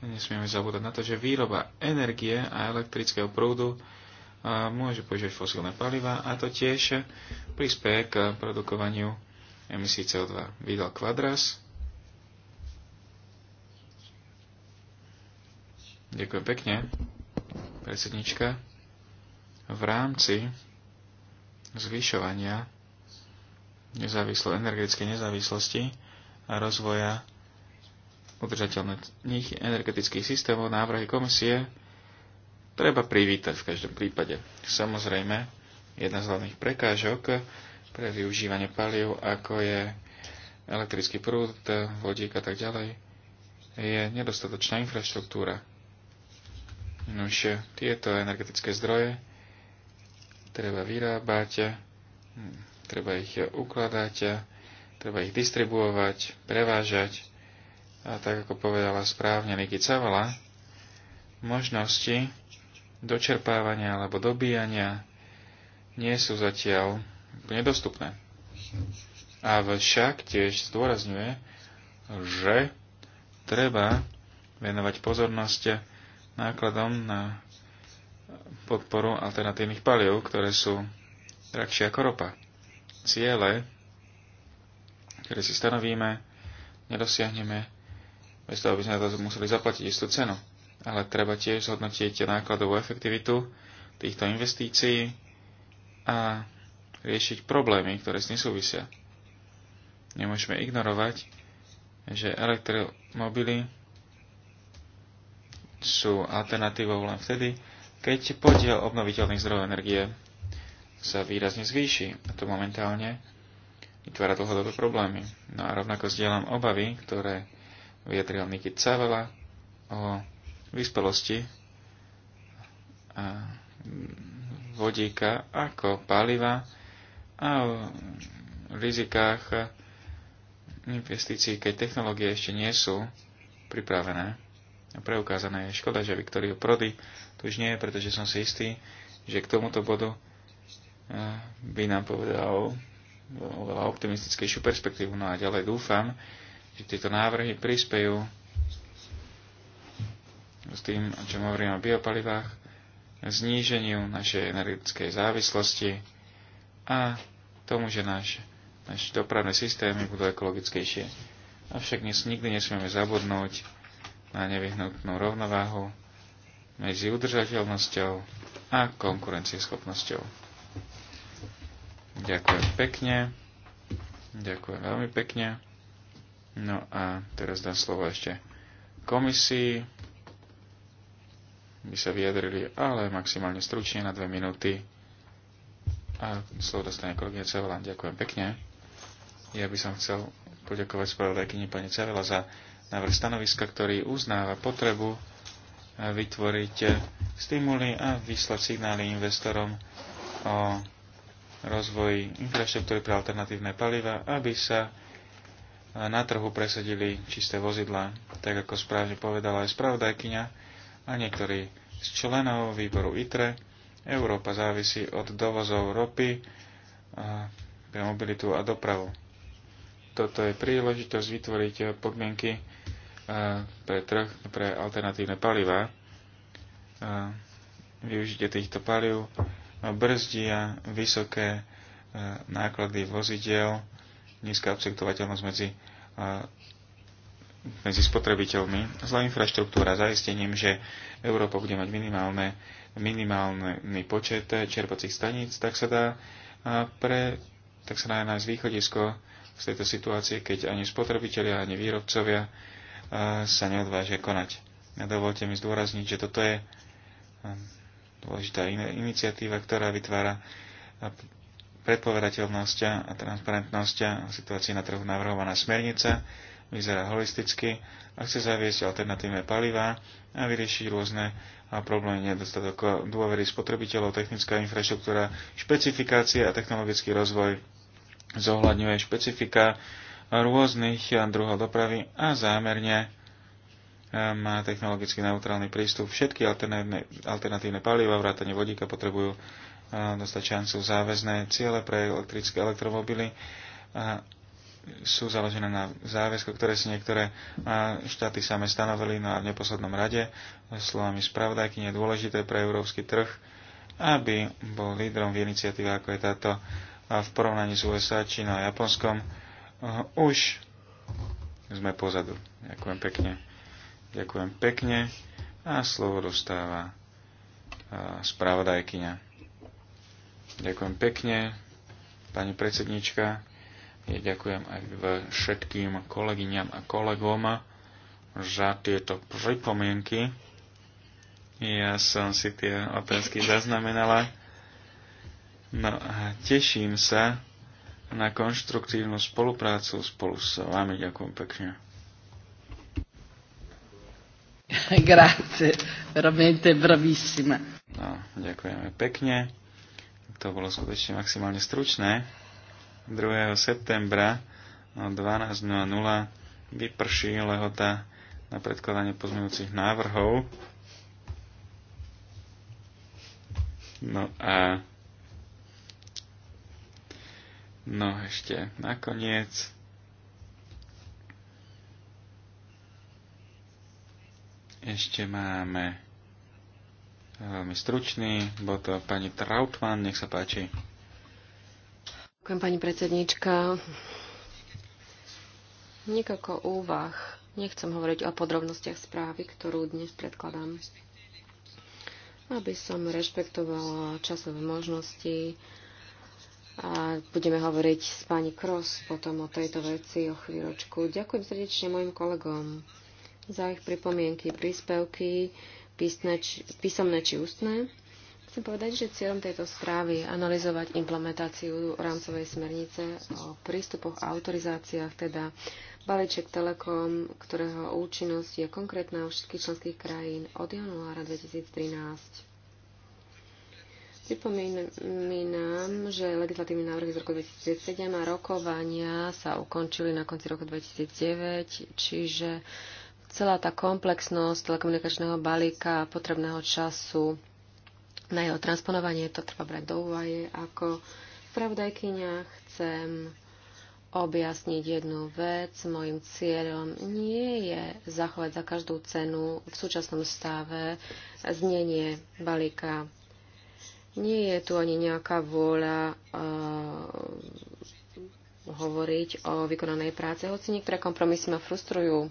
nesmieme zabúdať na to, že výroba energie a elektrického prúdu môže požiť fosílne paliva a to tiež prispieje k produkovaniu emisí CO2. Vidal kvadras. Ďakujem pekne, predsednička. V rámci zvyšovania nezávislo energetickej nezávislosti a rozvoja udržateľných energetických systémov návrhy komisie treba privítať v každom prípade. Samozrejme, jedna z hlavných prekážok pre využívanie paliv, ako je elektrický prúd, vodík a tak ďalej, je nedostatočná infraštruktúra. Nož tieto energetické zdroje treba vyrábať, hm, treba ich ukladať, treba ich distribuovať, prevážať a tak ako povedala správne Niky Cavala, možnosti dočerpávania alebo dobíjania nie sú zatiaľ nedostupné. A však tiež zdôrazňuje, že treba venovať pozornosť nákladom na podporu alternatívnych paliev, ktoré sú drahšie ako ropa. Ciele ktorý si stanovíme, nedosiahneme, bez toho, aby sme to museli zaplatiť istú cenu. Ale treba tiež zhodnotiť nákladovú efektivitu týchto investícií a riešiť problémy, ktoré s tým súvisia. Nemôžeme ignorovať, že elektromobily sú alternatívou len vtedy, keď podiel obnoviteľných zdrojov energie sa výrazne zvýši. A to momentálne vytvára dlhodobé problémy. No a rovnako zdieľam obavy, ktoré vyjadril Nikit Cavela o vyspelosti mm, vodíka ako paliva a o rizikách investícií, keď technológie ešte nie sú pripravené a preukázané. Je škoda, že Viktorio Prody tu už nie je, pretože som si istý, že k tomuto bodu by nám povedal oveľa optimistickejšiu perspektívu. No a ďalej dúfam, že tieto návrhy prispejú s tým, o čom hovorím o biopalivách, zníženiu našej energetickej závislosti a tomu, že náš, naše dopravné systémy budú ekologickejšie. Avšak dnes nikdy nesmieme zabudnúť na nevyhnutnú rovnováhu medzi udržateľnosťou a konkurencieschopnosťou. Ďakujem pekne. Ďakujem veľmi pekne. No a teraz dám slovo ešte komisii. By sa vyjadrili, ale maximálne stručne na dve minúty. A slovo dostane kolegyňa Cevela. Ďakujem pekne. Ja by som chcel poďakovať spravodajkyni pani Cevela za návrh stanoviska, ktorý uznáva potrebu vytvoriť stimuly a vyslať signály investorom o rozvoji infraštruktúry pre alternatívne paliva, aby sa na trhu presadili čisté vozidlá. Tak ako správne povedala aj spravodajkyňa a niektorí z členov výboru ITRE, Európa závisí od dovozov ropy pre mobilitu a dopravu. Toto je príležitosť vytvoriť podmienky pre trh pre alternatívne paliva, Využite týchto palív brzdia vysoké e, náklady vozidel, nízka obsektovateľnosť medzi, e, medzi spotrebiteľmi, zlá infraštruktúra, zaistením, že Európa bude mať minimálne, minimálny počet čerpacích staníc, tak sa dá pre, tak sa dá nájsť východisko z tejto situácie, keď ani spotrebitelia, ani výrobcovia e, sa neodvážia konať. Dovolte mi zdôrazniť, že toto je dôležitá iniciatíva, ktorá vytvára predpovedateľnosť a transparentnosť a situácii na trhu navrhovaná smernica, vyzerá holisticky a chce zaviesť alternatívne palivá a vyriešiť rôzne problémy, nedostatok dôvery spotrebiteľov, technická infraštruktúra, špecifikácie a technologický rozvoj zohľadňuje špecifika rôznych druhov dopravy a zámerne má technologicky neutrálny prístup. Všetky alternatívne, alternatívne paliva, vrátane vodíka, potrebujú dostať šancu záväzné ciele pre elektrické elektromobily. A sú založené na záväzku, ktoré si niektoré štáty same stanovili, no a v neposlednom rade, slovami spravodajky, je dôležité pre európsky trh, aby bol lídrom v iniciatíve, ako je táto v porovnaní s USA, Čínou a Japonskom. Už sme pozadu. Ďakujem pekne. Ďakujem pekne a slovo dostáva spravodajkyňa. Ďakujem pekne, pani predsednička. Ja ďakujem aj všetkým kolegyňam a kolegom za tieto pripomienky. Ja som si tie otázky zaznamenala. No a teším sa na konštruktívnu spoluprácu spolu s vami. Ďakujem pekne. Grazie, veramente bravissima. No, ďakujeme pekne. To bolo skutočne maximálne stručné. 2. septembra o 12.00 vyprší lehota na predkladanie pozmeňujúcich návrhov. No a no ešte nakoniec Ešte máme eh, veľmi stručný, bol to eh, pani Trautmann, nech sa páči. Ďakujem, pani predsednička. Niekoľko úvah. Nechcem hovoriť o podrobnostiach správy, ktorú dnes predkladám. Aby som rešpektovala časové možnosti, a budeme hovoriť s pani Kross potom o tejto veci o chvíľočku. Ďakujem srdečne mojim kolegom za ich pripomienky, príspevky, písne, či, písomné či ústne. Chcem povedať, že cieľom tejto správy je analyzovať implementáciu rámcovej smernice o prístupoch a autorizáciách, teda balíček Telekom, ktorého účinnosť je konkrétna u všetkých členských krajín od januára 2013. Pripomínam, že legislatívny návrh z roku 2007 a rokovania sa ukončili na konci roku 2009, čiže Celá tá komplexnosť telekomunikačného balíka a potrebného času na jeho transponovanie, to treba brať do úvahy. Ako pravdajkyňa chcem objasniť jednu vec. Mojím cieľom nie je zachovať za každú cenu v súčasnom stave znenie balíka. Nie je tu ani nejaká vôľa uh, hovoriť o vykonanej práce, hoci niektoré kompromisy ma frustrujú. Uh,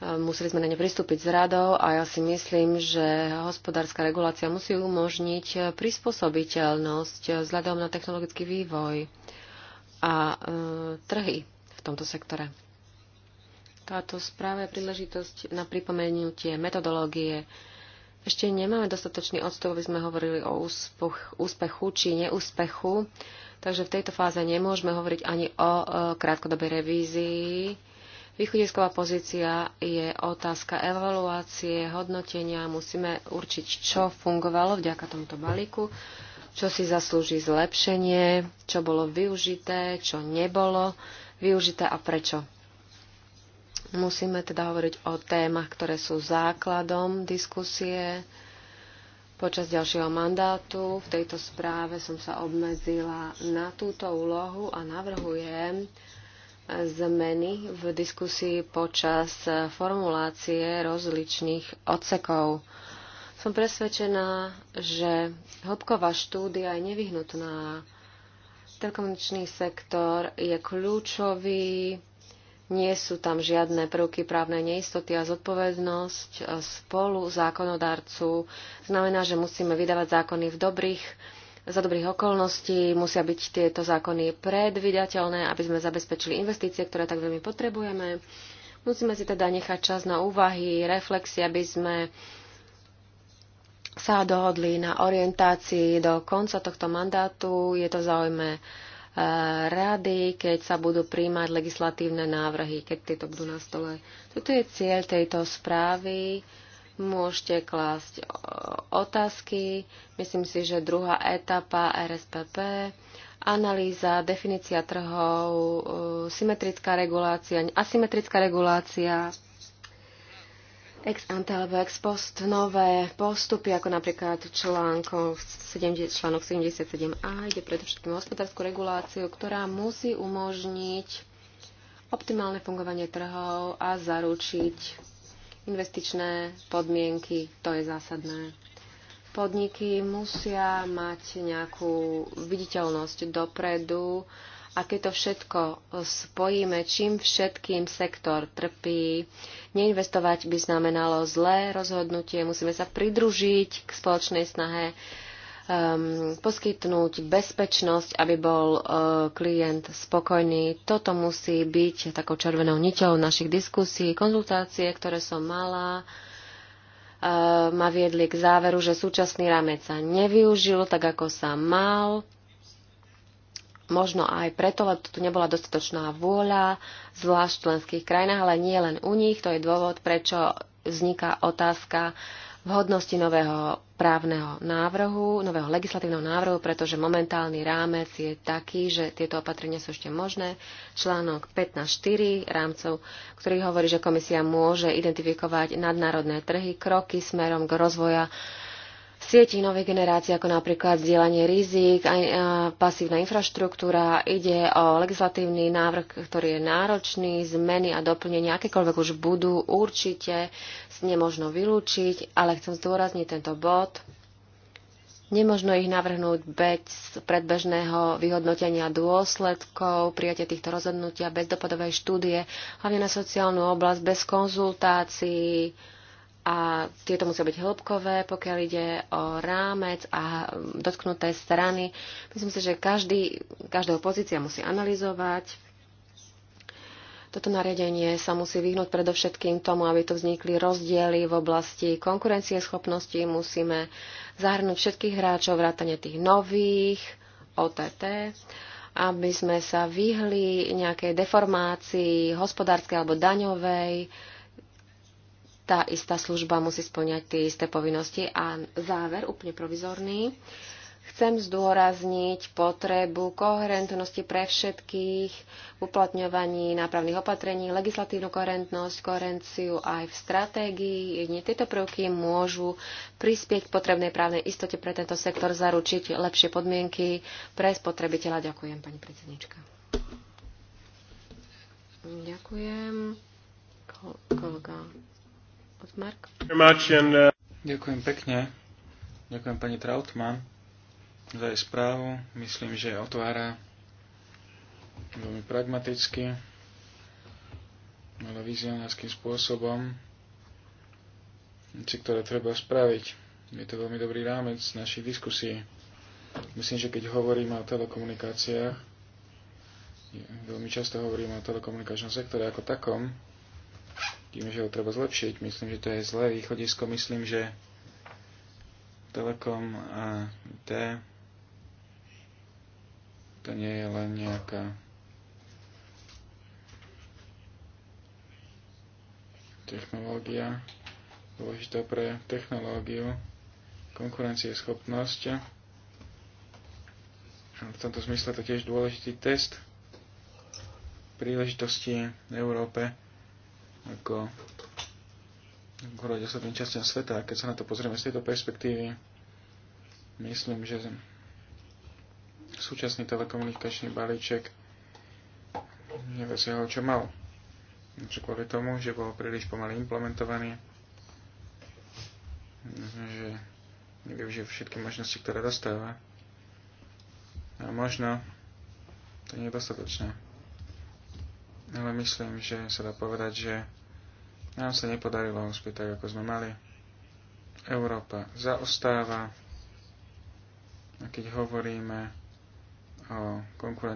Museli sme na ne pristúpiť s radou a ja si myslím, že hospodárska regulácia musí umožniť prispôsobiteľnosť vzhľadom na technologický vývoj a e, trhy v tomto sektore. Táto správa je príležitosť na pripomenutie metodológie. Ešte nemáme dostatočný odstup, aby sme hovorili o úspech, úspechu či neúspechu, takže v tejto fáze nemôžeme hovoriť ani o e, krátkodobej revízii Východisková pozícia je otázka evaluácie, hodnotenia. Musíme určiť, čo fungovalo vďaka tomuto balíku, čo si zaslúži zlepšenie, čo bolo využité, čo nebolo využité a prečo. Musíme teda hovoriť o témach, ktoré sú základom diskusie, Počas ďalšieho mandátu v tejto správe som sa obmedzila na túto úlohu a navrhujem zmeny v diskusii počas formulácie rozličných odsekov. Som presvedčená, že hĺbková štúdia je nevyhnutná. Telekomunikačný sektor je kľúčový, nie sú tam žiadne prvky právnej neistoty a zodpovednosť spolu zákonodarcu. Znamená, že musíme vydávať zákony v dobrých za dobrých okolností musia byť tieto zákony predvydateľné, aby sme zabezpečili investície, ktoré tak veľmi potrebujeme. Musíme si teda nechať čas na úvahy, reflexie, aby sme sa dohodli na orientácii do konca tohto mandátu. Je to zaujme e, rady, keď sa budú príjmať legislatívne návrhy, keď tieto budú na stole. Toto je cieľ tejto správy môžete klásť e, otázky. Myslím si, že druhá etapa RSPP, analýza, definícia trhov, e, symetrická regulácia, asymetrická regulácia, ex ante alebo ex post nové postupy, ako napríklad článko 70, článok 77a, ide predovšetkým hospodárskú reguláciu, ktorá musí umožniť optimálne fungovanie trhov a zaručiť Investičné podmienky, to je zásadné. Podniky musia mať nejakú viditeľnosť dopredu a keď to všetko spojíme, čím všetkým sektor trpí, neinvestovať by znamenalo zlé rozhodnutie, musíme sa pridružiť k spoločnej snahe um, poskytnúť bezpečnosť, aby bol uh, klient spokojný. Toto musí byť takou červenou niťou našich diskusí. Konzultácie, ktoré som mala, uh, ma viedli k záveru, že súčasný rámec sa nevyužil tak, ako sa mal. Možno aj preto, lebo tu nebola dostatočná vôľa, zvlášť v členských krajinách, ale nie len u nich. To je dôvod, prečo vzniká otázka vhodnosti nového právneho návrhu, nového legislatívneho návrhu, pretože momentálny rámec je taký, že tieto opatrenia sú ešte možné. Článok 15.4 rámcov, ktorý hovorí, že komisia môže identifikovať nadnárodné trhy, kroky smerom k rozvoja sietí novej generácie, ako napríklad zdieľanie rizik, aj pasívna infraštruktúra. Ide o legislatívny návrh, ktorý je náročný, zmeny a doplnenia, akékoľvek už budú, určite nemožno vylúčiť, ale chcem zdôrazniť tento bod. Nemožno ich navrhnúť bez predbežného vyhodnotenia dôsledkov, prijatia týchto rozhodnutia bez dopadovej štúdie, hlavne na sociálnu oblasť, bez konzultácií a tieto musia byť hĺbkové, pokiaľ ide o rámec a dotknuté strany. Myslím si, že každý, každého pozícia musí analyzovať toto nariadenie sa musí vyhnúť predovšetkým tomu, aby tu vznikli rozdiely v oblasti konkurencieschopnosti. Musíme zahrnúť všetkých hráčov, vrátane tých nových, OTT, aby sme sa vyhli nejakej deformácii hospodárskej alebo daňovej. Tá istá služba musí splňať tie isté povinnosti. A záver, úplne provizorný, Chcem zdôrazniť potrebu koherentnosti pre všetkých v uplatňovaní nápravných opatrení, legislatívnu koherentnosť, koherenciu aj v stratégii. Jedine tieto prvky môžu prispieť k potrebnej právnej istote pre tento sektor, zaručiť lepšie podmienky pre spotrebiteľa. Ďakujem, pani predsednička. Ďakujem. Kolega Otmark. Uh, Ďakujem pekne. Ďakujem pani Trautmann za jej správu. Myslím, že otvára veľmi pragmaticky, ale vizionárským spôsobom veci, ktoré treba spraviť. Je to veľmi dobrý rámec našich diskusí. Myslím, že keď hovoríme o telekomunikáciách, veľmi často hovoríme o telekomunikačnom sektore ako takom, tým, že ho treba zlepšiť. Myslím, že to je zlé východisko. Myslím, že Telekom a T to nie je len nejaká technológia, dôležitá pre technológiu, konkurencieschopnosť. V tomto zmysle to tiež dôležitý test príležitosti Európe ako kvôli ostatným častiam sveta. Keď sa na to pozrieme z tejto perspektívy, myslím, že súčasný telekomunikačný balíček nedosiahol, čo mal. Čo kvôli tomu, že bol príliš pomaly implementovaný, že nevyužil všetky možnosti, ktoré dostáva. A možno to nie je dostatočné. Ale myslím, že sa dá povedať, že nám sa nepodarilo uspieť tak, ako sme mali. Európa zaostáva a keď hovoríme o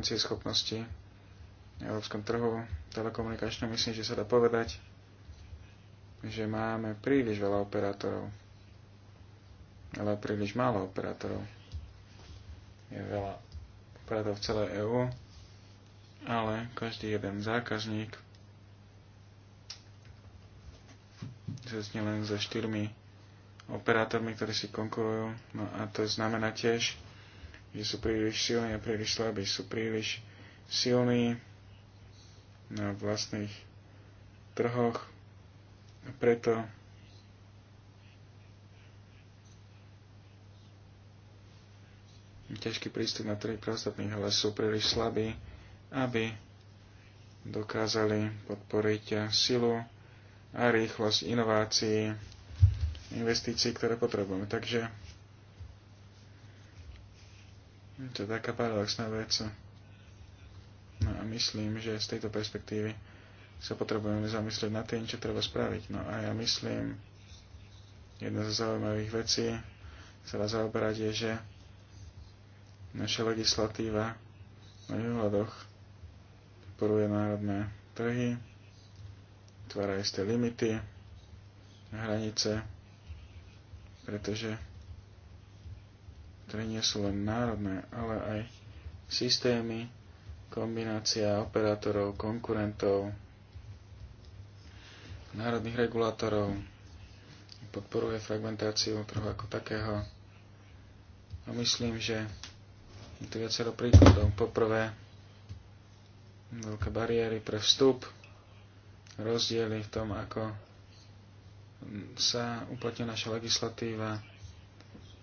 schopnosti na európskom trhu telekomunikačnom, myslím, že sa dá povedať, že máme príliš veľa operátorov, ale príliš málo operátorov. Je veľa operátorov v celej EÚ, ale každý jeden zákazník zaznie len so štyrmi operátormi, ktorí si konkurujú. No a to znamená tiež, že sú príliš silní a príliš slabí, sú príliš silní na vlastných trhoch a preto ťažký prístup na trhy pre ostatných, ale sú príliš slabí, aby dokázali podporiť silu a rýchlosť inovácií, investícií, ktoré potrebujeme. Takže je to taká paradoxná vec. No a myslím, že z tejto perspektívy sa potrebujeme zamyslieť nad tým, čo treba spraviť. No a ja myslím, jedna z zaujímavých vecí sa dá zaoberať je, že naša legislatíva na výhľadoch podporuje národné trhy, tvára isté limity, hranice, pretože ktoré nie sú len národné, ale aj systémy, kombinácia operátorov, konkurentov, národných regulátorov, podporuje fragmentáciu trhu ako takého. A myslím, že je tu viacero príkladov. Poprvé, veľké bariéry pre vstup, rozdiely v tom, ako sa uplatňuje naša legislatíva,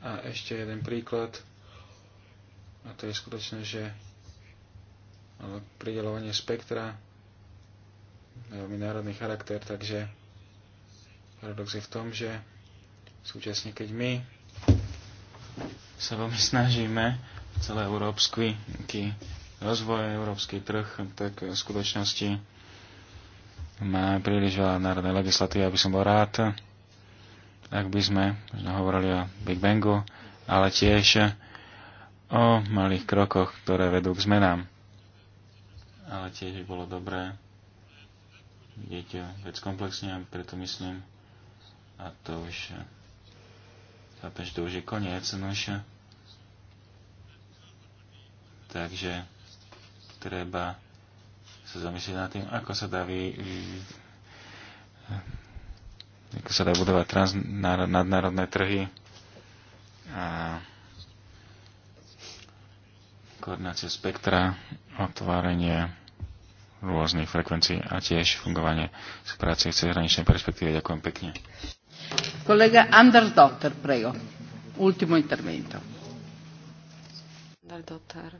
a ešte jeden príklad, a to je skutočné, že pridelovanie spektra veľmi národný charakter, takže paradox je v tom, že súčasne keď my sa veľmi snažíme celé európsky rozvoj, európsky trh, tak v skutočnosti má príliš veľa národnej legislatívy, aby som bol rád, ak by sme hovorili o Big Bangu, ale tiež o malých krokoch, ktoré vedú k zmenám. Ale tiež by bolo dobré vidieť vec komplexne a preto myslím, a to už chápem, že to už je koniec, nož. Takže treba sa zamyslieť nad tým, ako sa dá vy, vy, ako sa dá budovať nadnárodné trhy a koordinácia spektra, otvárenie rôznych frekvencií a tiež fungovanie spolupráce v cezhraničnej perspektíve. Ďakujem pekne. Kolega Anders Dotter, prego. Ultimo intervento. Anders Dotter,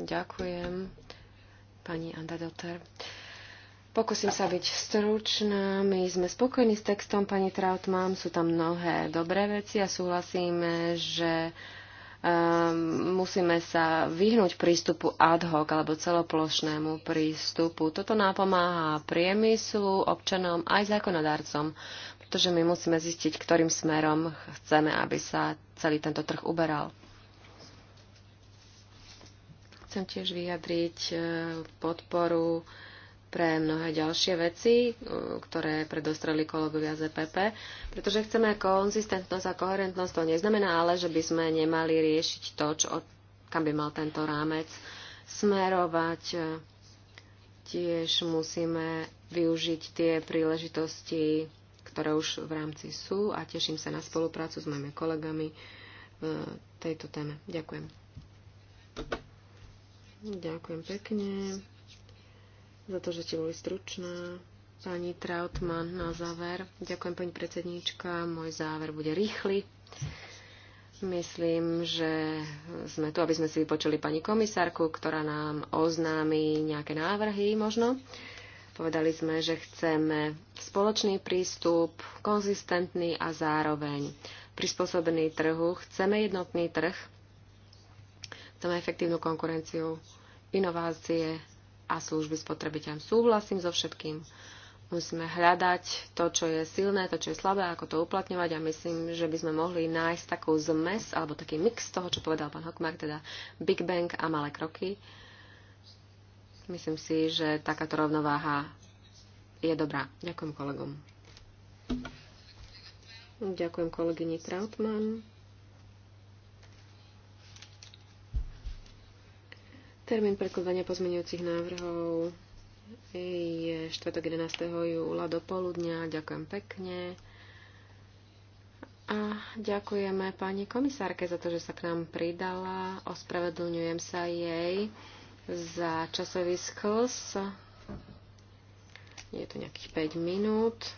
ďakujem. Pani Anders Dotter. Pokúsim sa byť stručná. My sme spokojní s textom pani Trautmann. Sú tam mnohé dobré veci a súhlasíme, že um, musíme sa vyhnúť prístupu ad hoc alebo celoplošnému prístupu. Toto pomáha priemyslu, občanom aj zákonodarcom, pretože my musíme zistiť, ktorým smerom chceme, aby sa celý tento trh uberal. Chcem tiež vyjadriť eh, podporu pre mnohé ďalšie veci, eh, ktoré predostreli kolegovia z EPP, pretože chceme konzistentnosť a koherentnosť. To neznamená ale, že by sme nemali riešiť to, čo, kam by mal tento rámec smerovať. Tiež musíme využiť tie príležitosti, ktoré už v rámci sú a teším sa na spoluprácu s mojimi kolegami v eh, tejto téme. Ďakujem. Ďakujem pekne za to, že ste boli stručná. Pani Trautmann na záver. Ďakujem, pani predsedníčka. Môj záver bude rýchly. Myslím, že sme tu, aby sme si vypočuli pani komisárku, ktorá nám oznámi nejaké návrhy možno. Povedali sme, že chceme spoločný prístup, konzistentný a zároveň prispôsobený trhu. Chceme jednotný trh, chceme efektívnu konkurenciu, inovácie, a služby spotrebiteľom. Súhlasím so všetkým. Musíme hľadať to, čo je silné, to, čo je slabé, ako to uplatňovať a myslím, že by sme mohli nájsť takú zmes alebo taký mix toho, čo povedal pán Hockmark, teda Big Bang a malé kroky. Myslím si, že takáto rovnováha je dobrá. Ďakujem kolegom. Ďakujem kolegyni Trautmann. Termín prekladania pozmeňujúcich návrhov je štvrtok 11. júla do poludnia. Ďakujem pekne. A ďakujeme pani komisárke za to, že sa k nám pridala. Ospravedlňujem sa jej za časový sklz. Je to nejakých 5 minút.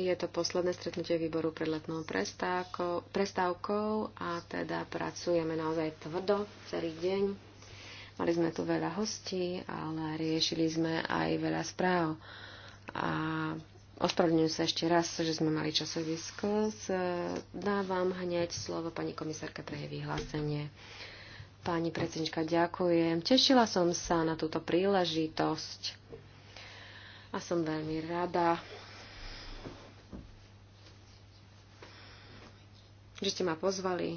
Je to posledné stretnutie výboru pred letnou prestávkou, prestávkou a teda pracujeme naozaj tvrdo celý deň. Mali sme tu veľa hostí, ale riešili sme aj veľa správ. A ospravedlňujem sa ešte raz, že sme mali časový skos. Dávam hneď slovo pani komisárke pre jej vyhlásenie. Pani predsednička, ďakujem. Tešila som sa na túto príležitosť a som veľmi rada, že ste ma pozvali.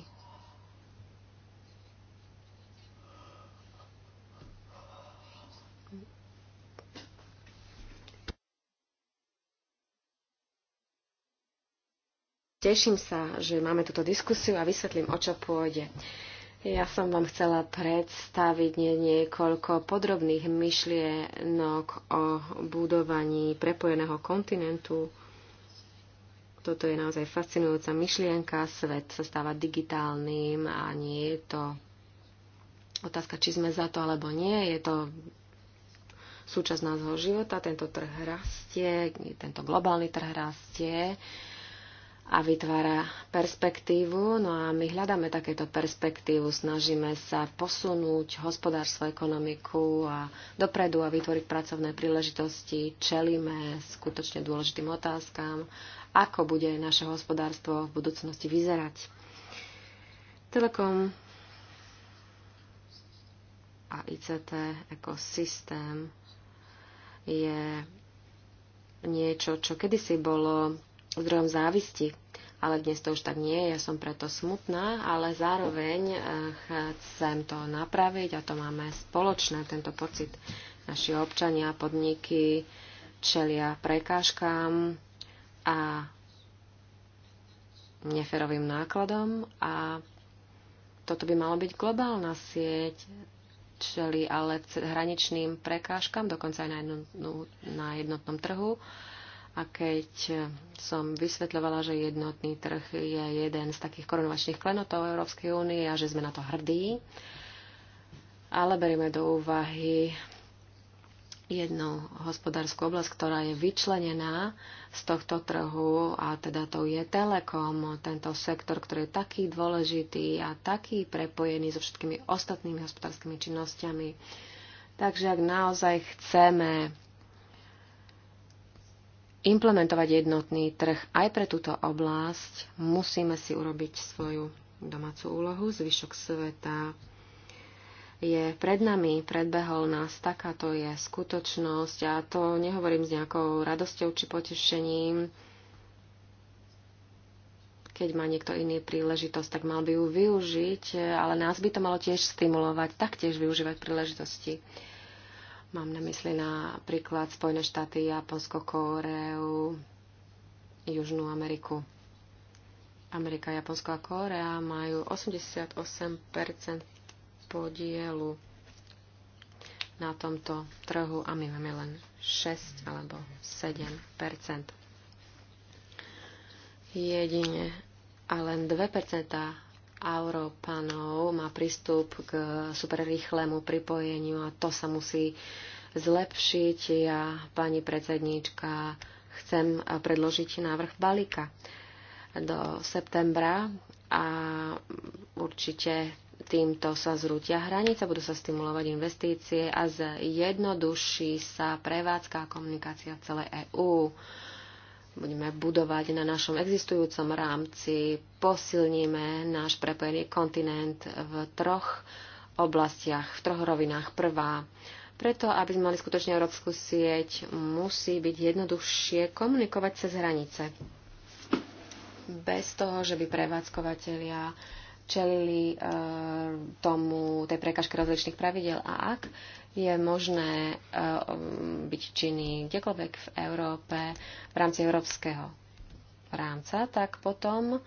Teším sa, že máme túto diskusiu a vysvetlím, o čo pôjde. Ja som vám chcela predstaviť niekoľko podrobných myšlienok o budovaní prepojeného kontinentu toto je naozaj fascinujúca myšlienka. Svet sa stáva digitálnym a nie je to otázka, či sme za to alebo nie. Je to súčasť nášho života. Tento trh rastie, tento globálny trh rastie a vytvára perspektívu. No a my hľadáme takéto perspektívu, snažíme sa posunúť hospodárstvo, ekonomiku a dopredu a vytvoriť pracovné príležitosti, čelíme skutočne dôležitým otázkam ako bude naše hospodárstvo v budúcnosti vyzerať. Telekom a ICT ako systém je niečo, čo kedysi bolo zdrojom závisti, ale dnes to už tak nie je, ja som preto smutná, ale zároveň eh, chcem to napraviť a to máme spoločné, tento pocit. Naši občania, podniky čelia prekážkám, a neferovým nákladom a toto by malo byť globálna sieť, čeli ale hraničným prekážkam, dokonca aj na, jednotnú, no, na jednotnom trhu. A keď som vysvetľovala, že jednotný trh je jeden z takých korunovačných klenotov Európskej únie a že sme na to hrdí, ale berieme do úvahy jednu hospodárskú oblasť, ktorá je vyčlenená z tohto trhu a teda to je telekom, tento sektor, ktorý je taký dôležitý a taký prepojený so všetkými ostatnými hospodárskymi činnosťami. Takže ak naozaj chceme implementovať jednotný trh aj pre túto oblasť, musíme si urobiť svoju domácu úlohu. Zvyšok sveta je pred nami, predbehol nás, takáto je skutočnosť a to nehovorím s nejakou radosťou či potešením. Keď má niekto iný príležitosť, tak mal by ju využiť, ale nás by to malo tiež stimulovať, taktiež využívať príležitosti. Mám na mysli napríklad Spojené štáty, Japonsko, Kóreu, Južnú Ameriku. Amerika, Japonsko a Kórea majú 88% podielu na tomto trhu a my máme len 6 alebo 7 Jedine a len 2 Európanov má prístup k superrýchlemu pripojeniu a to sa musí zlepšiť. Ja, pani predsedníčka, chcem predložiť návrh balíka do septembra a určite Týmto sa zrútia hranice, budú sa stimulovať investície a zjednoduší sa prevádzka a komunikácia v celej EÚ. Budeme budovať na našom existujúcom rámci, posilníme náš prepojený kontinent v troch oblastiach, v troch rovinách. Prvá, preto, aby sme mali skutočne európsku sieť, musí byť jednoduchšie komunikovať cez hranice. Bez toho, že by prevádzkovateľia čelili eh, tomu, tej prekažke rozličných pravidel a ak je možné eh, byť činný kdekoľvek v Európe v rámci európskeho rámca, tak potom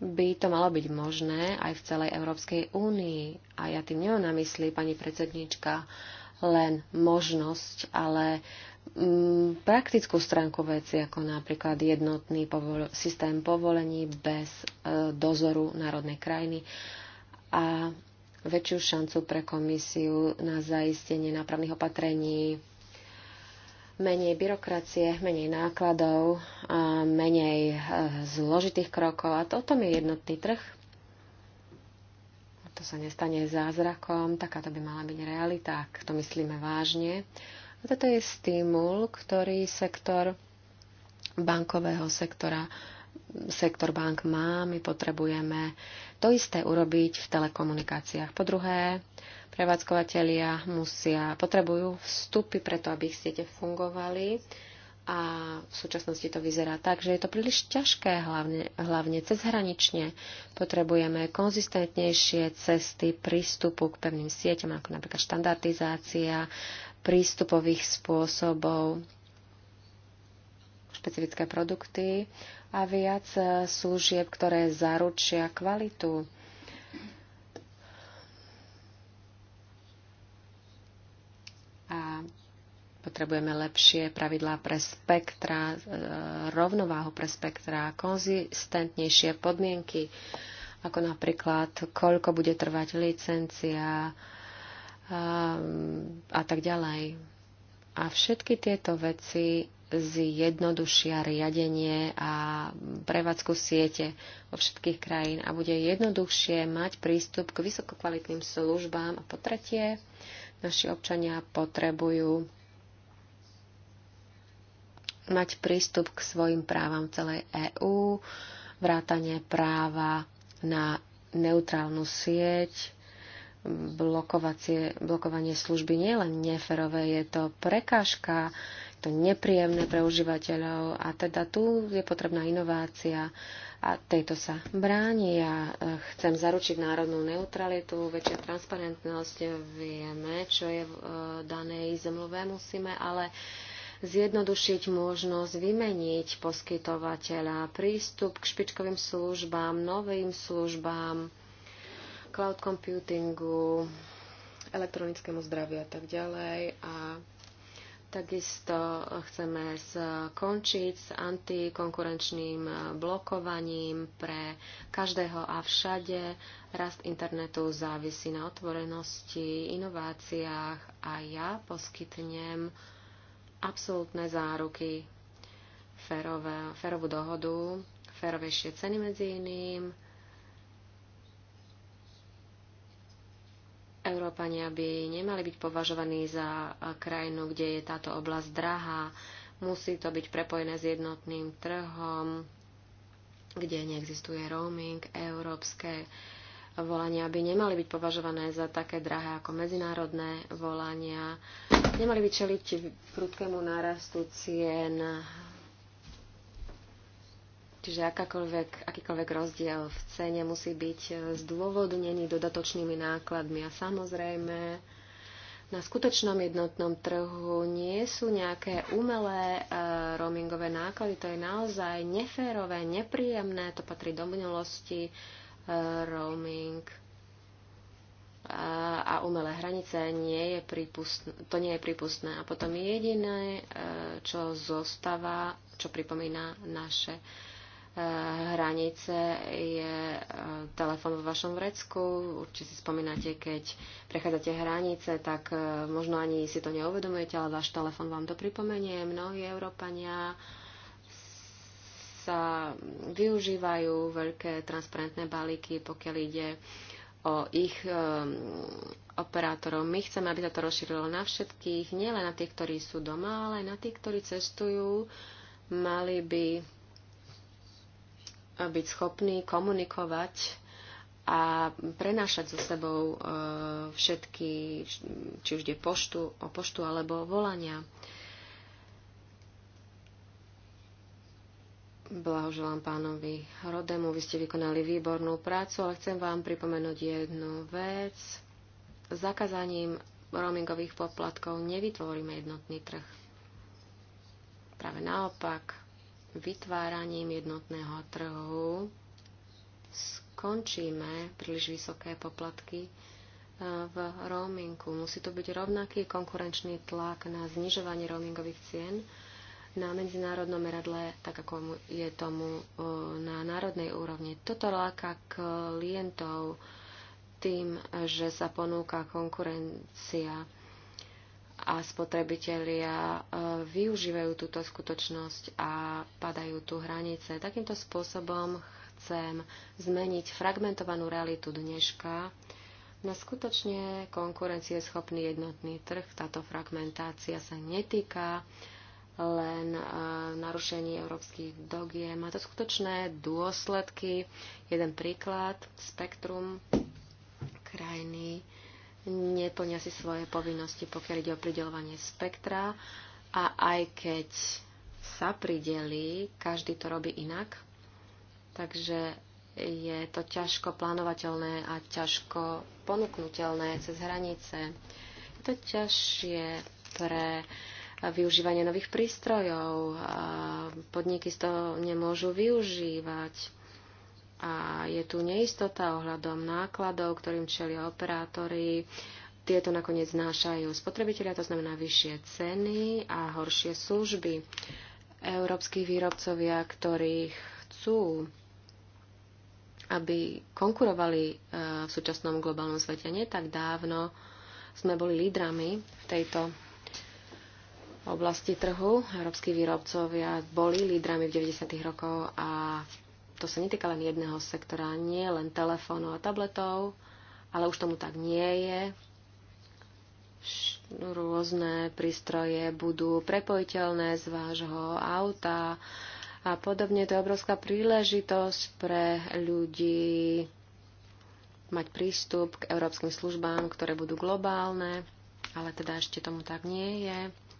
by to malo byť možné aj v celej Európskej únii. A ja tým nemám na mysli, pani predsedníčka, len možnosť, ale Mm, praktickú stránku veci, ako napríklad jednotný povol- systém povolení bez e, dozoru národnej krajiny a väčšiu šancu pre komisiu na zaistenie nápravných opatrení, menej byrokracie, menej nákladov, a menej e, zložitých krokov. A to, o tom je jednotný trh. To sa nestane zázrakom, takáto by mala byť realita, ak to myslíme vážne. A toto je stimul, ktorý sektor bankového sektora, sektor bank má. My potrebujeme to isté urobiť v telekomunikáciách. Po druhé, prevádzkovateľia musia, potrebujú vstupy preto, aby ich siete fungovali a v súčasnosti to vyzerá tak, že je to príliš ťažké, hlavne, hlavne cezhranične. Potrebujeme konzistentnejšie cesty prístupu k pevným sieťam, ako napríklad štandardizácia, prístupových spôsobov špecifické produkty a viac eh, služieb, ktoré zaručia kvalitu. A potrebujeme lepšie pravidlá pre spektra, eh, rovnováhu pre spektra, konzistentnejšie podmienky, ako napríklad, koľko bude trvať licencia, a, ehm, a tak ďalej. A všetky tieto veci zjednodušia riadenie a prevádzku siete vo všetkých krajín a bude jednoduchšie mať prístup k vysokokvalitným službám. A po tretie, naši občania potrebujú mať prístup k svojim právam v celej EÚ, vrátanie práva na neutrálnu sieť, blokovacie, blokovanie služby nie je len neferové, je to prekážka, je to nepríjemné pre užívateľov a teda tu je potrebná inovácia a tejto sa bráni. Ja e, chcem zaručiť národnú neutralitu, väčšia transparentnosť, vieme, čo je v e, danej zmluve, musíme ale zjednodušiť možnosť vymeniť poskytovateľa, prístup k špičkovým službám, novým službám, cloud computingu, elektronickému zdraviu a tak ďalej. A takisto chceme skončiť s antikonkurenčným blokovaním pre každého a všade. Rast internetu závisí na otvorenosti, inováciách a ja poskytnem absolútne záruky, férové, férovú dohodu, férovejšie ceny medzi iným, Európania by nemali byť považovaní za krajinu, kde je táto oblasť drahá. Musí to byť prepojené s jednotným trhom, kde neexistuje roaming, európske volania by nemali byť považované za také drahé ako medzinárodné volania. Nemali by čeliť prudkému nárastu cien Čiže akákoľvek, akýkoľvek rozdiel v cene musí byť zdôvodnený dodatočnými nákladmi. A samozrejme, na skutočnom jednotnom trhu nie sú nejaké umelé e, roamingové náklady. To je naozaj neférové, nepríjemné. To patrí do minulosti. E, roaming a umelé hranice nie je prípustné, to nie je prípustné. A potom jediné, e, čo zostáva, čo pripomína naše E, hranice je e, telefon vo vašom vrecku. Určite si spomínate, keď prechádzate hranice, tak e, možno ani si to neuvedomujete, ale váš telefon vám to pripomenie. Mnohí Európania sa využívajú veľké transparentné balíky, pokiaľ ide o ich um, operátorov. My chceme, aby sa to rozšírilo na všetkých, nielen na tých, ktorí sú doma, ale aj na tých, ktorí cestujú. Mali by byť schopný komunikovať a prenášať so sebou e, všetky, či už je poštu, o poštu alebo volania. Blahoželám pánovi Rodemu, vy ste vykonali výbornú prácu, ale chcem vám pripomenúť jednu vec. Zakazaním roamingových poplatkov nevytvoríme jednotný trh. Práve naopak, vytváraním jednotného trhu skončíme príliš vysoké poplatky eh, v roamingu. Musí to byť rovnaký konkurenčný tlak na znižovanie roamingových cien na medzinárodnom meradle, tak ako je tomu eh, na národnej úrovni. Toto láka klientov tým, že sa ponúka konkurencia a spotrebitelia e, využívajú túto skutočnosť a padajú tu hranice. Takýmto spôsobom chcem zmeniť fragmentovanú realitu dneška na skutočne konkurencieschopný jednotný trh. Táto fragmentácia sa netýka len e, narušení európskych dogiem. Má to skutočné dôsledky. Jeden príklad, spektrum krajiny neplnia si svoje povinnosti, pokiaľ ide o pridelovanie spektra a aj keď sa prideli, každý to robí inak, takže je to ťažko plánovateľné a ťažko ponúknutelné cez hranice. Je to ťažšie pre využívanie nových prístrojov. Podniky z toho nemôžu využívať a je tu neistota ohľadom nákladov, ktorým čelia operátori. Tieto nakoniec znášajú spotrebitelia, to znamená vyššie ceny a horšie služby. Európsky výrobcovia, ktorí chcú, aby konkurovali e, v súčasnom globálnom svete. Nie tak dávno sme boli lídrami v tejto oblasti trhu. Európsky výrobcovia boli lídrami v 90. rokoch a v to sa netýka len jedného sektora, nie len telefónov a tabletov, ale už tomu tak nie je. No, rôzne prístroje budú prepojiteľné z vášho auta a podobne. To je obrovská príležitosť pre ľudí mať prístup k európskym službám, ktoré budú globálne, ale teda ešte tomu tak nie je.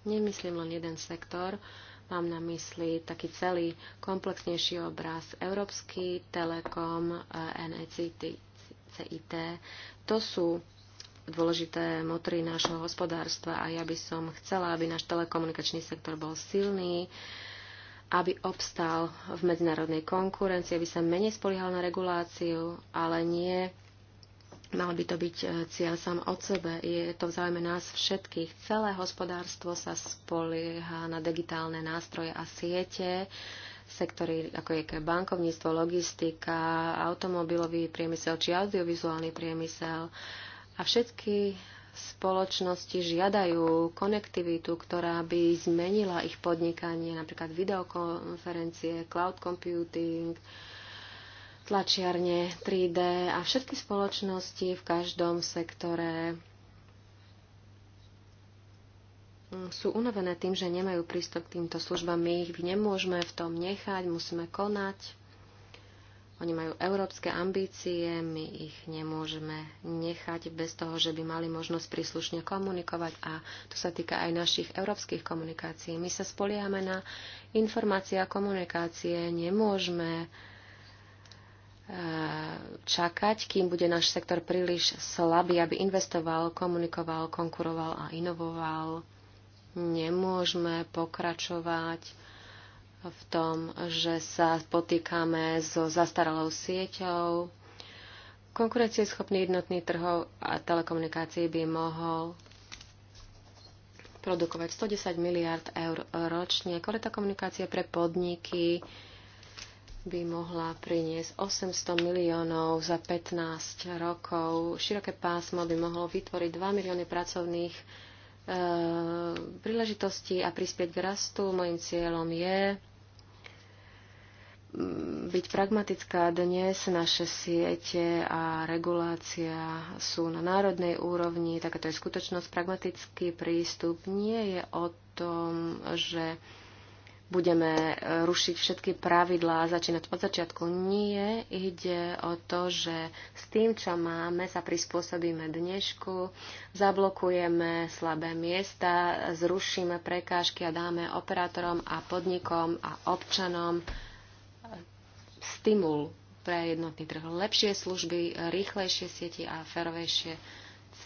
Nemyslím len jeden sektor. Uh, Mám na mysli taký celý komplexnejší obraz Európsky, Telekom, eh, NECIT. CIT. To sú dôležité motory nášho hospodárstva a ja by som chcela, aby náš telekomunikačný sektor bol silný, aby obstal v medzinárodnej konkurencii, aby sa menej spoliehal na reguláciu, ale nie Mal by to byť e, cieľ sám od sebe. Je to v záujme nás všetkých. Celé hospodárstvo sa spolieha na digitálne nástroje a siete, sektory ako je bankovníctvo, logistika, automobilový priemysel či audiovizuálny priemysel. A všetky spoločnosti žiadajú konektivitu, ktorá by zmenila ich podnikanie, napríklad videokonferencie, cloud computing, tlačiarne 3D a všetky spoločnosti v každom sektore sú unavené tým, že nemajú prístup k týmto službám. My ich nemôžeme v tom nechať, musíme konať. Oni majú európske ambície, my ich nemôžeme nechať bez toho, že by mali možnosť príslušne komunikovať a to sa týka aj našich európskych komunikácií. My sa spoliehame na informácie a komunikácie, nemôžeme uh, čakať, kým bude náš sektor príliš slabý, aby investoval, komunikoval, konkuroval a inovoval. Nemôžeme pokračovať v tom, že sa potýkame so zastaralou sieťou. Konkurencieschopný jednotný trhov a telekomunikácií by mohol produkovať 110 miliard eur ročne. Kvalita komunikácie pre podniky by mohla priniesť 800 miliónov za 15 rokov. Široké pásmo by mohlo vytvoriť 2 milióny pracovných e, príležitostí a prispieť k rastu. Mojím cieľom je mm, byť pragmatická. Dnes naše siete a regulácia sú na národnej úrovni. Takáto je skutočnosť. Pragmatický prístup nie je o tom, že budeme e, rušiť všetky pravidlá a začínať od začiatku. Nie, ide o to, že s tým, čo máme, sa prispôsobíme dnešku, zablokujeme slabé miesta, zrušíme prekážky a dáme operátorom a podnikom a občanom e, stimul pre jednotný trh. Lepšie služby, rýchlejšie sieti a ferovejšie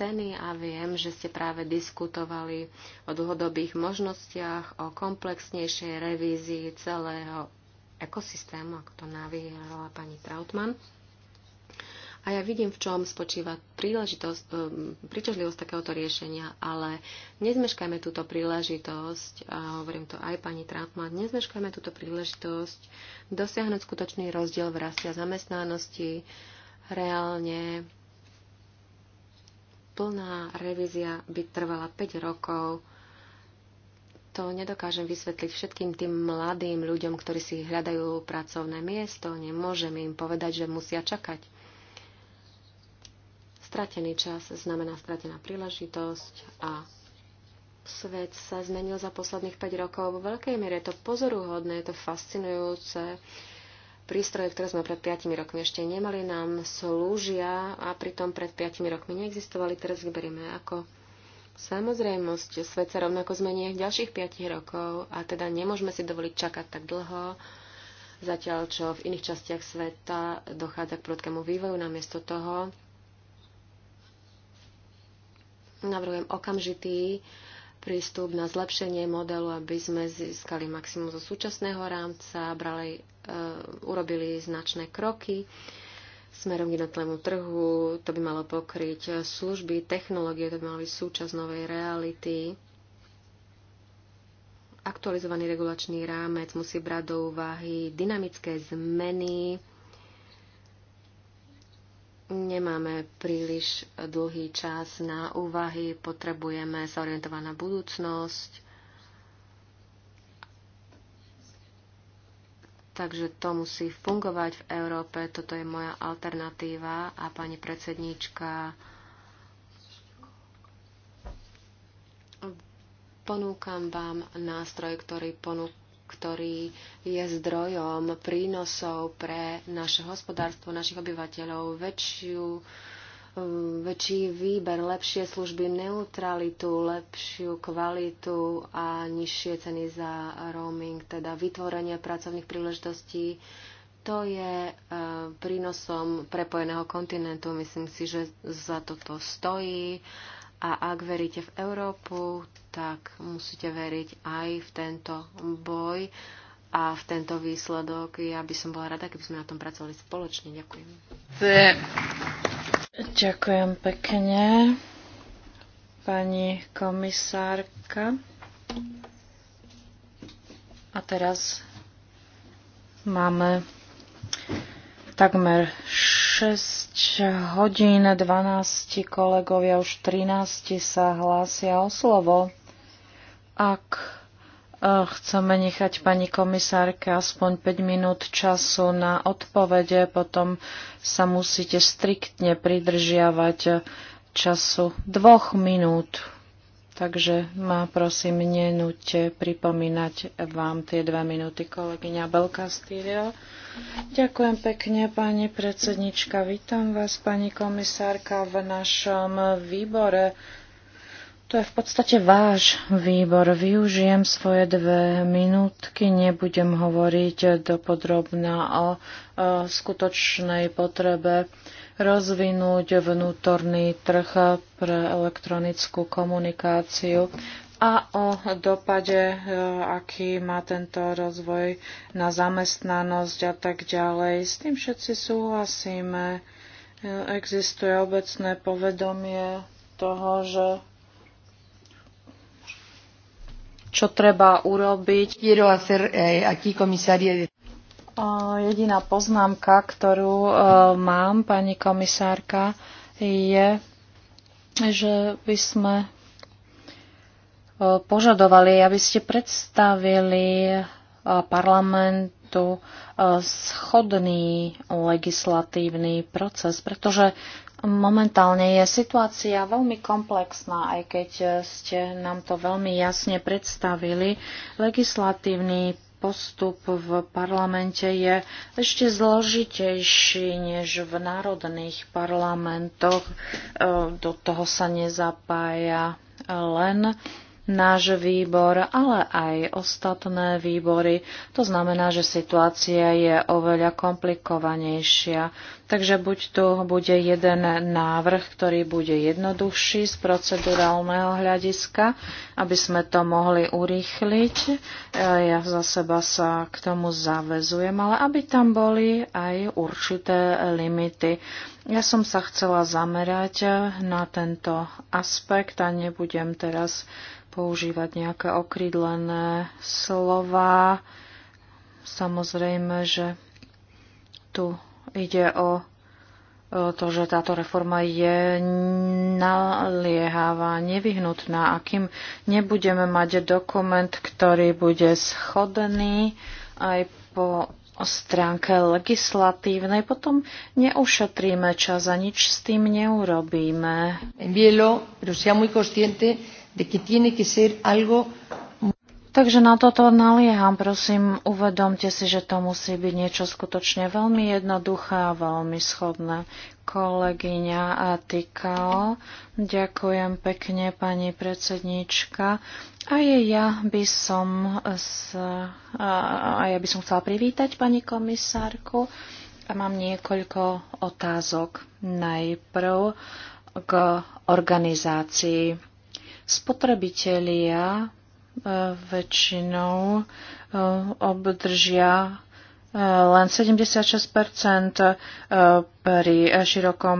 ceny a viem, že ste práve diskutovali o dlhodobých možnostiach, o komplexnejšej revízii celého ekosystému, ako to navíjala pani Trautmann. A ja vidím, v čom spočíva príležitosť, eh, príťažlivosť takéhoto riešenia, ale nezmeškajme túto príležitosť, a hovorím to aj pani Trautmann, nezmeškajme túto príležitosť dosiahnuť skutočný rozdiel v raste a zamestnanosti, reálne plná revízia by trvala 5 rokov. To nedokážem vysvetliť všetkým tým mladým ľuďom, ktorí si hľadajú pracovné miesto. Nemôžem im povedať, že musia čakať. Stratený čas znamená stratená príležitosť a svet sa zmenil za posledných 5 rokov. V veľkej miere je to pozoruhodné, je to fascinujúce prístroje, ktoré sme pred 5 rokmi ešte nemali, nám slúžia a pritom pred 5 rokmi neexistovali, teraz ich berieme ako samozrejmosť. Svet sa rovnako zmení v ďalších 5 rokov a teda nemôžeme si dovoliť čakať tak dlho, zatiaľ čo v iných častiach sveta dochádza k prudkému vývoju namiesto toho. Navrhujem okamžitý prístup na zlepšenie modelu, aby sme získali maximum zo súčasného rámca, brali, e, urobili značné kroky smerom k jednotlému trhu, to by malo pokryť služby, technológie, to by malo byť súčasť novej reality. Aktualizovaný regulačný rámec musí brať do úvahy dynamické zmeny Nemáme príliš dlhý čas na úvahy, potrebujeme sa orientovať na budúcnosť. Takže to musí fungovať v Európe, toto je moja alternatíva a pani predsedníčka ponúkam vám nástroj, ktorý ponúk ktorý je zdrojom prínosov pre naše hospodárstvo, našich obyvateľov, väčšiu, um, väčší výber, lepšie služby, neutralitu, lepšiu kvalitu a nižšie ceny za roaming, teda vytvorenie pracovných príležitostí. To je uh, prínosom prepojeného kontinentu. Myslím si, že za toto stojí a ak veríte v Európu, tak musíte veriť aj v tento boj a v tento výsledok. Ja by som bola rada, keby sme na tom pracovali spoločne. Ďakujem. Ďakujem pekne, pani komisárka. A teraz máme takmer 6 hodín 12 kolegovia, už 13 sa hlásia o slovo. Ak e, chceme nechať pani komisárke aspoň 5 minút času na odpovede, potom sa musíte striktne pridržiavať času dvoch minút. Takže ma prosím nenúďte pripomínať vám tie dve minúty, kolegyňa Belka Stýrio. Ďakujem pekne, pani predsednička. Vítam vás, pani komisárka, v našom výbore. To je v podstate váš výbor. Využijem svoje dve minútky, nebudem hovoriť dopodrobná o, o skutočnej potrebe rozvinúť vnútorný trh pre elektronickú komunikáciu a o dopade, e, aký má tento rozvoj na zamestnanosť a tak ďalej. S tým všetci súhlasíme. E, existuje obecné povedomie toho, že čo treba urobiť. Quiero hacer eh, aquí, de... Jediná poznámka, ktorú e, mám, pani komisárka, je, že by sme e, požadovali, aby ste predstavili e, parlamentu schodný legislatívny proces, pretože momentálne je situácia veľmi komplexná, aj keď ste nám to veľmi jasne predstavili. Legislatívny postup v parlamente je ešte zložitejší než v národných parlamentoch. E, do toho sa nezapája len náš výbor, ale aj ostatné výbory. To znamená, že situácia je oveľa komplikovanejšia. Takže buď tu bude jeden návrh, ktorý bude jednoduchší z procedurálneho hľadiska, aby sme to mohli urýchliť. E, ja za seba sa k tomu zavezujem, ale aby tam boli aj určité limity. Ja som sa chcela zamerať na tento aspekt a nebudem teraz používať nejaké okrydlené slova. Samozrejme, že tu ide o to, že táto reforma je naliehavá, nevyhnutná. A kým nebudeme mať dokument, ktorý bude schodný aj po stránke legislatívnej, potom neušetríme čas a nič s tým neurobíme. Envielo, pero sea muy consciente de que tiene que ser algo Takže na toto nalieham, prosím, uvedomte si, že to musí byť niečo skutočne veľmi jednoduché a veľmi schodné. Kolegyňa Atikal, ďakujem pekne, pani predsednička. A ja by som sa, a ja by som chcela privítať pani komisárku a mám niekoľko otázok. Najprv k organizácii Spotrebitelia e, väčšinou e, obdržia e, len 76 pri širokom,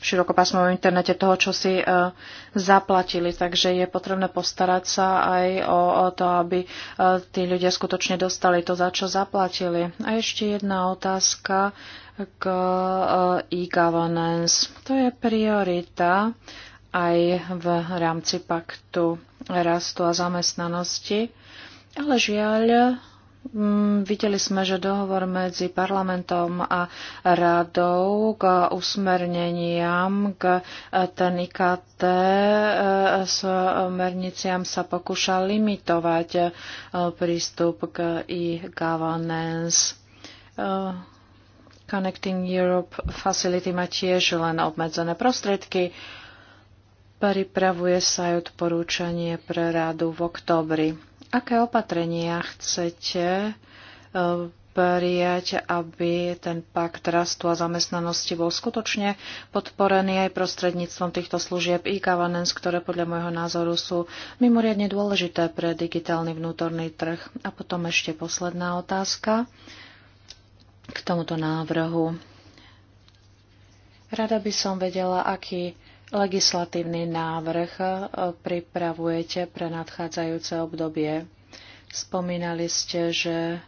širokopásmovom internete toho, čo si zaplatili. Takže je potrebné postarať sa aj o, o to, aby tí ľudia skutočne dostali to, za čo zaplatili. A ešte jedna otázka k e-governance. To je priorita aj v rámci paktu rastu a zamestnanosti. Ale žiaľ, mm, Videli sme, že dohovor medzi parlamentom a radou k usmerneniam, k ten IKT e, s merniciam sa pokúša limitovať e, prístup k e-governance. E, Connecting Europe Facility má tiež len obmedzené prostriedky Pripravuje sa aj odporúčanie pre rádu v októbri. Aké opatrenia chcete e, prijať, aby ten pakt rastu a zamestnanosti bol skutočne podporený aj prostredníctvom týchto služieb e-governance, ktoré podľa môjho názoru sú mimoriadne dôležité pre digitálny vnútorný trh. A potom ešte posledná otázka k tomuto návrhu. Rada by som vedela, aký legislatívny návrh e, pripravujete pre nadchádzajúce obdobie. Spomínali ste, že e,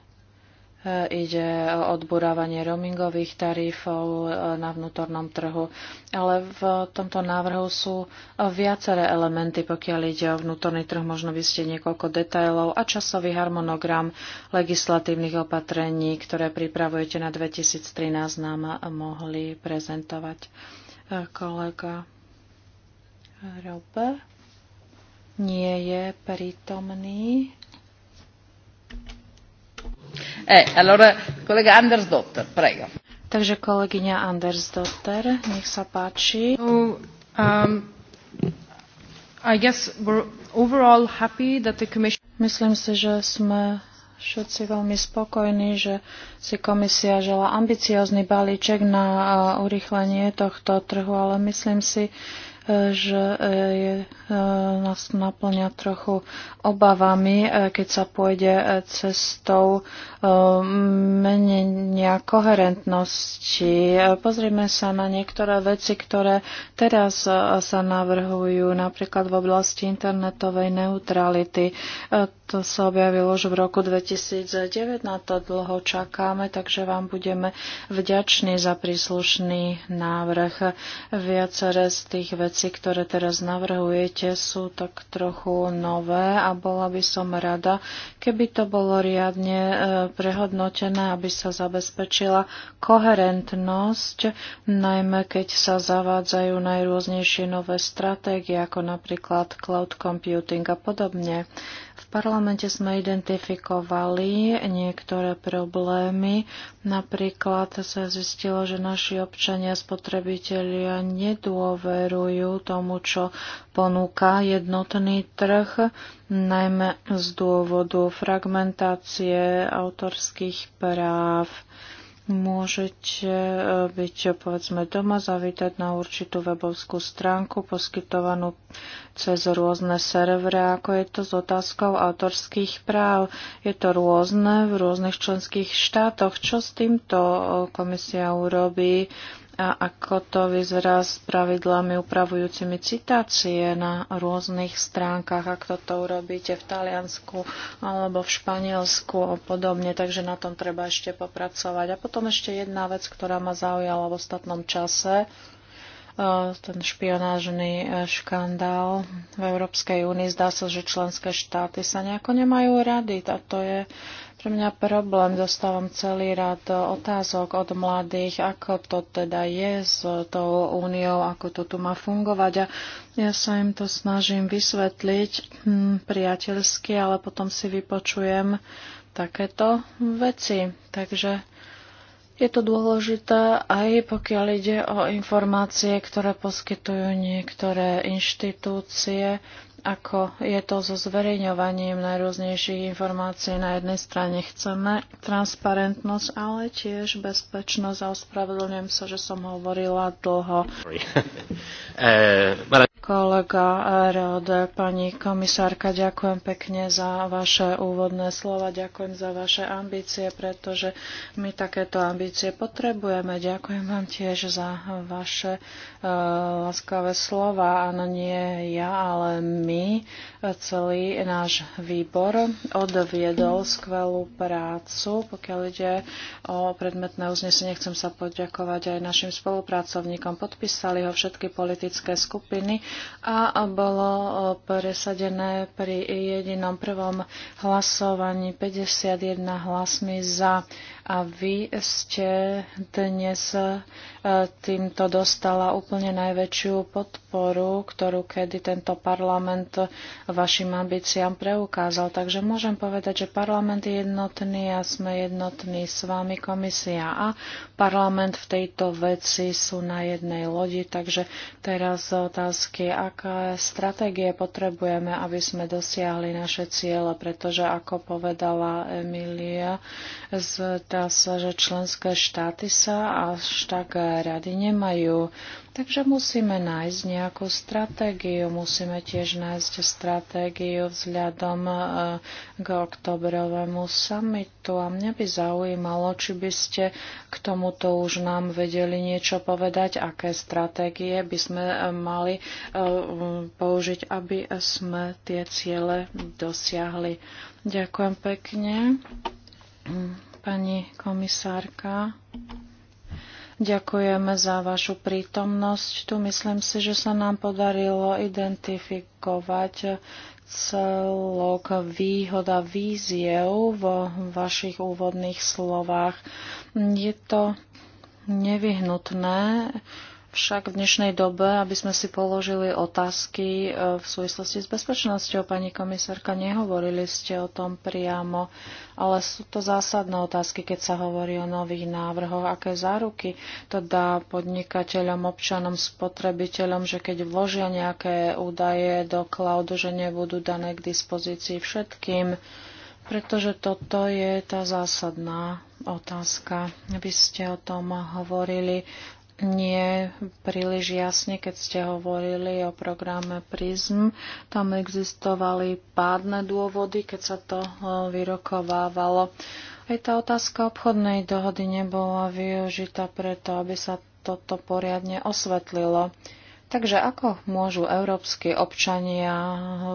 ide o odburávanie roamingových tarifov e, na vnútornom trhu. Ale v tomto návrhu sú viaceré elementy, pokiaľ ide o vnútorný trh. Možno by ste niekoľko detajlov a časový harmonogram legislatívnych opatrení, ktoré pripravujete na 2013, nám mohli prezentovať kolega. Rob nie je prítomný. Eh, allora, kolega Anders Dotter, prego. Takže kolegyňa Anders Dotter, nech sa páči. So, um, I guess we're overall happy that the commission... Myslím si, že sme všetci veľmi spokojní, že si komisia žela ambiciozný balíček na uh, urýchlenie tohto trhu, ale myslím si, že e, je, e, nás naplňa trochu obavami, e, keď sa pôjde cestou menenia koherentnosti. Pozrieme sa na niektoré veci, ktoré teraz sa navrhujú, napríklad v oblasti internetovej neutrality. To sa objavilo už v roku 2009, na to dlho čakáme, takže vám budeme vďační za príslušný návrh. Viacere z tých vecí veci, ktoré teraz navrhujete, sú tak trochu nové a bola by som rada, keby to bolo riadne e, prehodnotené, aby sa zabezpečila koherentnosť, najmä keď sa zavádzajú najrôznejšie nové stratégie, ako napríklad cloud computing a podobne parlamente sme identifikovali niektoré problémy. Napríklad sa zistilo, že naši občania, spotrebitelia nedôverujú tomu, čo ponúka jednotný trh, najmä z dôvodu fragmentácie autorských práv Môžete eh, byť, eh, povedzme, doma, zavítať na určitú webovskú stránku poskytovanú cez rôzne servery, ako je to s otázkou autorských práv. Je to rôzne v rôznych členských štátoch. Čo s týmto eh, komisia urobí? A ako to vyzerá s pravidlami upravujúcimi citácie na rôznych stránkach, ak toto urobíte v Taliansku alebo v Španielsku a podobne, takže na tom treba ešte popracovať. A potom ešte jedna vec, ktorá ma zaujala v ostatnom čase, e, ten špionážny e, škandál v Európskej únii. Zdá sa, že členské štáty sa nejako nemajú rady a to je pre mňa problém, dostávam celý rád otázok od mladých, ako to teda je s tou úniou, ako to tu má fungovať. A ja sa im to snažím vysvetliť hm, priateľsky, ale potom si vypočujem takéto veci. Takže je to dôležité aj pokiaľ ide o informácie, ktoré poskytujú niektoré inštitúcie ako je to so zverejňovaním najrôznejších informácií. Na jednej strane chceme transparentnosť, ale tiež bezpečnosť a ospravedlňujem sa, že som hovorila dlho. Eh, Kolega Rod, pani komisárka, ďakujem pekne za vaše úvodné slova, ďakujem za vaše ambície, pretože my takéto ambície potrebujeme. Ďakujem vám tiež za vaše uh, eh, láskavé slova. Áno, nie ja, ale my my, celý náš výbor odviedol skvelú prácu. Pokiaľ ide o predmetné uznesenie, chcem sa poďakovať aj našim spolupracovníkom. Podpísali ho všetky politické skupiny a bolo presadené pri jedinom prvom hlasovaní 51 hlasmi za a vy ste dnes e, týmto dostala úplne najväčšiu podporu, ktorú kedy tento parlament vašim ambíciám preukázal. Takže môžem povedať, že parlament je jednotný a sme jednotní s vami komisia a parlament v tejto veci sú na jednej lodi. Takže teraz otázky, aké stratégie potrebujeme, aby sme dosiahli naše ciele, pretože ako povedala Emilia z zdá sa, že členské štáty sa až tak rady nemajú. Takže musíme nájsť nejakú stratégiu, musíme tiež nájsť stratégiu vzhľadom e, k oktobrovému summitu. A mňa by zaujímalo, či by ste k tomuto už nám vedeli niečo povedať, aké stratégie by sme e, mali e, použiť, aby sme tie ciele dosiahli. Ďakujem pekne pani komisárka. Ďakujeme za vašu prítomnosť. Tu myslím si, že sa nám podarilo identifikovať celok výhoda víziev vo vašich úvodných slovách. Je to nevyhnutné však v dnešnej dobe, aby sme si položili otázky e, v súvislosti s bezpečnosťou. Pani komisárka, nehovorili ste o tom priamo, ale sú to zásadné otázky, keď sa hovorí o nových návrhoch, aké záruky to dá podnikateľom, občanom, spotrebiteľom, že keď vložia nejaké údaje do cloudu, že nebudú dané k dispozícii všetkým. Pretože toto je tá zásadná otázka. Aby ste o tom hovorili nie príliš jasne, keď ste hovorili o programe PRISM. Tam existovali pádne dôvody, keď sa to e, vyrokovávalo. Aj tá otázka obchodnej dohody nebola využitá preto, aby sa toto poriadne osvetlilo. Takže ako môžu európsky občania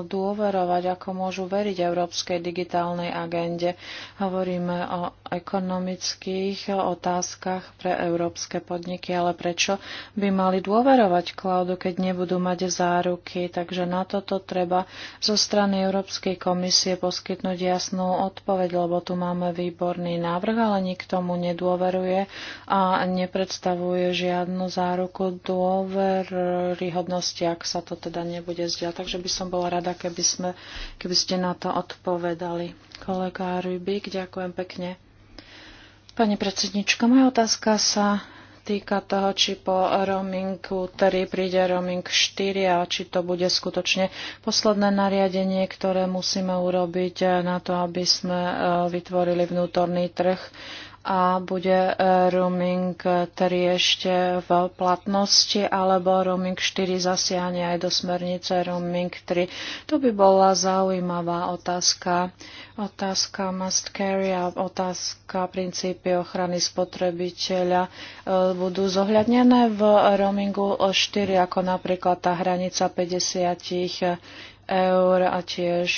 dôverovať, ako môžu veriť európskej digitálnej agende? Hovoríme o ekonomických otázkach pre európske podniky, ale prečo by mali dôverovať cloudu, keď nebudú mať záruky? Takže na toto treba zo strany Európskej komisie poskytnúť jasnú odpoveď, lebo tu máme výborný návrh, ale nikto mu nedôveruje a nepredstavuje žiadnu záruku dôveru dôveryhodnosti, ak sa to teda nebude zdiať. Takže by som bola rada, keby, sme, keby ste na to odpovedali. Kolega Rybík, ďakujem pekne. Pani predsednička, moja otázka sa týka toho, či po roamingu 3 príde roaming 4 a či to bude skutočne posledné nariadenie, ktoré musíme urobiť na to, aby sme eh, vytvorili vnútorný trh a bude e, roaming 3 e, ešte v platnosti, alebo roaming 4 zasiahne aj do smernice roaming 3. To by bola zaujímavá otázka. Otázka must carry a otázka princípy ochrany spotrebiteľa e, budú zohľadnené v roamingu 4, ako napríklad tá hranica 50 eur a tiež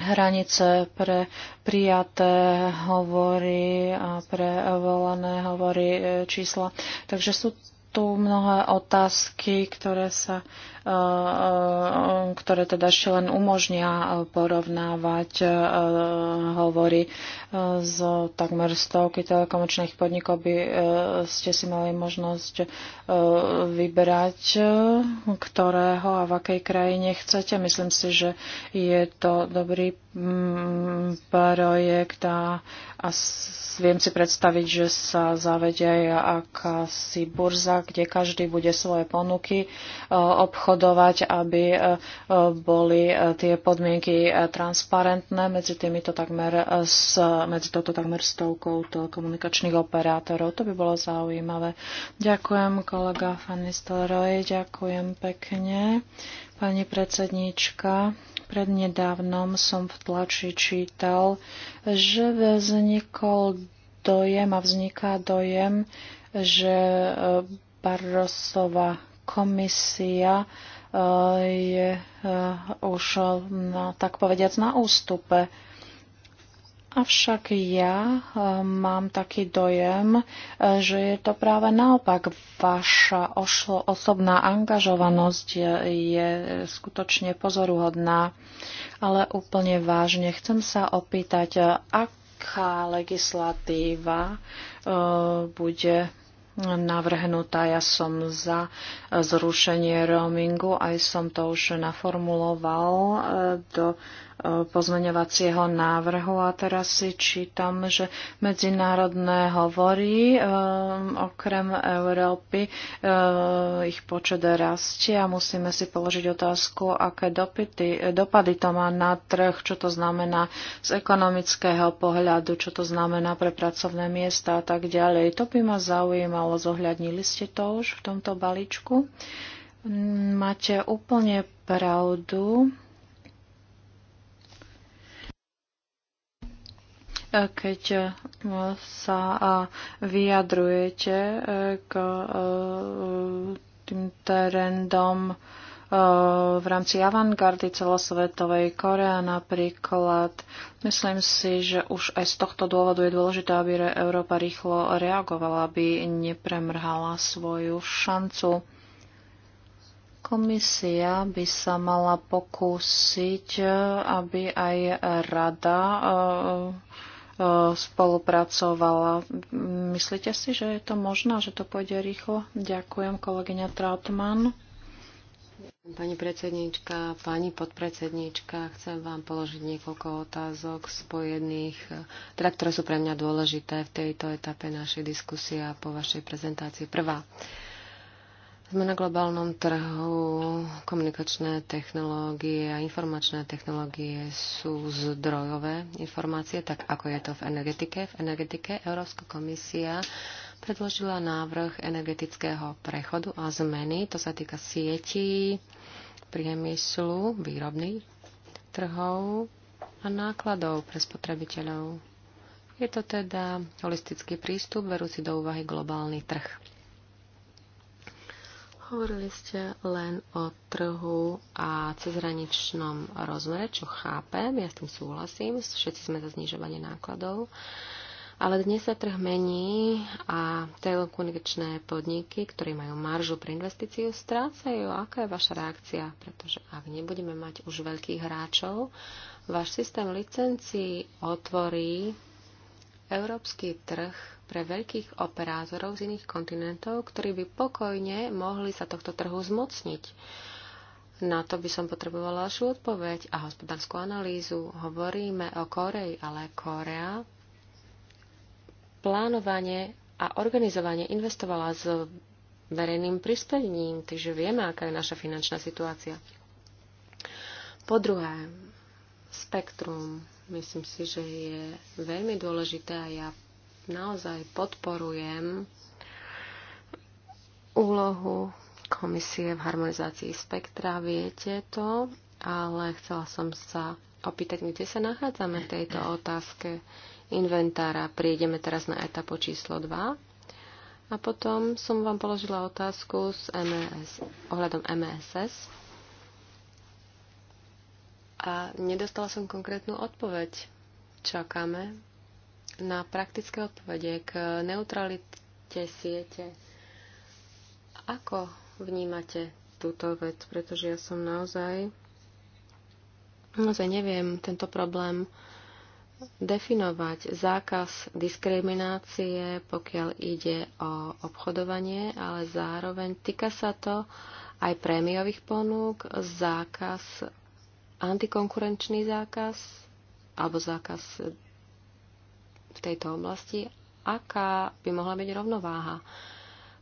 hranice pre prijaté hovory a pre volené hovory e, čísla. Takže sú tu mnohé otázky, ktoré sa Eh, ktoré teda ešte len umožnia eh, porovnávať eh, hovory z takmer stovky telekomočných podnikov by ste si mali možnosť vyberať, ktorého a v akej krajine chcete. Myslím si, že je to dobrý mm, projekt a, a viem si predstaviť, že sa zavedia aj akási burza, kde každý bude svoje ponuky obchod rozhodovať, aby e, e, boli e, tie podmienky transparentné medzi, týmito takmer, s, medzi toto takmer stovkou komunikačných operátorov. To by bolo zaujímavé. Ďakujem kolega Fanistelroj, ďakujem pekne. Pani predsedníčka, prednedávnom som v tlači čítal, že vznikol dojem a vzniká dojem, že Barrosova komisia e, je e, už, no, tak povediac, na ústupe. Avšak ja e, mám taký dojem, že je to práve naopak. Vaša osobná angažovanosť je skutočne pozoruhodná, ale úplne vážne. Chcem sa opýtať, aká legislatíva bude navrhnutá. Ja som za e, zrušenie roamingu, aj som to už naformuloval e, do pozmeňovacieho návrhu a teraz si čítam, že medzinárodné hovory ehm, okrem Európy ehm, ich počet rastie a musíme si položiť otázku, aké dopity, dopady to má na trh, čo to znamená z ekonomického pohľadu, čo to znamená pre pracovné miesta a tak ďalej. To by ma zaujímalo, zohľadnili ste to už v tomto balíčku. Máte úplne pravdu. keď e, sa vyjadrujete e, k e, tým trendom v rámci avantgardy celosvetovej Korea napríklad. Myslím si, že už aj z tohto dôvodu je dôležité, aby Európa rýchlo reagovala, aby nepremrhala svoju šancu. Komisia by sa mala pokúsiť, aby aj rada E, spolupracovala. Myslíte si, že je to možné, že to pôjde rýchlo? Ďakujem, kolegyňa Trautmann. Pani predsednička, pani podpredsedníčka, chcem vám položiť niekoľko otázok spojených, teda ktoré sú pre mňa dôležité v tejto etape našej diskusie a po vašej prezentácii. Prvá. Uh, sme na globálnom trhu, komunikačné technológie a informačné technológie sú zdrojové informácie, tak ako je to v energetike. V energetike Európska komisia predložila návrh energetického prechodu a zmeny. To sa týka sietí, priemyslu, výrobných trhov a nákladov pre spotrebiteľov. Je to teda holistický prístup, verúci do úvahy globálny trh. Hovorili ste len o trhu a cezhraničnom rozmere, čo chápem, ja s tým súhlasím, všetci sme za znižovanie nákladov. Ale dnes sa trh mení a telekomunikačné podniky, ktoré majú maržu pre investíciu, strácajú. Aká je vaša reakcia? Pretože ak nebudeme mať už veľkých hráčov, váš systém licencií otvorí európsky trh pre veľkých operátorov z iných kontinentov, ktorí by pokojne mohli sa tohto trhu zmocniť. Na to by som potrebovala ďalšiu odpoveď a hospodárskú analýzu. Hovoríme o Koreji, ale Korea plánovanie a organizovanie investovala s verejným prispením, takže vieme, aká je naša finančná situácia. Po druhé, spektrum. Myslím si, že je veľmi dôležité a ja naozaj podporujem úlohu komisie v harmonizácii spektra, viete to, ale chcela som sa opýtať, kde sa nachádzame v tejto otázke inventára. Prijedeme teraz na etapu číslo 2. A potom som vám položila otázku s MS e ohľadom MSS. E A nedostala som konkrétnu odpoveď. Čakáme na praktické odpovede k neutralite siete. Ako vnímate túto vec? Pretože ja som naozaj, naozaj neviem tento problém definovať zákaz diskriminácie, pokiaľ ide o obchodovanie, ale zároveň týka sa to aj prémiových ponúk, zákaz, antikonkurenčný zákaz alebo zákaz v tejto oblasti, aká by mohla byť rovnováha.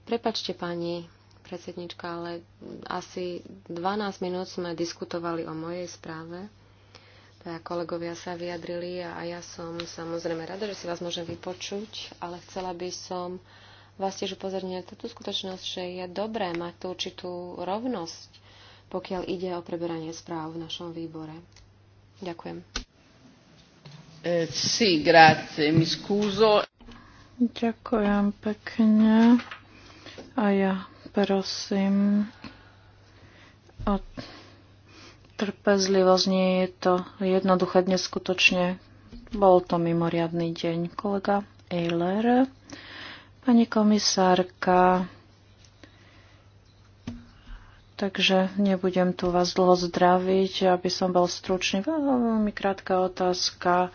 Prepačte, pani predsednička, ale asi 12 minút sme diskutovali o mojej správe. Teda kolegovia sa vyjadrili a ja som samozrejme rada, že si vás môžem vypočuť, ale chcela by som vás tiež upozorniť na tú skutočnosť, že je dobré mať tú určitú rovnosť, pokiaľ ide o preberanie správ v našom výbore. Ďakujem sí, grazie, mi scuso. Ďakujem pekne. A ja prosím o trpezlivosť. Nie je to jednoduché dnes skutočne. Bol to mimoriadný deň, kolega Eiler. Pani komisárka, takže nebudem tu vás dlho zdraviť, aby som bol stručný. Veľmi krátka otázka.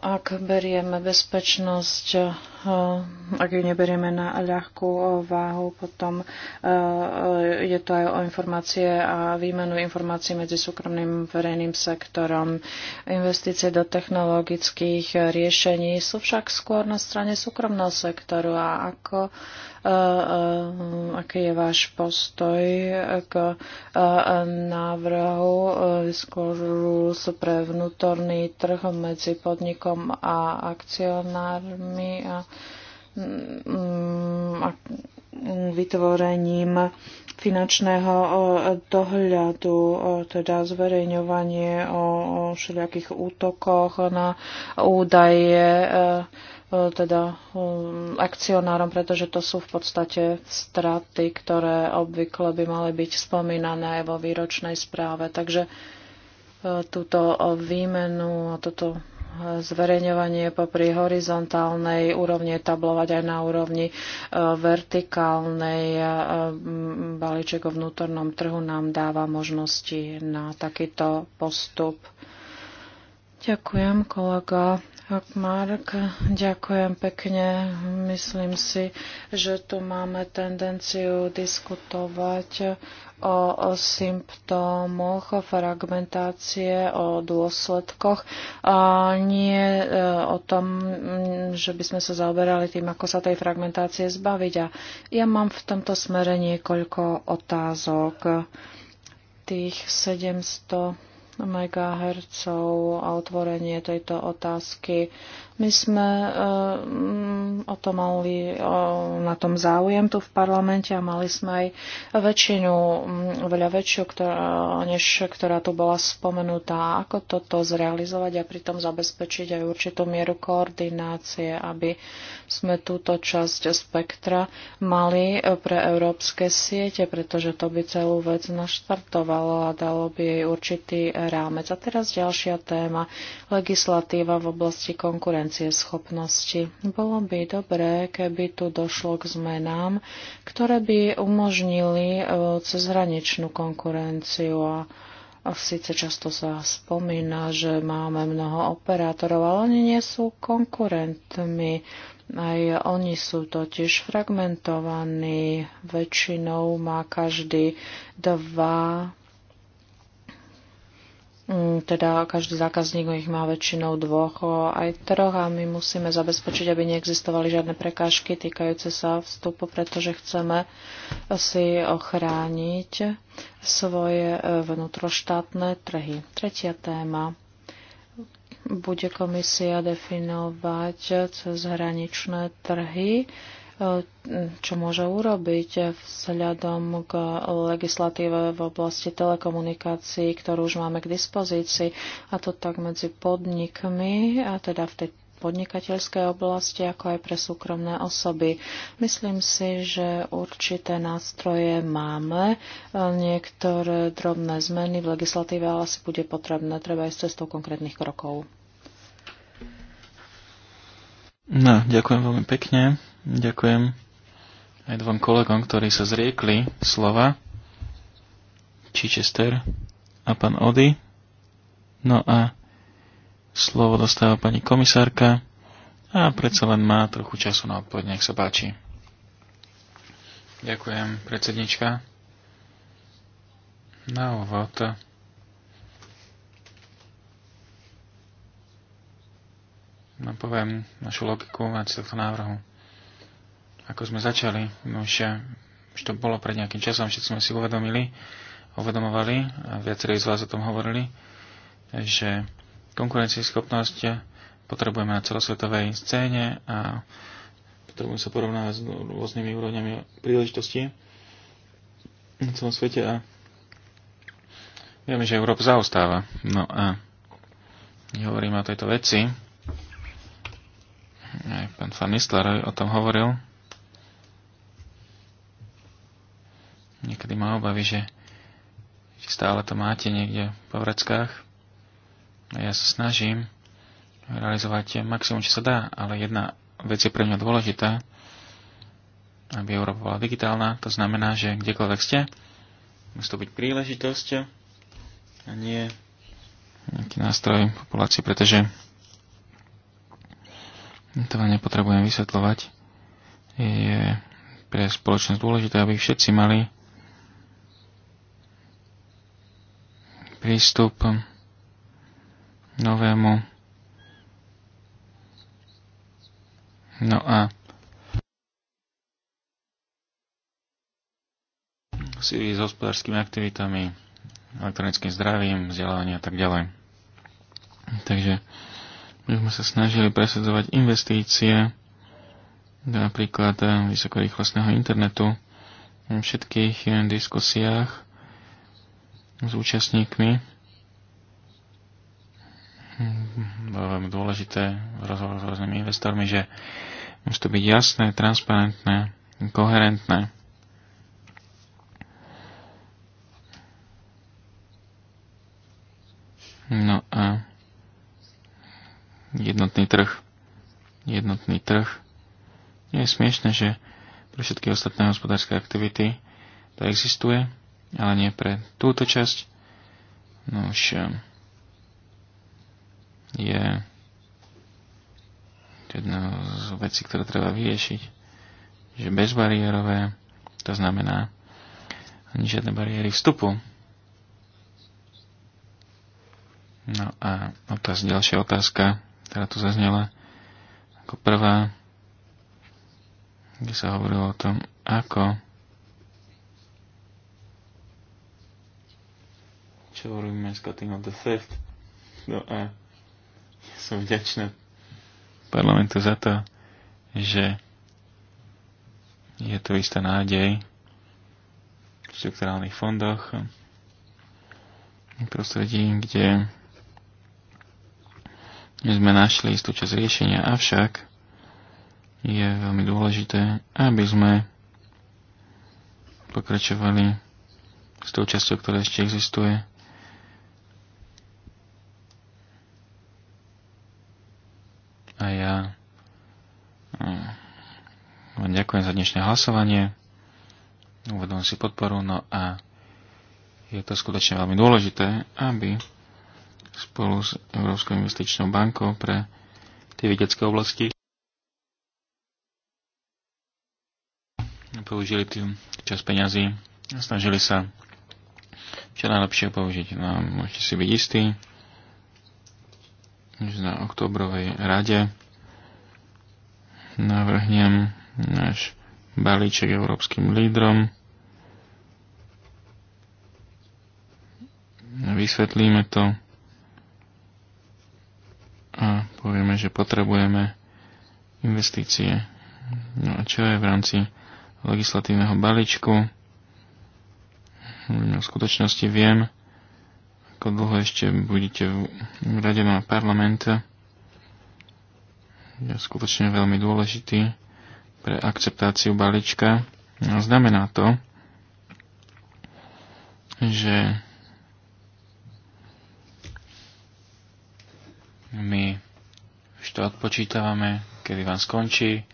Ak berieme bezpečnosť, eh, ak ju neberieme na ľahkú váhu, potom eh, je to aj o informácie a výmenu informácií medzi súkromným verejným sektorom. Investície do technologických riešení sú však skôr na strane súkromného sektoru a ako Eh, eh, aký je váš postoj k eh, návrhu Rules pre vnútorný trh medzi podnikom a akcionármi a mm, vytvorením finančného dohľadu, teda zverejňovanie o všelijakých útokoch na údaje E, teda um, akcionárom, pretože to sú v podstate straty, ktoré obvykle by mali byť spomínané aj vo výročnej správe. Takže e, túto výmenu a toto zverejňovanie popri horizontálnej úrovni tablovať aj na úrovni e, vertikálnej. Balíček o vnútornom trhu nám dáva možnosti na takýto postup. Ďakujem, kolega Mark, ďakujem pekne. Myslím si, že tu máme tendenciu diskutovať o, symptómoch fragmentácie, o dôsledkoch, a nie e, o tom, že by sme sa zaoberali tým, ako sa tej fragmentácie zbaviť. A ja mám v tomto smere niekoľko otázok. Tých 700 MHz a otvorenie tejto otázky. My sme eh, mm, o to mali na tom záujem tu v parlamente a mali sme aj väčšinu, mm, veľa väčšiu, ktorá, než ktorá tu bola spomenutá. Ako toto zrealizovať a pritom zabezpečiť aj určitú mieru koordinácie, aby sme túto časť spektra mali eh, pre európske siete, pretože to by celú vec naštartovalo a dalo by jej určitý rámec. A teraz ďalšia téma, legislatíva v oblasti konkurencie schopnosti. Bolo by dobré, keby tu došlo k zmenám, ktoré by umožnili e, cezhraničnú konkurenciu a Sice často sa spomína, že máme mnoho operátorov, ale oni nie sú konkurentmi. Aj oni sú totiž fragmentovaní. Väčšinou má každý dva Mm, teda každý zákazník ich má väčšinou dvoch aj troch a my musíme zabezpečiť, aby neexistovali žiadne prekážky týkajúce sa vstupu, pretože chceme si ochrániť svoje e, vnútroštátne trhy. Tretia téma. Bude komisia definovať hraničné trhy E, čo môže urobiť vzhľadom k legislatíve v oblasti telekomunikácií, ktorú už máme k dispozícii, a to tak medzi podnikmi, a teda v tej podnikateľskej oblasti, ako aj pre súkromné osoby. Myslím si, že určité nástroje máme, e, niektoré drobné zmeny v legislatíve ale asi bude potrebné, treba aj s cestou konkrétnych krokov. No, ďakujem veľmi pekne. Ďakujem aj dvom kolegom, ktorí sa zriekli slova. Chichester a pán Ody. No a slovo dostáva pani komisárka a predsa len má trochu času na odpoveď, nech sa páči. Ďakujem, predsednička. Na úvod. Vám no, poviem našu logiku a tohto návrhu ako sme začali, no už, už to bolo pred nejakým časom, všetci sme si uvedomili, uvedomovali a viacerí z vás o tom hovorili, že konkurencieschopnosť potrebujeme na celosvetovej scéne a potrebujeme sa porovnávať s rôznymi úrovňami príležitosti na celom svete a vieme, že Európa zaostáva. No a hovoríme o tejto veci. Aj pán Fanistler o tom hovoril. Niekedy má obavy, že, že stále to máte niekde po vreckách. A ja sa snažím realizovať maximum, čo sa dá, ale jedna vec je pre mňa dôležitá, aby Európa bola digitálna. To znamená, že kdekoľvek ste, musí to byť príležitosť a nie nejaký nástroj populácie, pretože to vám nepotrebujem vysvetľovať. Je pre spoločnosť dôležité, aby všetci mali prístup novému. No a si s hospodárskymi aktivitami, elektronickým zdravím, vzdelávaním a tak ďalej. Takže my sme sa snažili presadzovať investície do napríklad eh, vysokorýchlostného internetu v všetkých eh, diskusiách s účastníkmi. Hm, bolo veľmi dôležité rozhovor s rôznymi investormi, že musí to byť jasné, transparentné, koherentné. No a jednotný trh. Jednotný trh. Je smiešne, že pre všetky ostatné hospodárske aktivity to existuje ale nie pre túto časť. No už eh, je jedna z vecí, ktoré treba vyriešiť, že bezbariérové, to znamená ani žiadne bariéry vstupu. No a otázka, ďalšia otázka, ktorá tu zaznela ako prvá, kde sa hovorilo o tom, ako čo robíme s Cutting of the Theft. No e. a som vďačná parlamentu za to, že je tu istá nádej v strukturálnych fondoch, v prostredí, kde sme našli istú časť riešenia, avšak je veľmi dôležité, aby sme pokračovali s tou časťou, ktorá ešte existuje A ja vám hm. ďakujem za dnešné hlasovanie. Uvedom si podporu. No a je to skutočne veľmi dôležité, aby spolu s Európskou investičnou bankou pre tie vedecké oblasti použili tým čas peňazí a snažili sa čo najlepšie použiť. No, môžete si byť istí, že na oktobrovej rade navrhnem náš balíček európskym lídrom. Vysvetlíme to a povieme, že potrebujeme investície. No a čo je v rámci legislatívneho balíčku? V skutočnosti viem, ako dlho ešte budete v rade na parlament, je skutočne veľmi dôležitý pre akceptáciu balíčka. No, znamená to, že my už to odpočítavame, kedy vám skončí e,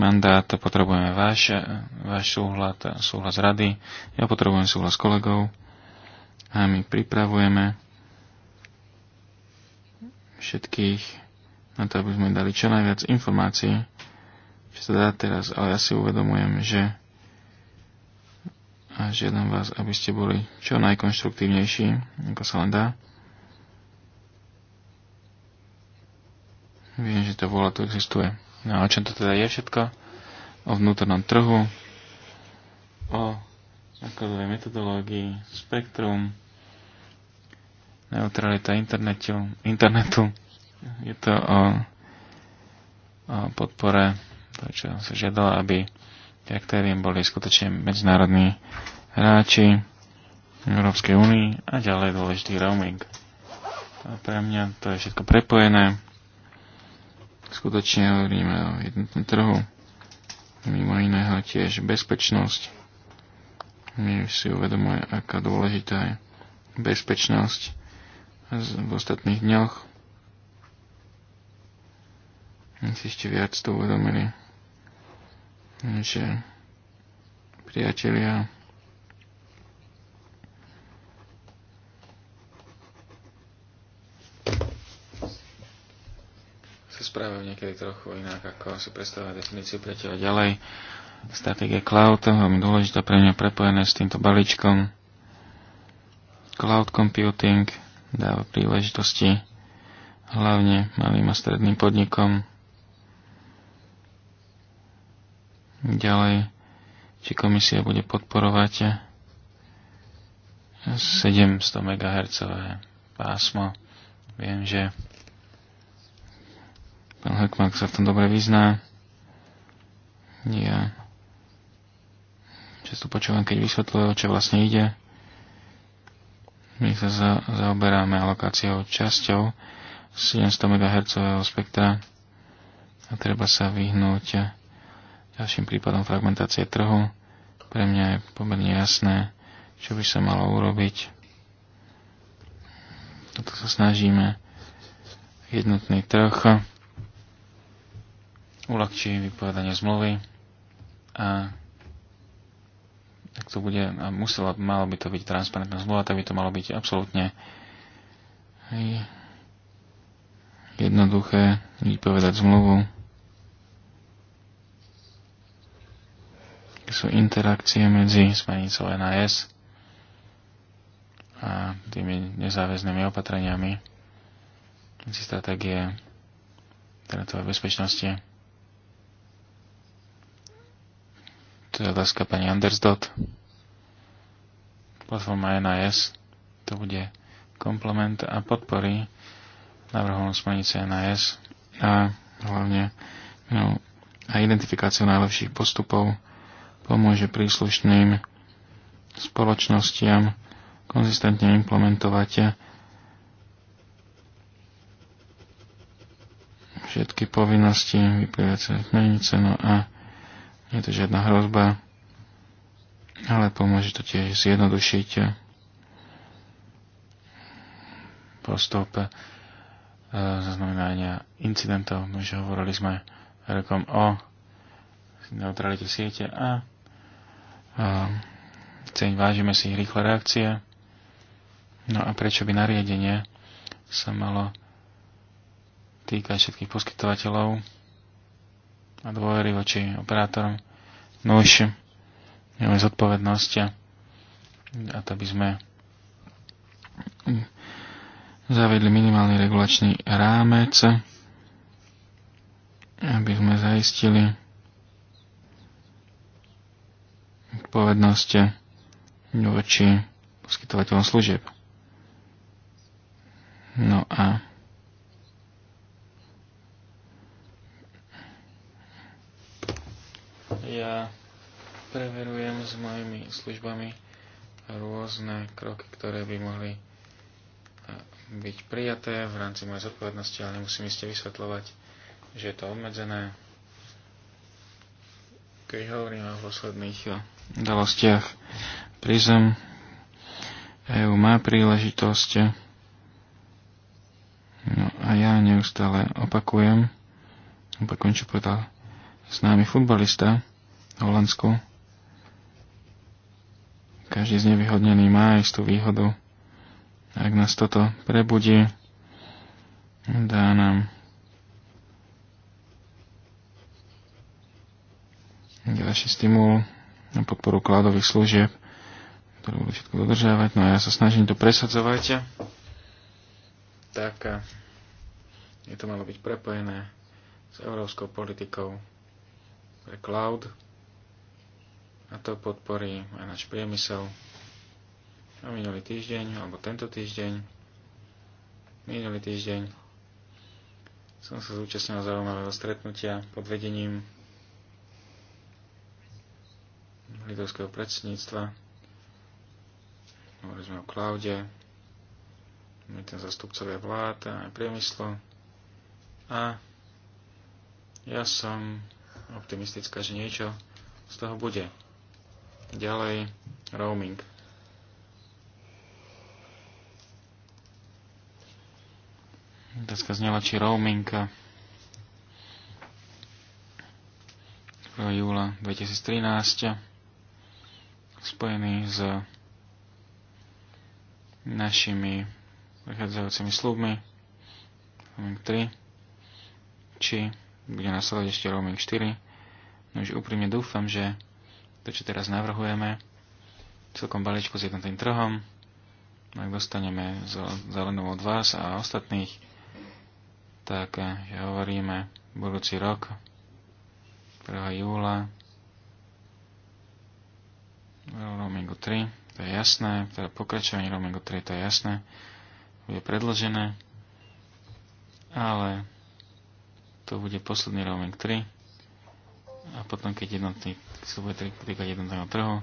mandát, potrebujeme váš, váš súhľad, súhlas rady, ja potrebujem súhlas kolegov a my pripravujeme všetkých na to, aby sme dali čo najviac informácií, čo sa dá teraz, ale ja si uvedomujem, že a žiadam vás, aby ste boli čo najkonštruktívnejší, ako sa len dá. Viem, že to vola tu existuje. No a o čom to teda je všetko? O vnútornom trhu, o metodológii, spektrum, neutralita internetu, internetu. Je to o, o podpore, to čo sa žiadalo, aby aktériem boli skutočne medzinárodní hráči Európskej únii a ďalej dôležitý roaming. A pre mňa to je všetko prepojené. Skutočne hovoríme o jednotnom trhu. Mimo iného tiež bezpečnosť. My si uvedomujeme, aká dôležitá je bezpečnosť v ostatných dňoch si ešte viac to uvedomili, že priatelia sa správajú niekedy trochu inak, ako si predstavujú definíciu priateľa ďalej. Stratégia cloud, veľmi dôležité pre mňa prepojené s týmto balíčkom. Cloud computing – dáva príležitosti hlavne malým a stredným podnikom. Ďalej, či komisia bude podporovať 700 MHz pásmo. Viem, že pán Hekmak sa v tom dobre vyzná. Ja často počúvam, keď vysvetľuje, o čo vlastne ide. My sa za, zaoberáme alokáciou časťou 700 MHz spektra a treba sa vyhnúť ďalším prípadom fragmentácie trhu. Pre mňa je pomerne jasné, čo by sa malo urobiť. Toto sa snažíme. Jednotný trh uľahčí vypovedanie zmluvy a tak to bude, a muselo, malo by to byť transparentná zmluva, tak by to malo byť absolútne hej, jednoduché vypovedať zmluvu. Sú interakcie medzi smernicou NAS a tými nezáväznými opatreniami medzi stratégie internetovej teda bezpečnosti. To je otázka pani Andersdot. Platforma NIS. To bude komplement a podpory návrhom smernice NIS a hlavne no, a identifikáciu najlepších postupov pomôže príslušným spoločnostiam konzistentne implementovať všetky povinnosti vyplývajúce z no a nie je to žiadna hrozba, ale pomôže to tiež zjednodušiť postup eh, zaznamenania incidentov. My už hovorili sme rekom o neutralite siete a, a eh, ceň vážime si rýchle reakcie. No a prečo by nariadenie sa malo týkať všetkých poskytovateľov a dôvery voči operátorom. No už máme zodpovednosť a, to by sme zavedli minimálny regulačný rámec, aby sme zaistili odpovednosť voči poskytovateľom služieb. No a ja preverujem s mojimi službami rôzne kroky, ktoré by mohli eh, byť prijaté v rámci mojej zodpovednosti, ale nemusím iste vysvetľovať, že je to obmedzené. Keď hovorím o posledných eh, udalostiach prizem, EU má príležitosť. No a ja neustále opakujem, opakujem, čo povedal známy futbalista, Holandsku. Každý znevýhodnený má istú výhodu. Ak nás toto prebudí, dá nám ďalší stimul na podporu kladových služieb, ktoré budú všetko dodržiavať. No a ja sa snažím to presadzovať. Tak je to malo byť prepojené s európskou politikou pre cloud a to podporí aj náš priemysel. A minulý týždeň, alebo tento týždeň, minulý týždeň som sa zúčastnil zaujímavého stretnutia pod vedením lidovského predsedníctva. Hovorili sme o Klaude, my ten zastupcovia vlád a aj priemyslo, A ja som optimistická, že niečo z toho bude. Ďalej roaming. Otázka znela, či roaming eh, júla 2013 spojený s našimi prechádzajúcimi slubmi roaming 3 či bude nasledovať ešte roaming 4 no už úprimne dúfam, že to, čo teraz navrhujeme, celkom balíčku s jednotným trhom, ak dostaneme zelenú od vás a ostatných, tak ja eh, hovoríme budúci rok, 1. júla, roamingu 3, to je jasné, teda pokračovanie roamingu 3, to je jasné, je predložené, ale to bude posledný roaming 3, a potom, keď jednotný, keď sa bude týkať jednotného trhu,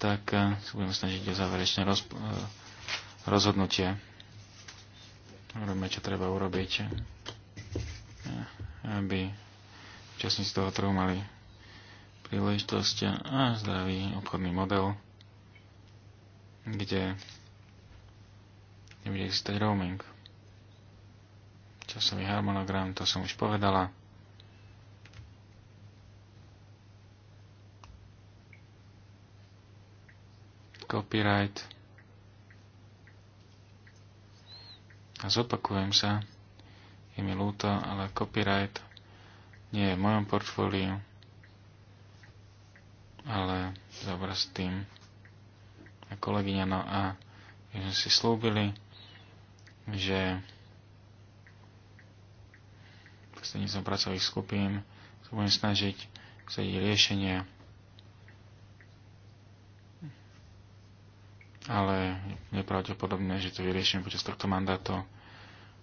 tak eh, sa budeme snažiť o záverečné roz, eh, rozhodnutie. Robíme, čo treba urobiť, eh, aby účastníci toho trhu mali príležitosť a zdravý obchodný model, kde nebude existovať roaming. Časový harmonogram, to som už povedala. copyright. A zopakujem sa, je mi ľúto, ale copyright nie je v mojom portfóliu, ale dobre s tým. A kolegyňa, no a my sme si slúbili, že prostredníctvom pracových skupín sa budem snažiť sedieť riešenie ale je pravdepodobné, že to vyriešime počas tohto mandátu.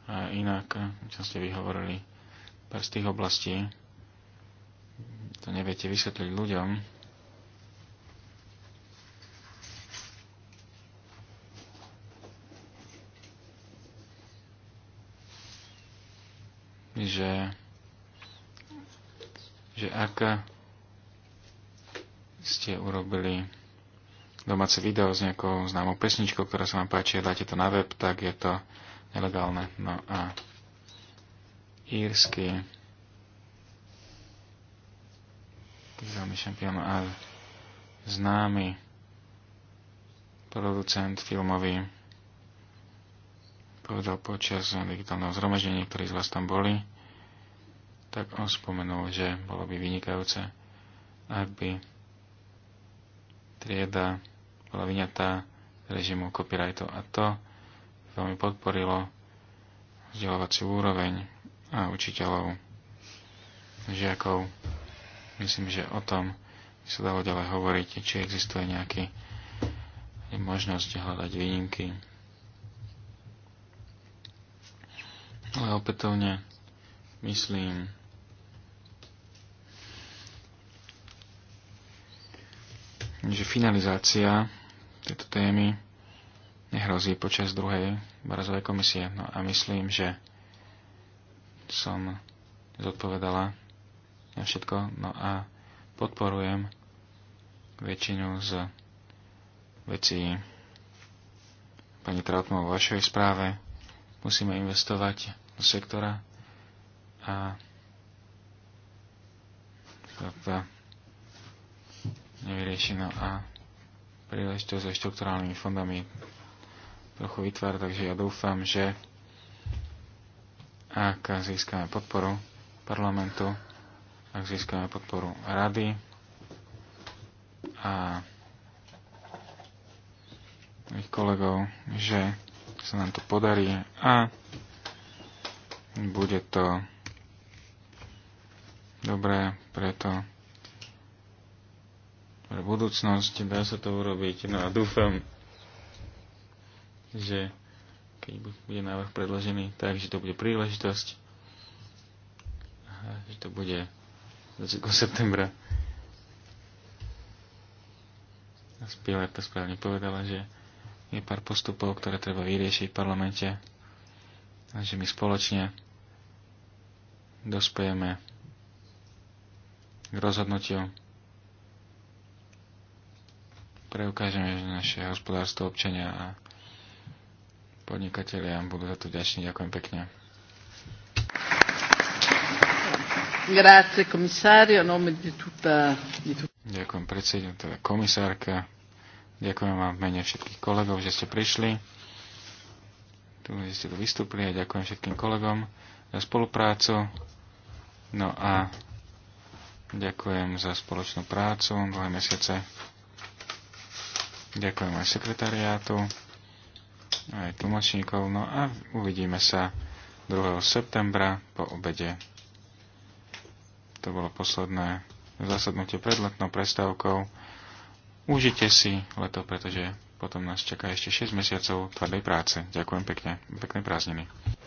A inak, čo ste vyhovorili, pár z tých oblastí, to neviete vysvetliť ľuďom, že, že ak ste urobili domáce video s nejakou známou pesničkou, ktorá sa vám páči a dáte to na web, tak je to nelegálne. No a írsky významný šampión a známy producent filmový povedal počas digitálneho zhromaždenia, ktorí z vás tam boli, tak on spomenul, že bolo by vynikajúce, ak by trieda bola vyňatá režimu copyrightu a to veľmi podporilo vzdelávaciu úroveň a učiteľov, žiakov. Myslím, že o tom by sa dalo ďalej hovoriť, či existuje nejaký možnosť hľadať výnimky. Ale opätovne myslím, že finalizácia tejto témy nehrozí počas druhej Barazovej komisie. No a myslím, že som zodpovedala na všetko. No a podporujem väčšinu z vecí pani Trautmova vo vašej správe. Musíme investovať do sektora a nevyriešená a príležitosť so štrukturálnymi fondami trochu vytvára, takže ja dúfam, že ak získame podporu parlamentu, ak získame podporu rady a mých kolegov, že sa nám to podarí a bude to dobré, preto pre budúcnosť, dá sa to urobiť. No a dúfam, že keď bude návrh predložený, takže to bude príležitosť, a že to bude začiatkom septembra. Spieler to správne povedala, že je pár postupov, ktoré treba vyriešiť v parlamente a že my spoločne dospejeme k rozhodnutiu preukážeme, že naše hospodárstvo občania a podnikatelia budú za to ďační. Ďakujem pekne. Grazie, komisario, nome di tutta, di Ďakujem predsedom, teda komisárka. Ďakujem vám v mene všetkých kolegov, že ste prišli. Tu, že ste tu vystúpili a ďakujem všetkým kolegom za spoluprácu. No a ďakujem za spoločnú prácu dlhé mesiace. Ďakujem aj sekretariátu, aj tlmočníkov. No a uvidíme sa 2. septembra po obede. To bolo posledné zasadnutie pred letnou prestávkou. Užite si leto, pretože potom nás čaká ešte 6 mesiacov tvrdej práce. Ďakujem pekne. Pekné prázdniny.